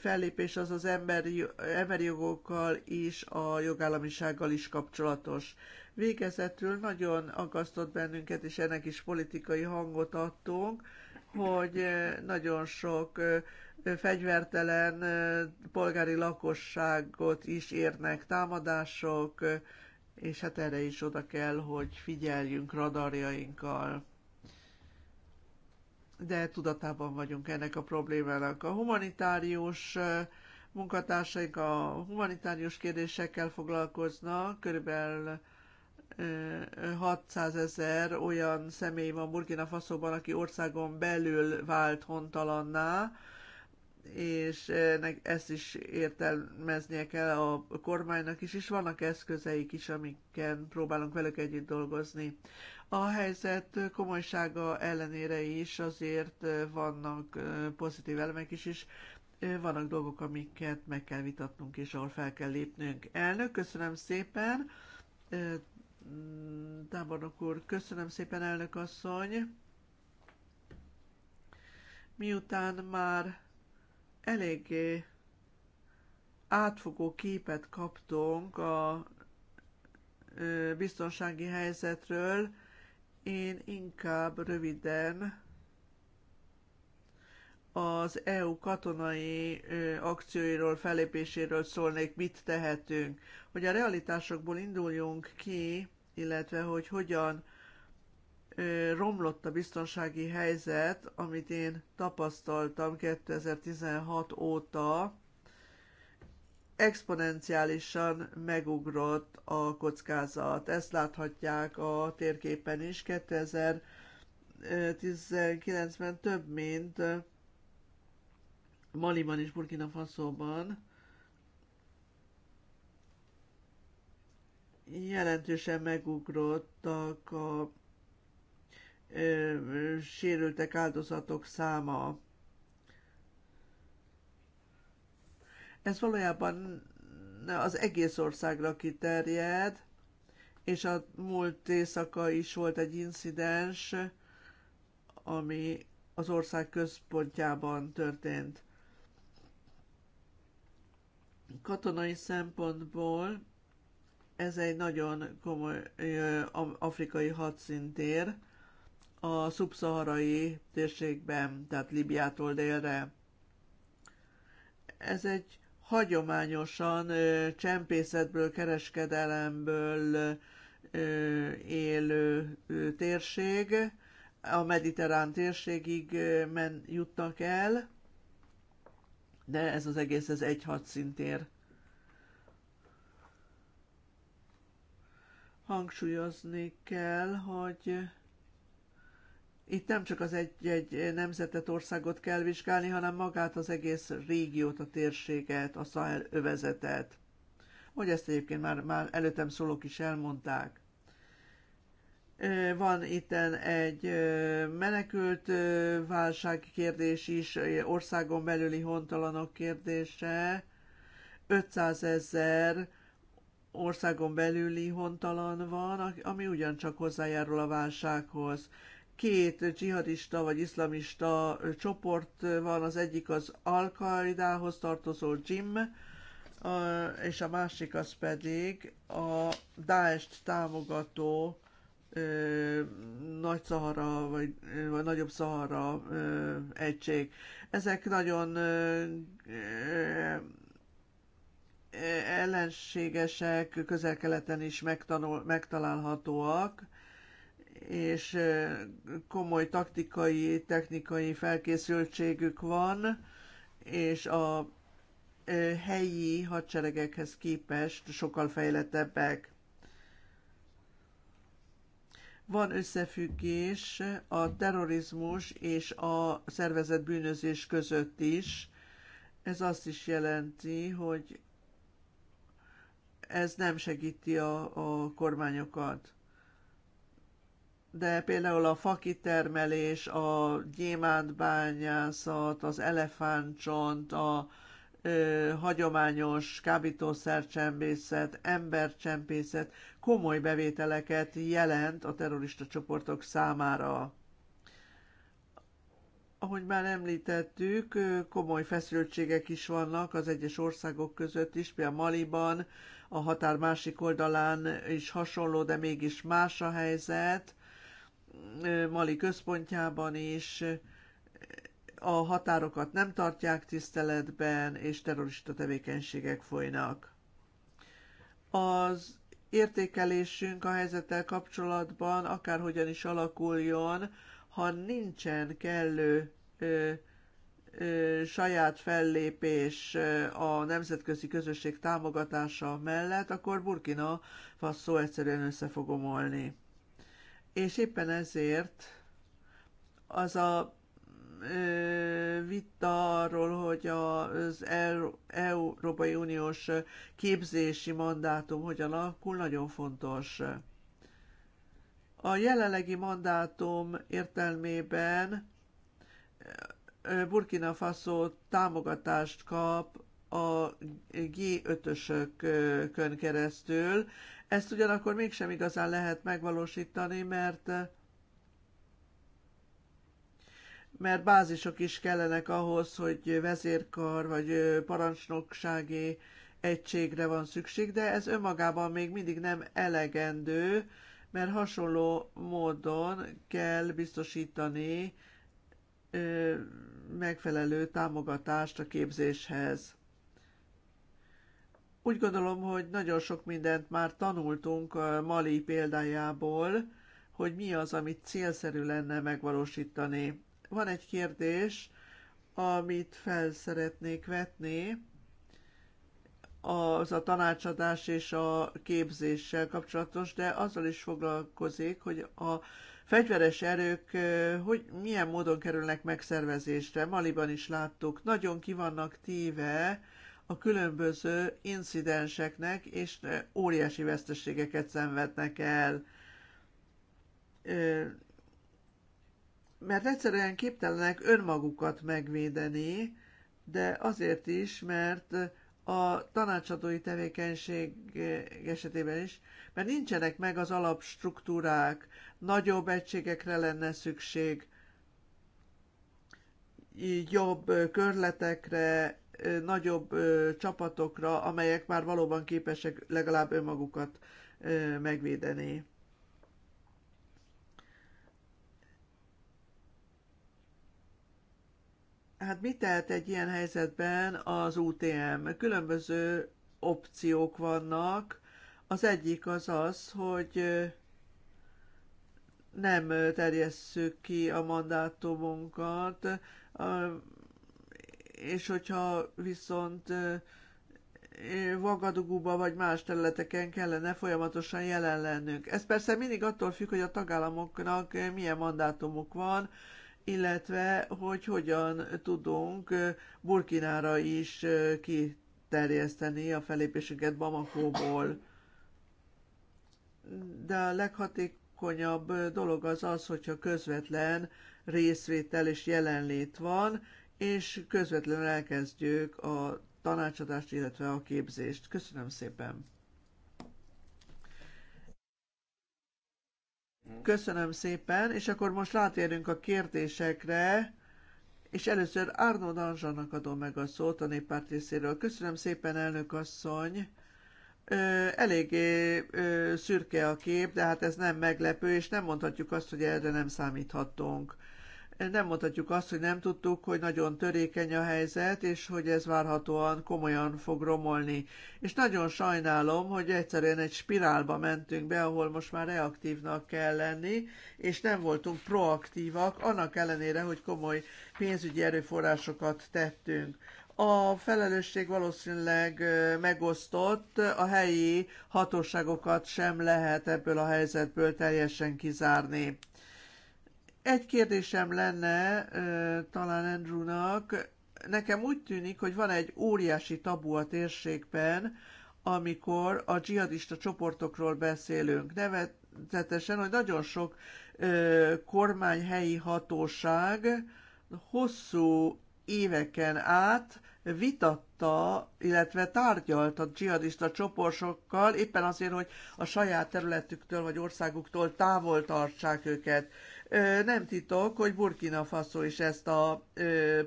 fellépés az az emberi, emberi jogokkal is, a jogállamisággal is kapcsolatos. Végezetül nagyon aggasztott bennünket, és ennek is politikai hangot adtunk, hogy nagyon sok fegyvertelen polgári lakosságot is érnek támadások, és hát erre is oda kell, hogy figyeljünk radarjainkkal. De tudatában vagyunk ennek a problémának. A humanitárius munkatársaink a humanitárius kérdésekkel foglalkoznak, körülbelül 600 ezer olyan személy van Burkina Faszóban, aki országon belül vált hontalanná, és ezt is értelmeznie kell a kormánynak is, és vannak eszközeik is, amikkel próbálunk velük együtt dolgozni. A helyzet komolysága ellenére is azért vannak pozitív elemek is, és vannak dolgok, amiket meg kell vitatnunk, és ahol fel kell lépnünk. Elnök, köszönöm szépen! Tábornok úr, köszönöm szépen, elnök asszony! Miután már eléggé átfogó képet kaptunk a biztonsági helyzetről. Én inkább röviden az EU katonai akcióiról, felépéséről szólnék, mit tehetünk. Hogy a realitásokból induljunk ki, illetve hogy hogyan romlott a biztonsági helyzet, amit én tapasztaltam 2016 óta, exponenciálisan megugrott a kockázat. Ezt láthatják a térképen is. 2019-ben több, mint Maliban és Burkina Faso-ban jelentősen megugrottak a sérültek áldozatok száma. Ez valójában az egész országra kiterjed, és a múlt éjszaka is volt egy incidens, ami az ország központjában történt. Katonai szempontból ez egy nagyon komoly afrikai hadszintér, a szubszaharai térségben, tehát Libiától délre. Ez egy hagyományosan csempészetből, kereskedelemből élő térség, a mediterrán térségig men, juttak el, de ez az egész ez egy hadszintér. Hangsúlyozni kell, hogy itt nem csak az egy-egy nemzetet, országot kell vizsgálni, hanem magát az egész régiót, a térséget, a Sahel övezetet. Hogy ezt egyébként már, már előttem szólók is elmondták. Van itten egy menekült válság kérdés is, országon belüli hontalanok kérdése, 500 ezer országon belüli hontalan van, ami ugyancsak hozzájárul a válsághoz két dzsihadista vagy iszlamista csoport van, az egyik az Al-Qaidához tartozó Jim, és a másik az pedig a Daest támogató nagy szahara, vagy, vagy nagyobb szahara egység. Ezek nagyon ellenségesek, közel-keleten is megtanul, megtalálhatóak, és komoly taktikai, technikai felkészültségük van, és a helyi hadseregekhez képest sokkal fejlettebbek. Van összefüggés a terrorizmus és a szervezett bűnözés között is. Ez azt is jelenti, hogy ez nem segíti a, a kormányokat de például a fakitermelés, a gyémántbányászat, az elefántcsont, a ö, hagyományos kábítószercsempészet, embercsempészet komoly bevételeket jelent a terrorista csoportok számára. Ahogy már említettük, komoly feszültségek is vannak az egyes országok között is, például Maliban, a határ másik oldalán is hasonló, de mégis más a helyzet Mali központjában is a határokat nem tartják tiszteletben, és terrorista tevékenységek folynak. Az értékelésünk a helyzettel kapcsolatban, akárhogyan is alakuljon, ha nincsen kellő ö, ö, saját fellépés a nemzetközi közösség támogatása mellett, akkor Burkina faszó egyszerűen össze fog omolni és éppen ezért az a vita arról, hogy az Európai Uniós képzési mandátum hogyan alakul, nagyon fontos. A jelenlegi mandátum értelmében Burkina Faso támogatást kap a G5-ösökön keresztül. Ezt ugyanakkor mégsem igazán lehet megvalósítani, mert mert bázisok is kellenek ahhoz, hogy vezérkar vagy parancsnoksági egységre van szükség, de ez önmagában még mindig nem elegendő, mert hasonló módon kell biztosítani megfelelő támogatást a képzéshez. Úgy gondolom, hogy nagyon sok mindent már tanultunk a eh, Mali példájából, hogy mi az, amit célszerű lenne megvalósítani. Van egy kérdés, amit fel szeretnék vetni, az a tanácsadás és a képzéssel kapcsolatos, de azzal is foglalkozik, hogy a fegyveres erők eh, hogy milyen módon kerülnek megszervezésre. Maliban is láttuk, nagyon vannak téve a különböző incidenseknek, és óriási veszteségeket szenvednek el. Mert egyszerűen képtelenek önmagukat megvédeni, de azért is, mert a tanácsadói tevékenység esetében is, mert nincsenek meg az alapstruktúrák, nagyobb egységekre lenne szükség, jobb körletekre, nagyobb csapatokra, amelyek már valóban képesek legalább önmagukat megvédeni. Hát mit tehet egy ilyen helyzetben az UTM? Különböző opciók vannak. Az egyik az az, hogy nem terjesszük ki a mandátumunkat, és hogyha viszont Vagadugúba vagy más területeken kellene folyamatosan jelen lennünk. Ez persze mindig attól függ, hogy a tagállamoknak milyen mandátumuk van, illetve hogy hogyan tudunk Burkinára is kiterjeszteni a felépésünket Bamakóból. De a leghatékonyabb dolog az az, hogyha közvetlen részvétel és jelenlét van, és közvetlenül elkezdjük a tanácsadást, illetve a képzést. Köszönöm szépen! Köszönöm szépen, és akkor most látérünk a kérdésekre, és először Arnold Anzsannak adom meg a szót a néppárt részéről. Köszönöm szépen, elnök asszony! eléggé szürke a kép, de hát ez nem meglepő, és nem mondhatjuk azt, hogy erre nem számíthatunk nem mondhatjuk azt, hogy nem tudtuk, hogy nagyon törékeny a helyzet, és hogy ez várhatóan komolyan fog romolni. És nagyon sajnálom, hogy egyszerűen egy spirálba mentünk be, ahol most már reaktívnak kell lenni, és nem voltunk proaktívak, annak ellenére, hogy komoly pénzügyi erőforrásokat tettünk a felelősség valószínűleg megosztott, a helyi hatóságokat sem lehet ebből a helyzetből teljesen kizárni. Egy kérdésem lenne talán Andrewnak. Nekem úgy tűnik, hogy van egy óriási tabu a térségben, amikor a dzsihadista csoportokról beszélünk. Nevezetesen, hogy nagyon sok kormányhelyi hatóság hosszú éveken át vitatta, illetve tárgyalt a dzsihadista csoportokkal, éppen azért, hogy a saját területüktől vagy országuktól távol tartsák őket. Nem titok, hogy Burkina Faso is ezt a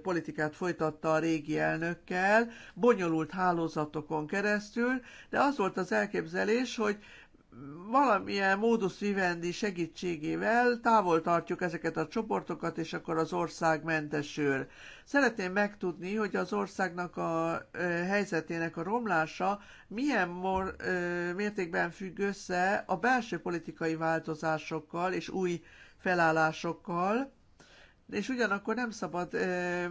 politikát folytatta a régi elnökkel, bonyolult hálózatokon keresztül, de az volt az elképzelés, hogy valamilyen módusz vivendi segítségével távol tartjuk ezeket a csoportokat, és akkor az ország mentesül. Szeretném megtudni, hogy az országnak a helyzetének a romlása milyen mor, mértékben függ össze a belső politikai változásokkal és új felállásokkal, és ugyanakkor nem szabad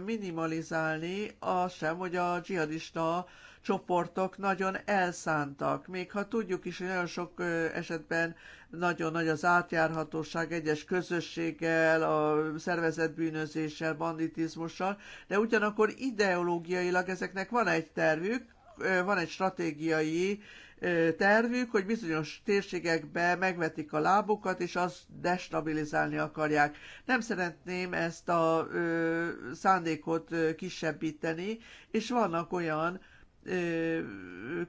minimalizálni azt sem, hogy a dzsihadista csoportok nagyon elszántak. Még ha tudjuk is, hogy nagyon sok esetben nagyon nagy az átjárhatóság egyes közösséggel, a szervezetbűnözéssel, banditizmussal, de ugyanakkor ideológiailag ezeknek van egy tervük, van egy stratégiai tervük, hogy bizonyos térségekbe megvetik a lábukat, és azt destabilizálni akarják. Nem szeretném ezt a ö, szándékot ö, kisebbíteni, és vannak olyan ö,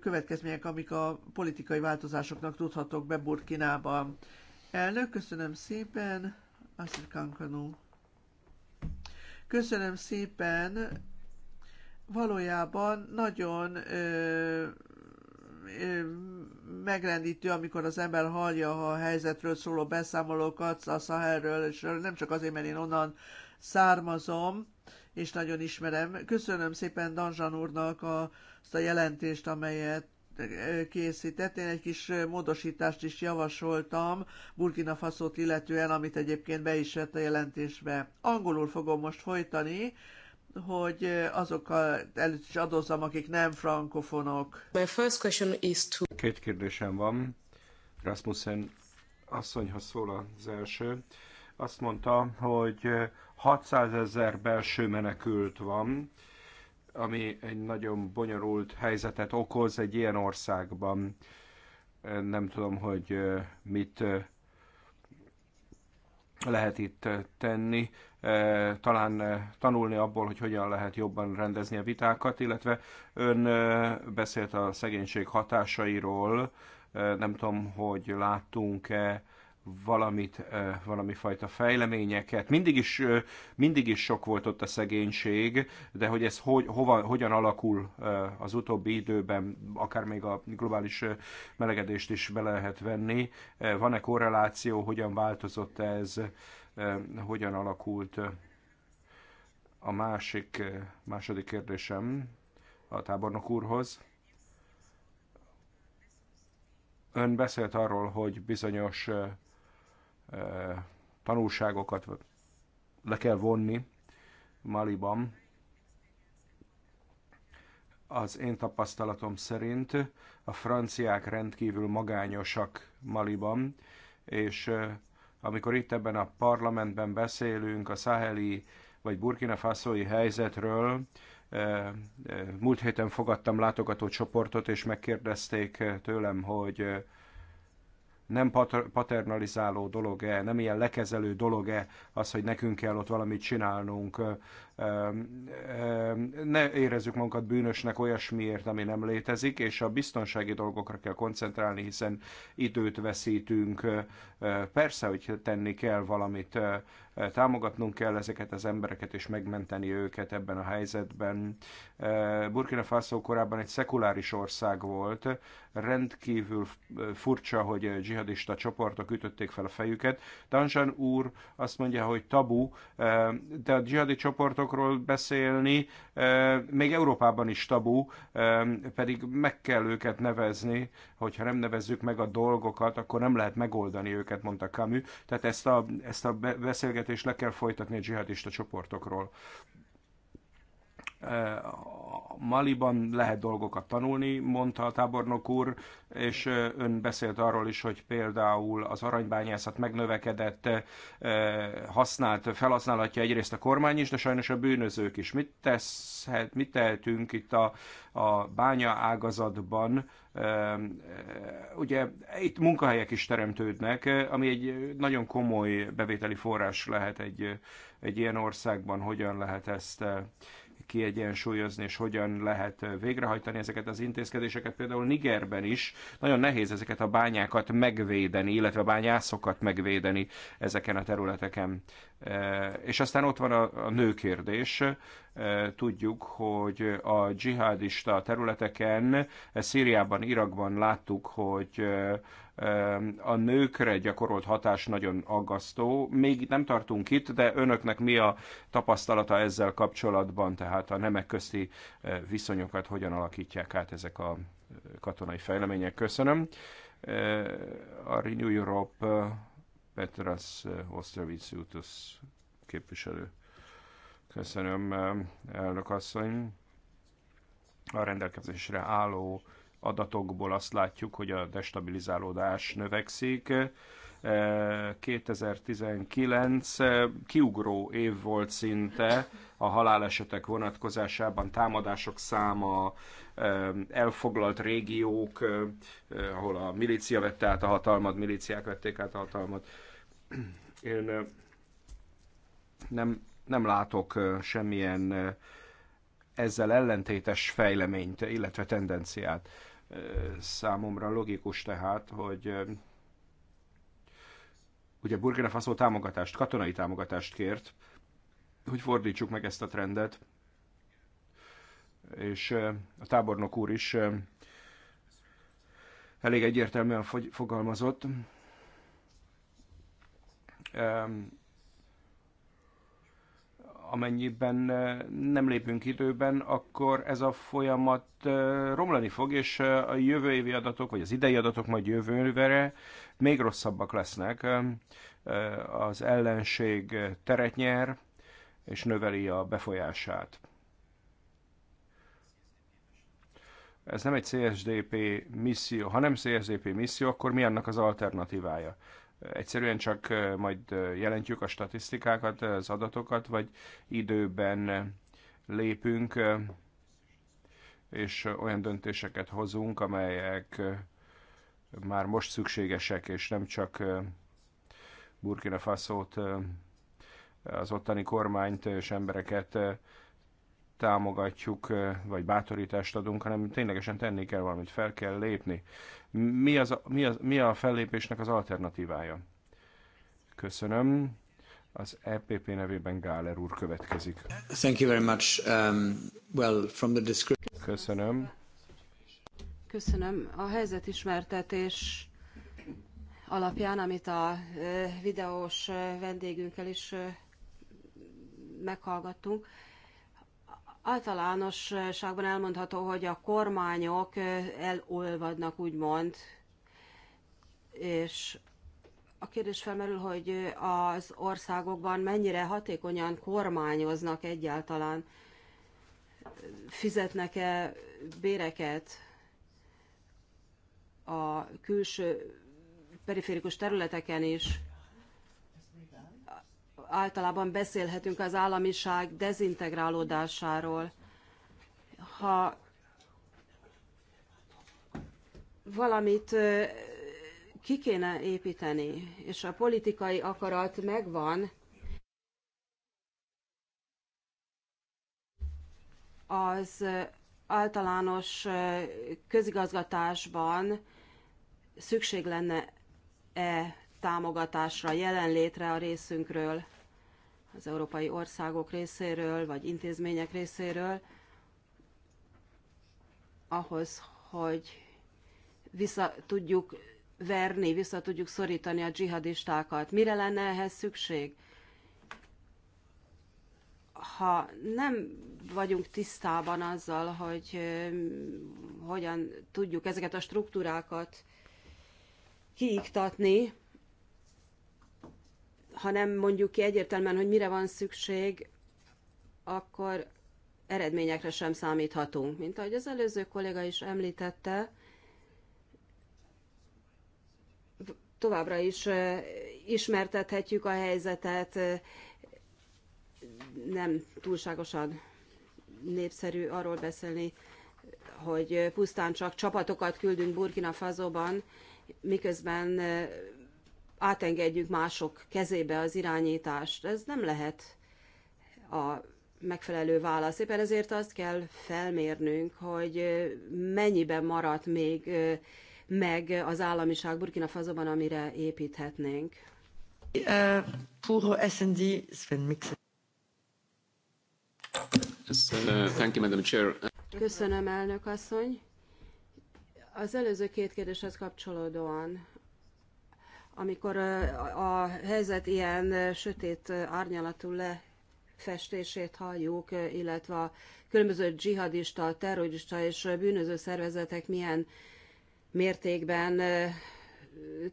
következmények, amik a politikai változásoknak tudhatók be Burkinában. Elnök, köszönöm szépen. Asir Kankanu. Köszönöm szépen. Valójában nagyon ö, megrendítő, amikor az ember hallja a helyzetről szóló beszámolókat a Szahelről, és nem csak azért, mert én onnan származom, és nagyon ismerem. Köszönöm szépen Danzsan úrnak a, azt a jelentést, amelyet készített. Én egy kis módosítást is javasoltam Burkina Faszót illetően, amit egyébként be is vett a jelentésbe. Angolul fogom most folytani, hogy azokkal előtt is adózzam, akik nem frankofonok. My first question is to... Két kérdésem van. Rasmussen asszonyhoz szól az első. Azt mondta, hogy 600 ezer belső menekült van, ami egy nagyon bonyolult helyzetet okoz egy ilyen országban. Nem tudom, hogy mit lehet itt tenni talán tanulni abból, hogy hogyan lehet jobban rendezni a vitákat, illetve ön beszélt a szegénység hatásairól, nem tudom, hogy láttunk-e valamit, valami fajta fejleményeket. Mindig is, mindig is sok volt ott a szegénység, de hogy ez hogy, hova, hogyan alakul az utóbbi időben, akár még a globális melegedést is be lehet venni. Van-e korreláció, hogyan változott ez Eh, hogyan alakult. Eh, a másik, eh, második kérdésem a tábornok úrhoz. Ön beszélt arról, hogy bizonyos tanulságokat le kell vonni Maliban. Az én tapasztalatom szerint a franciák rendkívül magányosak Maliban, és amikor itt ebben a parlamentben beszélünk a szaheli vagy burkina faszói helyzetről, eh, eh, múlt héten fogadtam látogató csoportot, és megkérdezték eh, tőlem, hogy nem paternalizáló dolog-e, nem ilyen lekezelő dolog-e az, hogy nekünk kell ott valamit csinálnunk ne érezzük magunkat bűnösnek olyasmiért, ami nem létezik, és a biztonsági dolgokra kell koncentrálni, hiszen időt veszítünk. Persze, hogy tenni kell valamit, támogatnunk kell ezeket az embereket, és megmenteni őket ebben a helyzetben. Burkina Faso korábban egy szekuláris ország volt, rendkívül furcsa, hogy dzsihadista csoportok ütötték fel a fejüket. Tanzsán úr azt mondja, hogy tabu, de a dzsihadi csoportok sorozatokról beszélni, még Európában is tabú, pedig meg kell őket nevezni, hogyha nem nevezzük meg a dolgokat, akkor nem lehet megoldani őket, mondta Camus. Tehát ezt a, ezt a beszélgetést le kell folytatni a dzsihadista csoportokról. Eh, Maliban lehet dolgokat tanulni, mondta a tábornok úr, és eh, ön beszélt arról is, hogy például az aranybányászat megnövekedett eh, használt, felhasználatja egyrészt a kormány is, de sajnos a bűnözők is. Mit, teszhet, mit tehetünk itt a, a bánya ágazatban? Ugye itt munkahelyek is teremtődnek, ami egy nagyon komoly bevételi forrás lehet egy, egy ilyen országban, hogyan lehet ezt kiegyensúlyozni, és hogyan lehet végrehajtani ezeket az intézkedéseket. Például Nigerben is nagyon nehéz ezeket a bányákat megvédeni, illetve a bányászokat megvédeni ezeken a területeken. Eh, és aztán ott van a, a nő kérdés. Eh, tudjuk, hogy a dzsihádista területeken, eh, Szíriában, Irakban láttuk, hogy a nőkre gyakorolt hatás nagyon aggasztó. Még nem tartunk itt, de önöknek mi a tapasztalata ezzel kapcsolatban, tehát a nemek közti viszonyokat hogyan alakítják át ezek a katonai fejlemények? Köszönöm. A Renew Europe Petras eh, Osztraviciutus képviselő. Köszönöm, eh, elnök asszony. A rendelkezésre álló adatokból azt látjuk, hogy a destabilizálódás növekszik. 2019 eh, kiugró év volt szinte a halálesetek vonatkozásában, támadások száma, elfoglalt régiók, ahol a milícia vette át a hatalmat, milíciák vették át a hatalmat. Én nem, nem látok semmilyen ezzel ellentétes fejleményt, illetve tendenciát. Számomra logikus tehát, hogy ugye Burkina Faso támogatást, katonai támogatást kért, hogy fordítsuk meg ezt a trendet, és a tábornok úr is elég egyértelműen fogalmazott, amennyiben eh, nem lépünk időben, akkor ez a folyamat eh, romlani fog, és eh, a jövő évi adatok, vagy az idei adatok majd jövőre még rosszabbak lesznek. Az ellenség teret nyer, és növeli a befolyását. Ez nem egy CSDP misszió. Ha nem CSDP misszió, akkor mi annak az alternatívája? egyszerűen csak majd jelentjük a statisztikákat, az adatokat, vagy időben lépünk, és olyan döntéseket hozunk, amelyek már most szükségesek, és nem csak Burkina Faso-t, az ottani kormányt és embereket támogatjuk, vagy bátorítást adunk, hanem ténylegesen tenni kell valamit, fel kell lépni. Mi, az, a mi, az, mi a fellépésnek az alternatívája? Köszönöm. Az EPP nevében Gáler úr következik. Thank you very much. Um, well, from the description... Köszönöm. Köszönöm. A helyzet ismertetés alapján, amit a videós vendégünkkel is meghallgattunk, Általánosságban elmondható, hogy a kormányok elolvadnak, úgymond, és a kérdés felmerül, hogy az országokban mennyire hatékonyan kormányoznak egyáltalán, fizetnek-e béreket a külső periférikus területeken is általában beszélhetünk az államiság dezintegrálódásáról. Ha valamit ki kéne építeni, és a politikai akarat megvan, az általános közigazgatásban szükség lenne e támogatásra, jelenlétre a részünkről az európai országok részéről, vagy intézmények részéről, ahhoz, hogy vissza tudjuk verni, vissza tudjuk szorítani a dzsihadistákat. Mire lenne ehhez szükség? Ha nem vagyunk tisztában azzal, hogy hogyan tudjuk ezeket a struktúrákat kiiktatni, ha nem mondjuk ki egyértelműen, hogy mire van szükség, akkor eredményekre sem számíthatunk. Mint ahogy az előző kolléga is említette, továbbra is ismertethetjük a helyzetet, nem túlságosan népszerű arról beszélni, hogy pusztán csak csapatokat küldünk Burkina Fazóban, miközben átengedjük mások kezébe az irányítást. Ez nem lehet a megfelelő válasz. Éppen ezért azt kell felmérnünk, hogy mennyiben maradt még meg az államiság Burkina Fasoban, amire építhetnénk. Uh, SND, Sven Mixer. Uh, Köszönöm, elnök asszony. Az előző két kérdéshez kapcsolódóan amikor a helyzet ilyen sötét árnyalatú lefestését halljuk, illetve a különböző dzsihadista, terrorista és bűnöző szervezetek milyen mértékben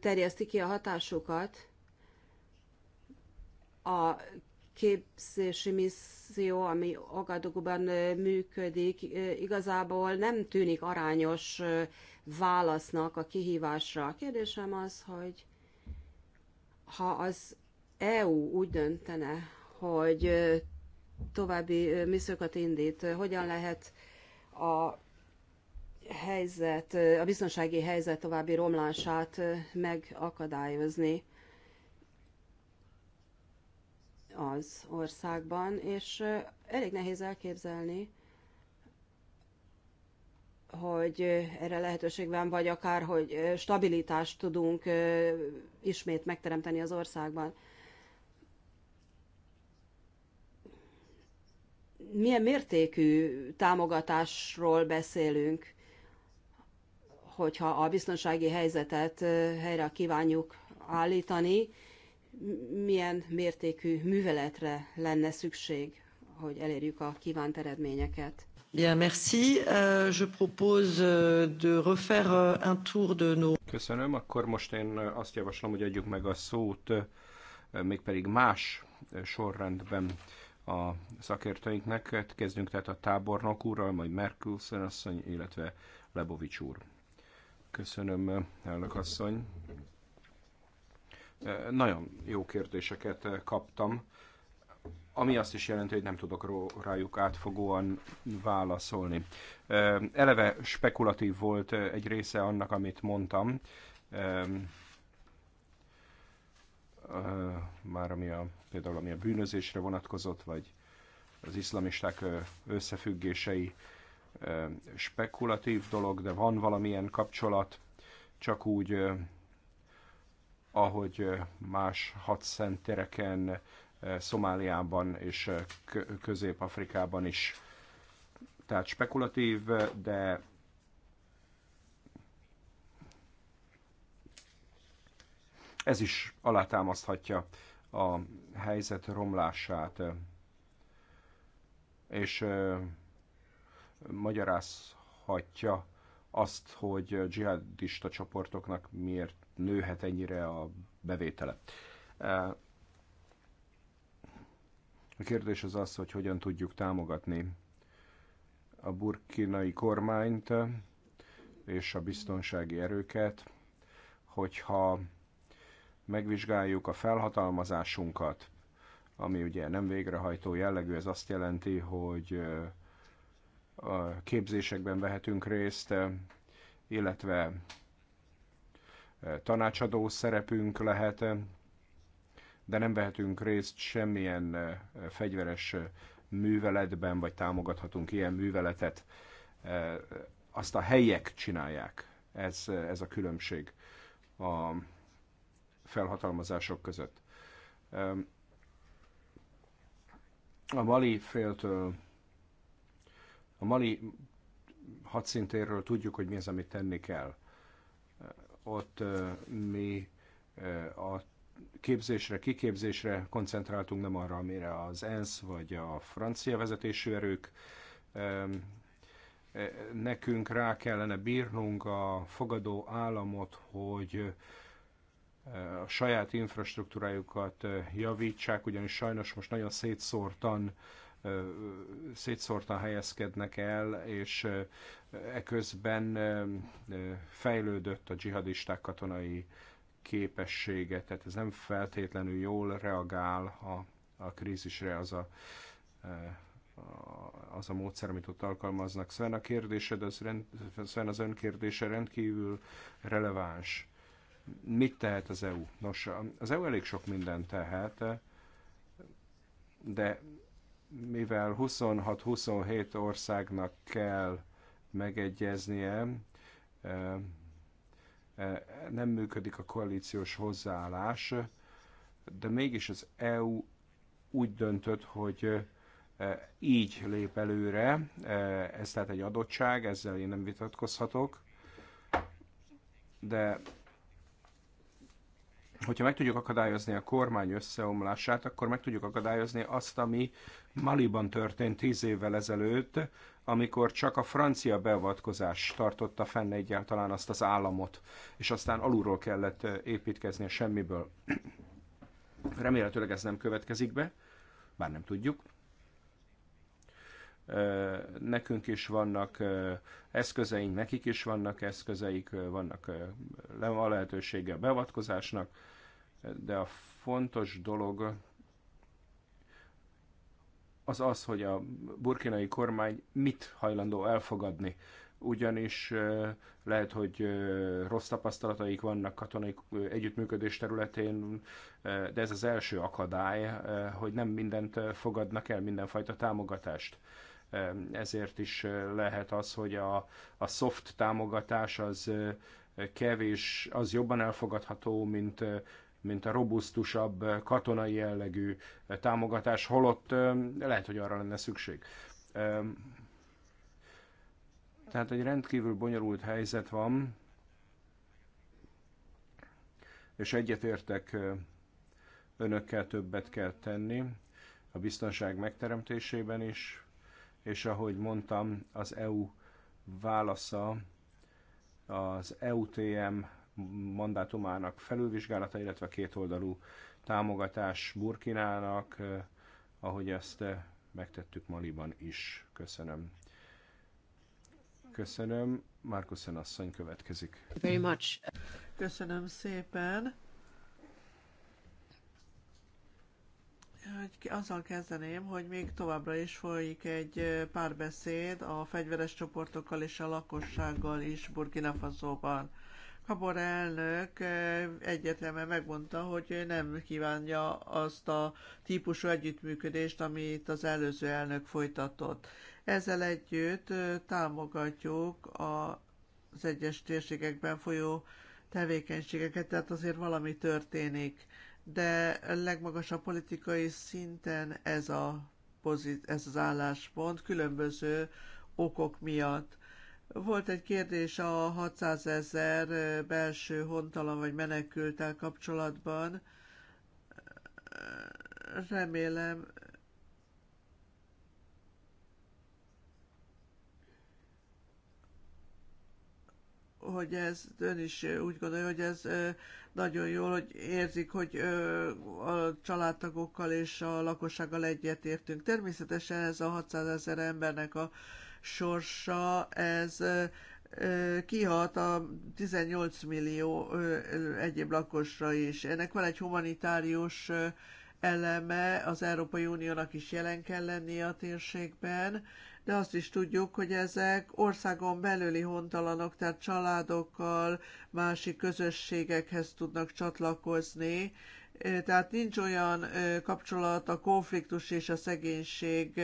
terjesztik ki a hatásukat. A képzési misszió, ami Agadoguban működik, igazából nem tűnik arányos válasznak a kihívásra. A kérdésem az, hogy ha az EU úgy döntene, hogy további missziókat indít, hogyan lehet a helyzet, a biztonsági helyzet további romlását megakadályozni az országban, és elég nehéz elképzelni, hogy erre lehetőség van, vagy akár, hogy stabilitást tudunk ismét megteremteni az országban. Milyen mértékű támogatásról beszélünk, hogyha a biztonsági helyzetet helyre kívánjuk állítani, milyen mértékű műveletre lenne szükség, hogy elérjük a kívánt eredményeket? Bien, merci. Euh, je propose euh, de refaire euh, un tour de nos... Köszönöm, akkor most én azt javaslom, hogy adjuk meg a szót, mégpedig más sorrendben a szakértőinknek. Kezdünk tehát a tábornok úrral, majd Merkelsen asszony, illetve Lebovics úr. Köszönöm, elnök asszony. Nagyon jó kérdéseket kaptam ami azt is jelenti, hogy nem tudok rájuk átfogóan válaszolni. Eleve spekulatív volt egy része annak, amit mondtam, már ami a, például ami a bűnözésre vonatkozott, vagy az iszlamisták összefüggései spekulatív dolog, de van valamilyen kapcsolat, csak úgy, ahogy más hat tereken Szomáliában és Közép-Afrikában is. Tehát spekulatív, de ez is alátámaszthatja a helyzet romlását, és magyarázhatja azt, hogy dzsihadista csoportoknak miért nőhet ennyire a bevétele. A kérdés az az, hogy hogyan tudjuk támogatni a burkinai kormányt és a biztonsági erőket, hogyha megvizsgáljuk a felhatalmazásunkat, ami ugye nem végrehajtó jellegű, ez azt jelenti, hogy a képzésekben vehetünk részt, illetve tanácsadó szerepünk lehet, de nem vehetünk részt semmilyen fegyveres műveletben, vagy támogathatunk ilyen műveletet. Azt a helyek csinálják. Ez, ez a különbség a felhatalmazások között. A Mali féltől, a Mali hadszintéről tudjuk, hogy mi az, amit tenni kell. Ott mi a képzésre, kiképzésre koncentráltunk, nem arra, amire az ENSZ vagy a francia vezetésű erők e, nekünk rá kellene bírnunk a fogadó államot, hogy e, a saját infrastruktúrájukat e, javítsák, ugyanis sajnos most nagyon szétszórtan szétszórtan helyezkednek el, és eközben fejlődött a dzsihadisták katonai képessége, tehát ez nem feltétlenül jól reagál a, a krízisre az e, a, az a módszer, amit ott alkalmaznak. Sven, a kérdésed, az rend, Sven az ön kérdése rendkívül releváns. Mit tehet az EU? Nos, az EU elég sok mindent tehet, de mivel 26-27 országnak kell megegyeznie, e, Eh, nem működik a koalíciós hozzáállás, de mégis az EU úgy döntött, hogy eh, így lép előre, eh, ez tehát egy adottság, ezzel én nem vitatkozhatok, de hogyha meg tudjuk akadályozni a kormány összeomlását, akkor meg tudjuk akadályozni azt, ami Maliban történt tíz évvel ezelőtt, amikor csak a francia beavatkozás tartotta fenn egyáltalán azt az államot, és aztán alulról kellett eh, építkezni a semmiből. Remélhetőleg ez nem következik be, bár nem tudjuk. Eh, nekünk is vannak eh, eszközeink, nekik is vannak eszközeik, vannak a lehetősége a beavatkozásnak, de a fontos dolog az az, hogy a burkinai kormány mit hajlandó elfogadni. Ugyanis lehet, hogy rossz tapasztalataik vannak katonai együttműködés területén, de ez az első akadály, hogy nem mindent fogadnak el, mindenfajta támogatást ezért is lehet az, hogy a, a soft támogatás az kevés, az jobban elfogadható, mint mint a robusztusabb eh, katonai jellegű eh, támogatás, holott eh, lehet, hogy arra lenne szükség. Tehát egy rendkívül bonyolult helyzet van, és egyetértek önökkel többet kell tenni a biztonság megteremtésében is, és ahogy mondtam, az EU válasza az EUTM mandátumának felülvizsgálata, illetve kétoldalú támogatás Burkinának, eh, ahogy ezt eh, megtettük Maliban is. Köszönöm. Köszönöm. Márkuszen asszony következik. Very much. Köszönöm szépen. hogy azzal kezdeném, hogy még továbbra is folyik egy eh, párbeszéd a fegyveres csoportokkal és a lakossággal is Burkina Faso-ban. Kabor elnök egyetlenül megmondta, hogy ő nem kívánja azt a típusú együttműködést, amit az előző elnök folytatott. Ezzel együtt támogatjuk az egyes térségekben folyó tevékenységeket, tehát azért valami történik. De legmagasabb politikai szinten ez, a pozit- ez az álláspont különböző okok miatt volt egy kérdés a 600 ezer belső hontalan vagy menekültel kapcsolatban. Remélem, hogy ez ön is úgy gondolja, hogy ez nagyon jól, hogy érzik, hogy a családtagokkal és a lakossággal egyetértünk. Természetesen ez a 600 ezer embernek a sorsa, ez kihat a 18 millió egyéb lakosra is. Ennek van egy humanitárius eleme, az Európai Uniónak is jelen kell lennie a térségben, de azt is tudjuk, hogy ezek országon belüli hontalanok, tehát családokkal, másik közösségekhez tudnak csatlakozni, tehát nincs olyan kapcsolat a konfliktus és a szegénység.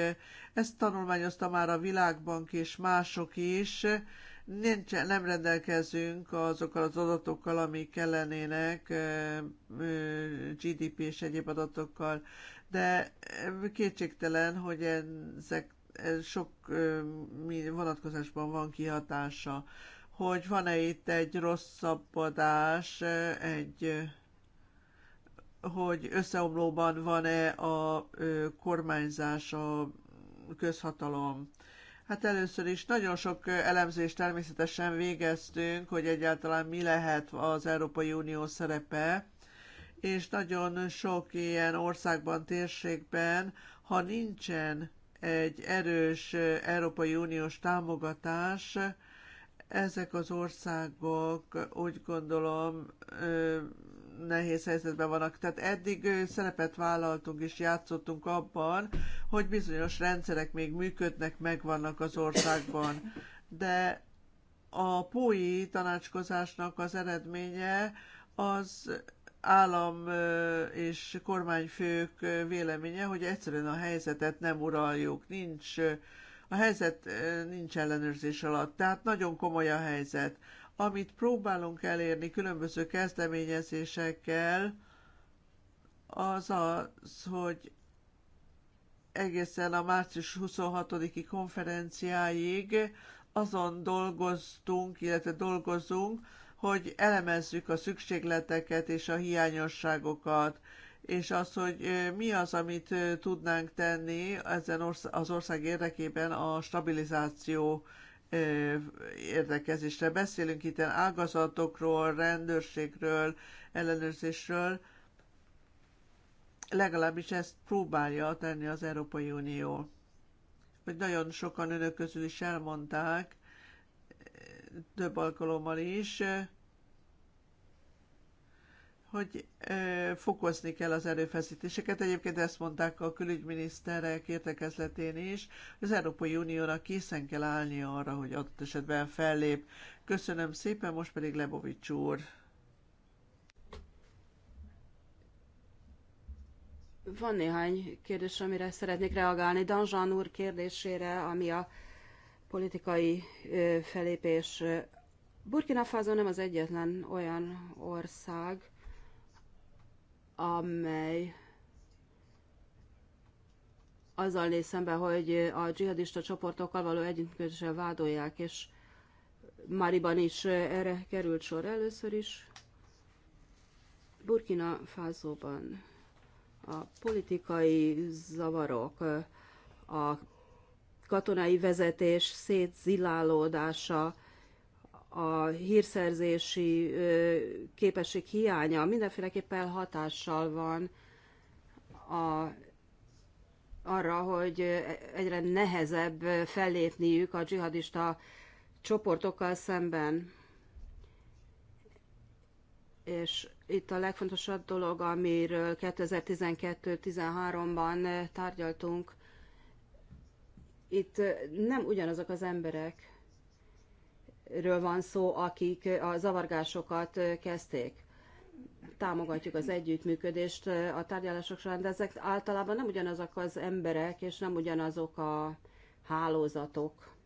Ezt tanulmányozta már a Világbank és mások is. Nincs, nem rendelkezünk azokkal az adatokkal, amik ellenének, GDP és egyéb adatokkal, de kétségtelen, hogy ezek sok vonatkozásban van kihatása, hogy van-e itt egy rosszabbadás egy hogy összeomlóban van-e a kormányzás, a közhatalom. Hát először is nagyon sok elemzést természetesen végeztünk, hogy egyáltalán mi lehet az Európai Unió szerepe, és nagyon sok ilyen országban, térségben, ha nincsen egy erős Európai Uniós támogatás, ezek az országok úgy gondolom nehéz helyzetben vannak. Tehát eddig szerepet vállaltunk és játszottunk abban, hogy bizonyos rendszerek még működnek, megvannak az országban. De a pói tanácskozásnak az eredménye az állam és kormányfők véleménye, hogy egyszerűen a helyzetet nem uraljuk, nincs, a helyzet nincs ellenőrzés alatt, tehát nagyon komoly a helyzet. Amit próbálunk elérni különböző kezdeményezésekkel, az az, hogy egészen a március 26-i konferenciáig azon dolgoztunk, illetve dolgozunk, hogy elemezzük a szükségleteket és a hiányosságokat, és az, hogy mi az, amit tudnánk tenni ezen az ország érdekében a stabilizáció érdekezésre. Beszélünk itt ágazatokról, rendőrségről, ellenőrzésről, legalábbis ezt próbálja tenni az Európai Unió. Hogy nagyon sokan önök közül is elmondták, több alkalommal is, hogy fokozni kell az erőfeszítéseket. Egyébként ezt mondták a külügyminiszterek értekezletén is, az Európai Uniónak készen kell állnia arra, hogy adott esetben fellép. Köszönöm szépen, most pedig Lebovics úr. Van néhány kérdés, amire szeretnék reagálni. Danzsán úr kérdésére, ami a politikai felépés. Burkina Faso nem az egyetlen olyan ország, amely azzal néz szembe, hogy a dzsihadista csoportokkal való együttműködéssel vádolják, és Mariban is erre került sor először is. Burkina Fázóban a politikai zavarok, a katonai vezetés szétzilálódása, a hírszerzési képesség hiánya mindenféleképpen hatással van a, arra, hogy egyre nehezebb fellépniük a dzsihadista csoportokkal szemben. És itt a legfontosabb dolog, amiről 2012-13-ban tárgyaltunk, itt nem ugyanazok az emberek, ről van szó, akik a zavargásokat kezdték. Támogatjuk az együttműködést a tárgyalások során, de ezek általában nem ugyanazok az emberek, és nem ugyanazok a hálózatok.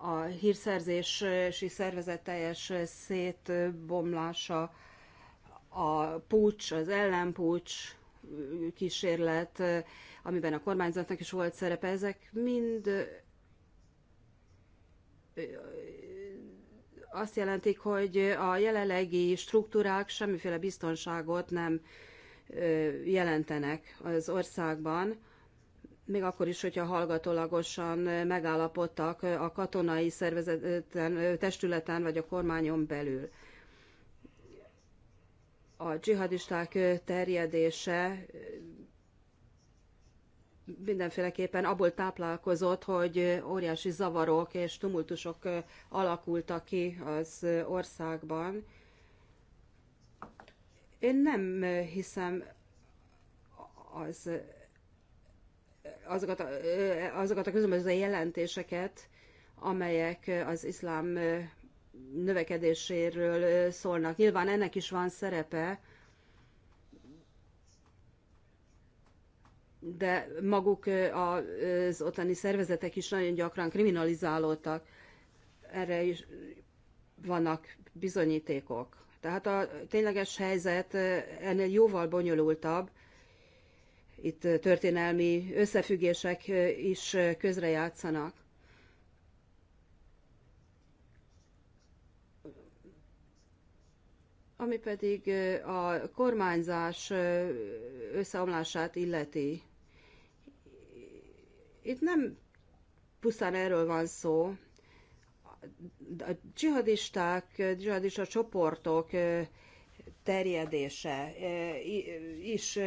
A hírszerzési szervezet teljes szétbomlása, a pucs, az ellenpucs kísérlet, amiben a kormányzatnak is volt szerepe, ezek mind azt jelentik, hogy a jelenlegi struktúrák semmiféle biztonságot nem jelentenek az országban, még akkor is, hogyha hallgatólagosan megállapodtak a katonai szervezeten, testületen vagy a kormányon belül. A dzsihadisták terjedése mindenféleképpen abból táplálkozott, hogy óriási zavarok és tumultusok alakultak ki az országban. Én nem hiszem az, azokat, a, azokat a különböző jelentéseket, amelyek az iszlám növekedéséről szólnak. Nyilván ennek is van szerepe, de maguk az ottani szervezetek is nagyon gyakran kriminalizálódtak. Erre is vannak bizonyítékok. Tehát a tényleges helyzet ennél jóval bonyolultabb. Itt történelmi összefüggések is közrejátszanak. Ami pedig a kormányzás összeomlását illeti. Itt nem pusztán erről van szó. A dzsihadisták, dzsihadista csoportok terjedése is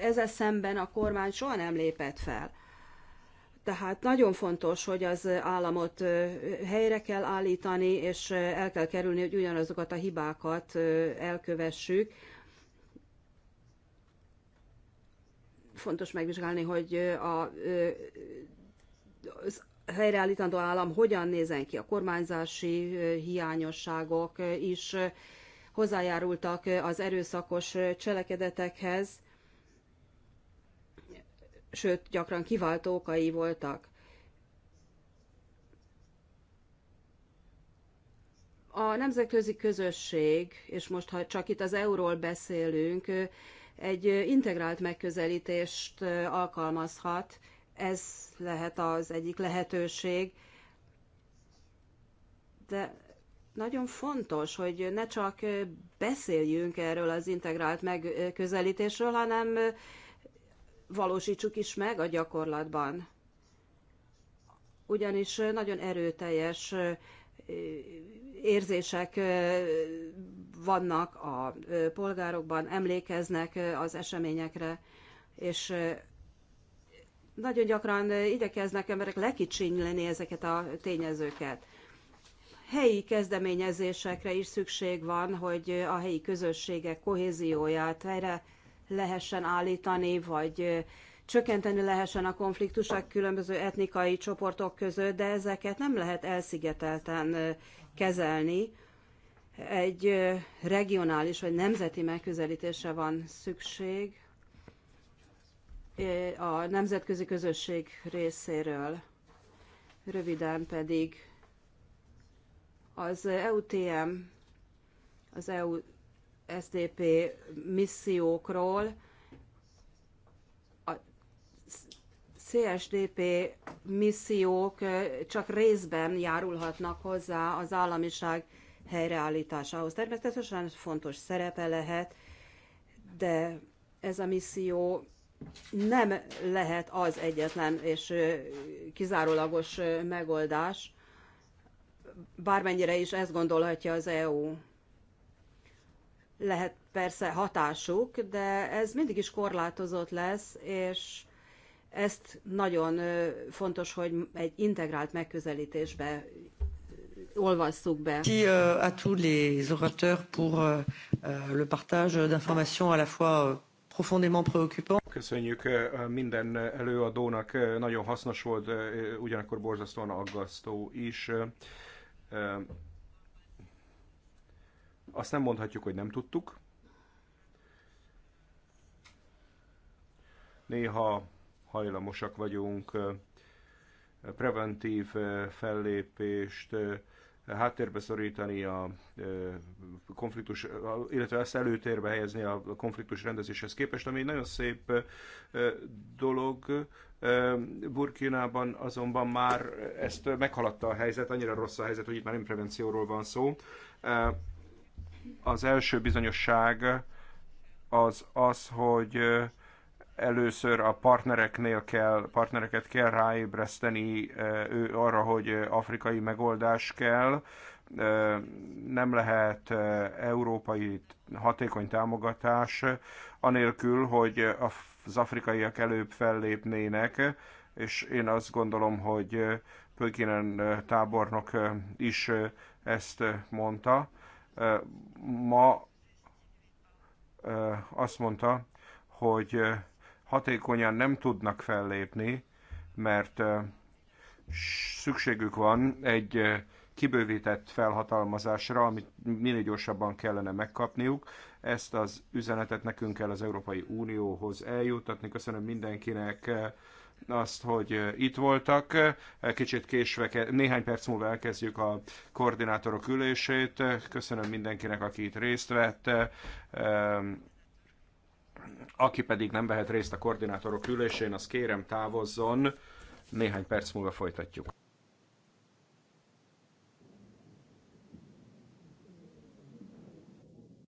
ezzel szemben a kormány soha nem lépett fel. Tehát nagyon fontos, hogy az államot helyre kell állítani, és el kell kerülni, hogy ugyanazokat a hibákat elkövessük, fontos megvizsgálni, hogy a az helyreállítandó állam hogyan nézen ki. A kormányzási hiányosságok is hozzájárultak az erőszakos cselekedetekhez, sőt, gyakran kiváltó okai voltak. A nemzetközi közösség, és most ha csak itt az euról beszélünk, egy integrált megközelítést alkalmazhat. Ez lehet az egyik lehetőség. De nagyon fontos, hogy ne csak beszéljünk erről az integrált megközelítésről, hanem valósítsuk is meg a gyakorlatban. Ugyanis nagyon erőteljes érzések vannak a polgárokban, emlékeznek az eseményekre, és nagyon gyakran igyekeznek emberek lekicsinyleni ezeket a tényezőket. Helyi kezdeményezésekre is szükség van, hogy a helyi közösségek kohézióját helyre lehessen állítani, vagy csökkenteni lehessen a konfliktusok különböző etnikai csoportok között, de ezeket nem lehet elszigetelten kezelni, egy regionális vagy nemzeti megközelítésre van szükség a nemzetközi közösség részéről. Röviden pedig az EUTM, az EU SDP missziókról, a CSDP missziók csak részben járulhatnak hozzá az államiság helyreállításához. Természetesen fontos szerepe lehet, de ez a misszió nem lehet az egyetlen és kizárólagos megoldás, bármennyire is ezt gondolhatja az EU. Lehet persze hatásuk, de ez mindig is korlátozott lesz, és ezt nagyon fontos, hogy egy integrált megközelítésbe olvasszuk be. Merci euh, a tous les orateurs pour euh, euh, le partage d'informations à la fois profondément préoccupant. Köszönjük minden előadónak, nagyon hasznos volt, ugyanakkor borzasztóan aggasztó is. Azt nem mondhatjuk, hogy nem tudtuk. Néha hajlamosak vagyunk preventív fellépést háttérbe szorítani a konfliktus, illetve ezt előtérbe helyezni a konfliktus rendezéshez képest, ami egy nagyon szép dolog. Burkinában azonban már ezt meghaladta a helyzet, annyira rossz a helyzet, hogy itt már nem prevencióról van szó. Az első bizonyosság az az, hogy először a partnereknél kell, partnereket kell ráébreszteni ő arra, hogy afrikai megoldás kell, nem lehet európai hatékony támogatás, anélkül, hogy az afrikaiak előbb fellépnének, és én azt gondolom, hogy Pökinen tábornok is ezt mondta. Ma azt mondta, hogy hatékonyan nem tudnak fellépni, mert szükségük van egy kibővített felhatalmazásra, amit minél gyorsabban kellene megkapniuk. Ezt az üzenetet nekünk kell az Európai Unióhoz eljutatni. Köszönöm mindenkinek azt, hogy itt voltak. Kicsit késve, néhány perc múlva elkezdjük a koordinátorok ülését. Köszönöm mindenkinek, aki itt részt vett. Aki pedig nem vehet részt a koordinátorok ülésén, az kérem távozzon. Néhány perc múlva folytatjuk.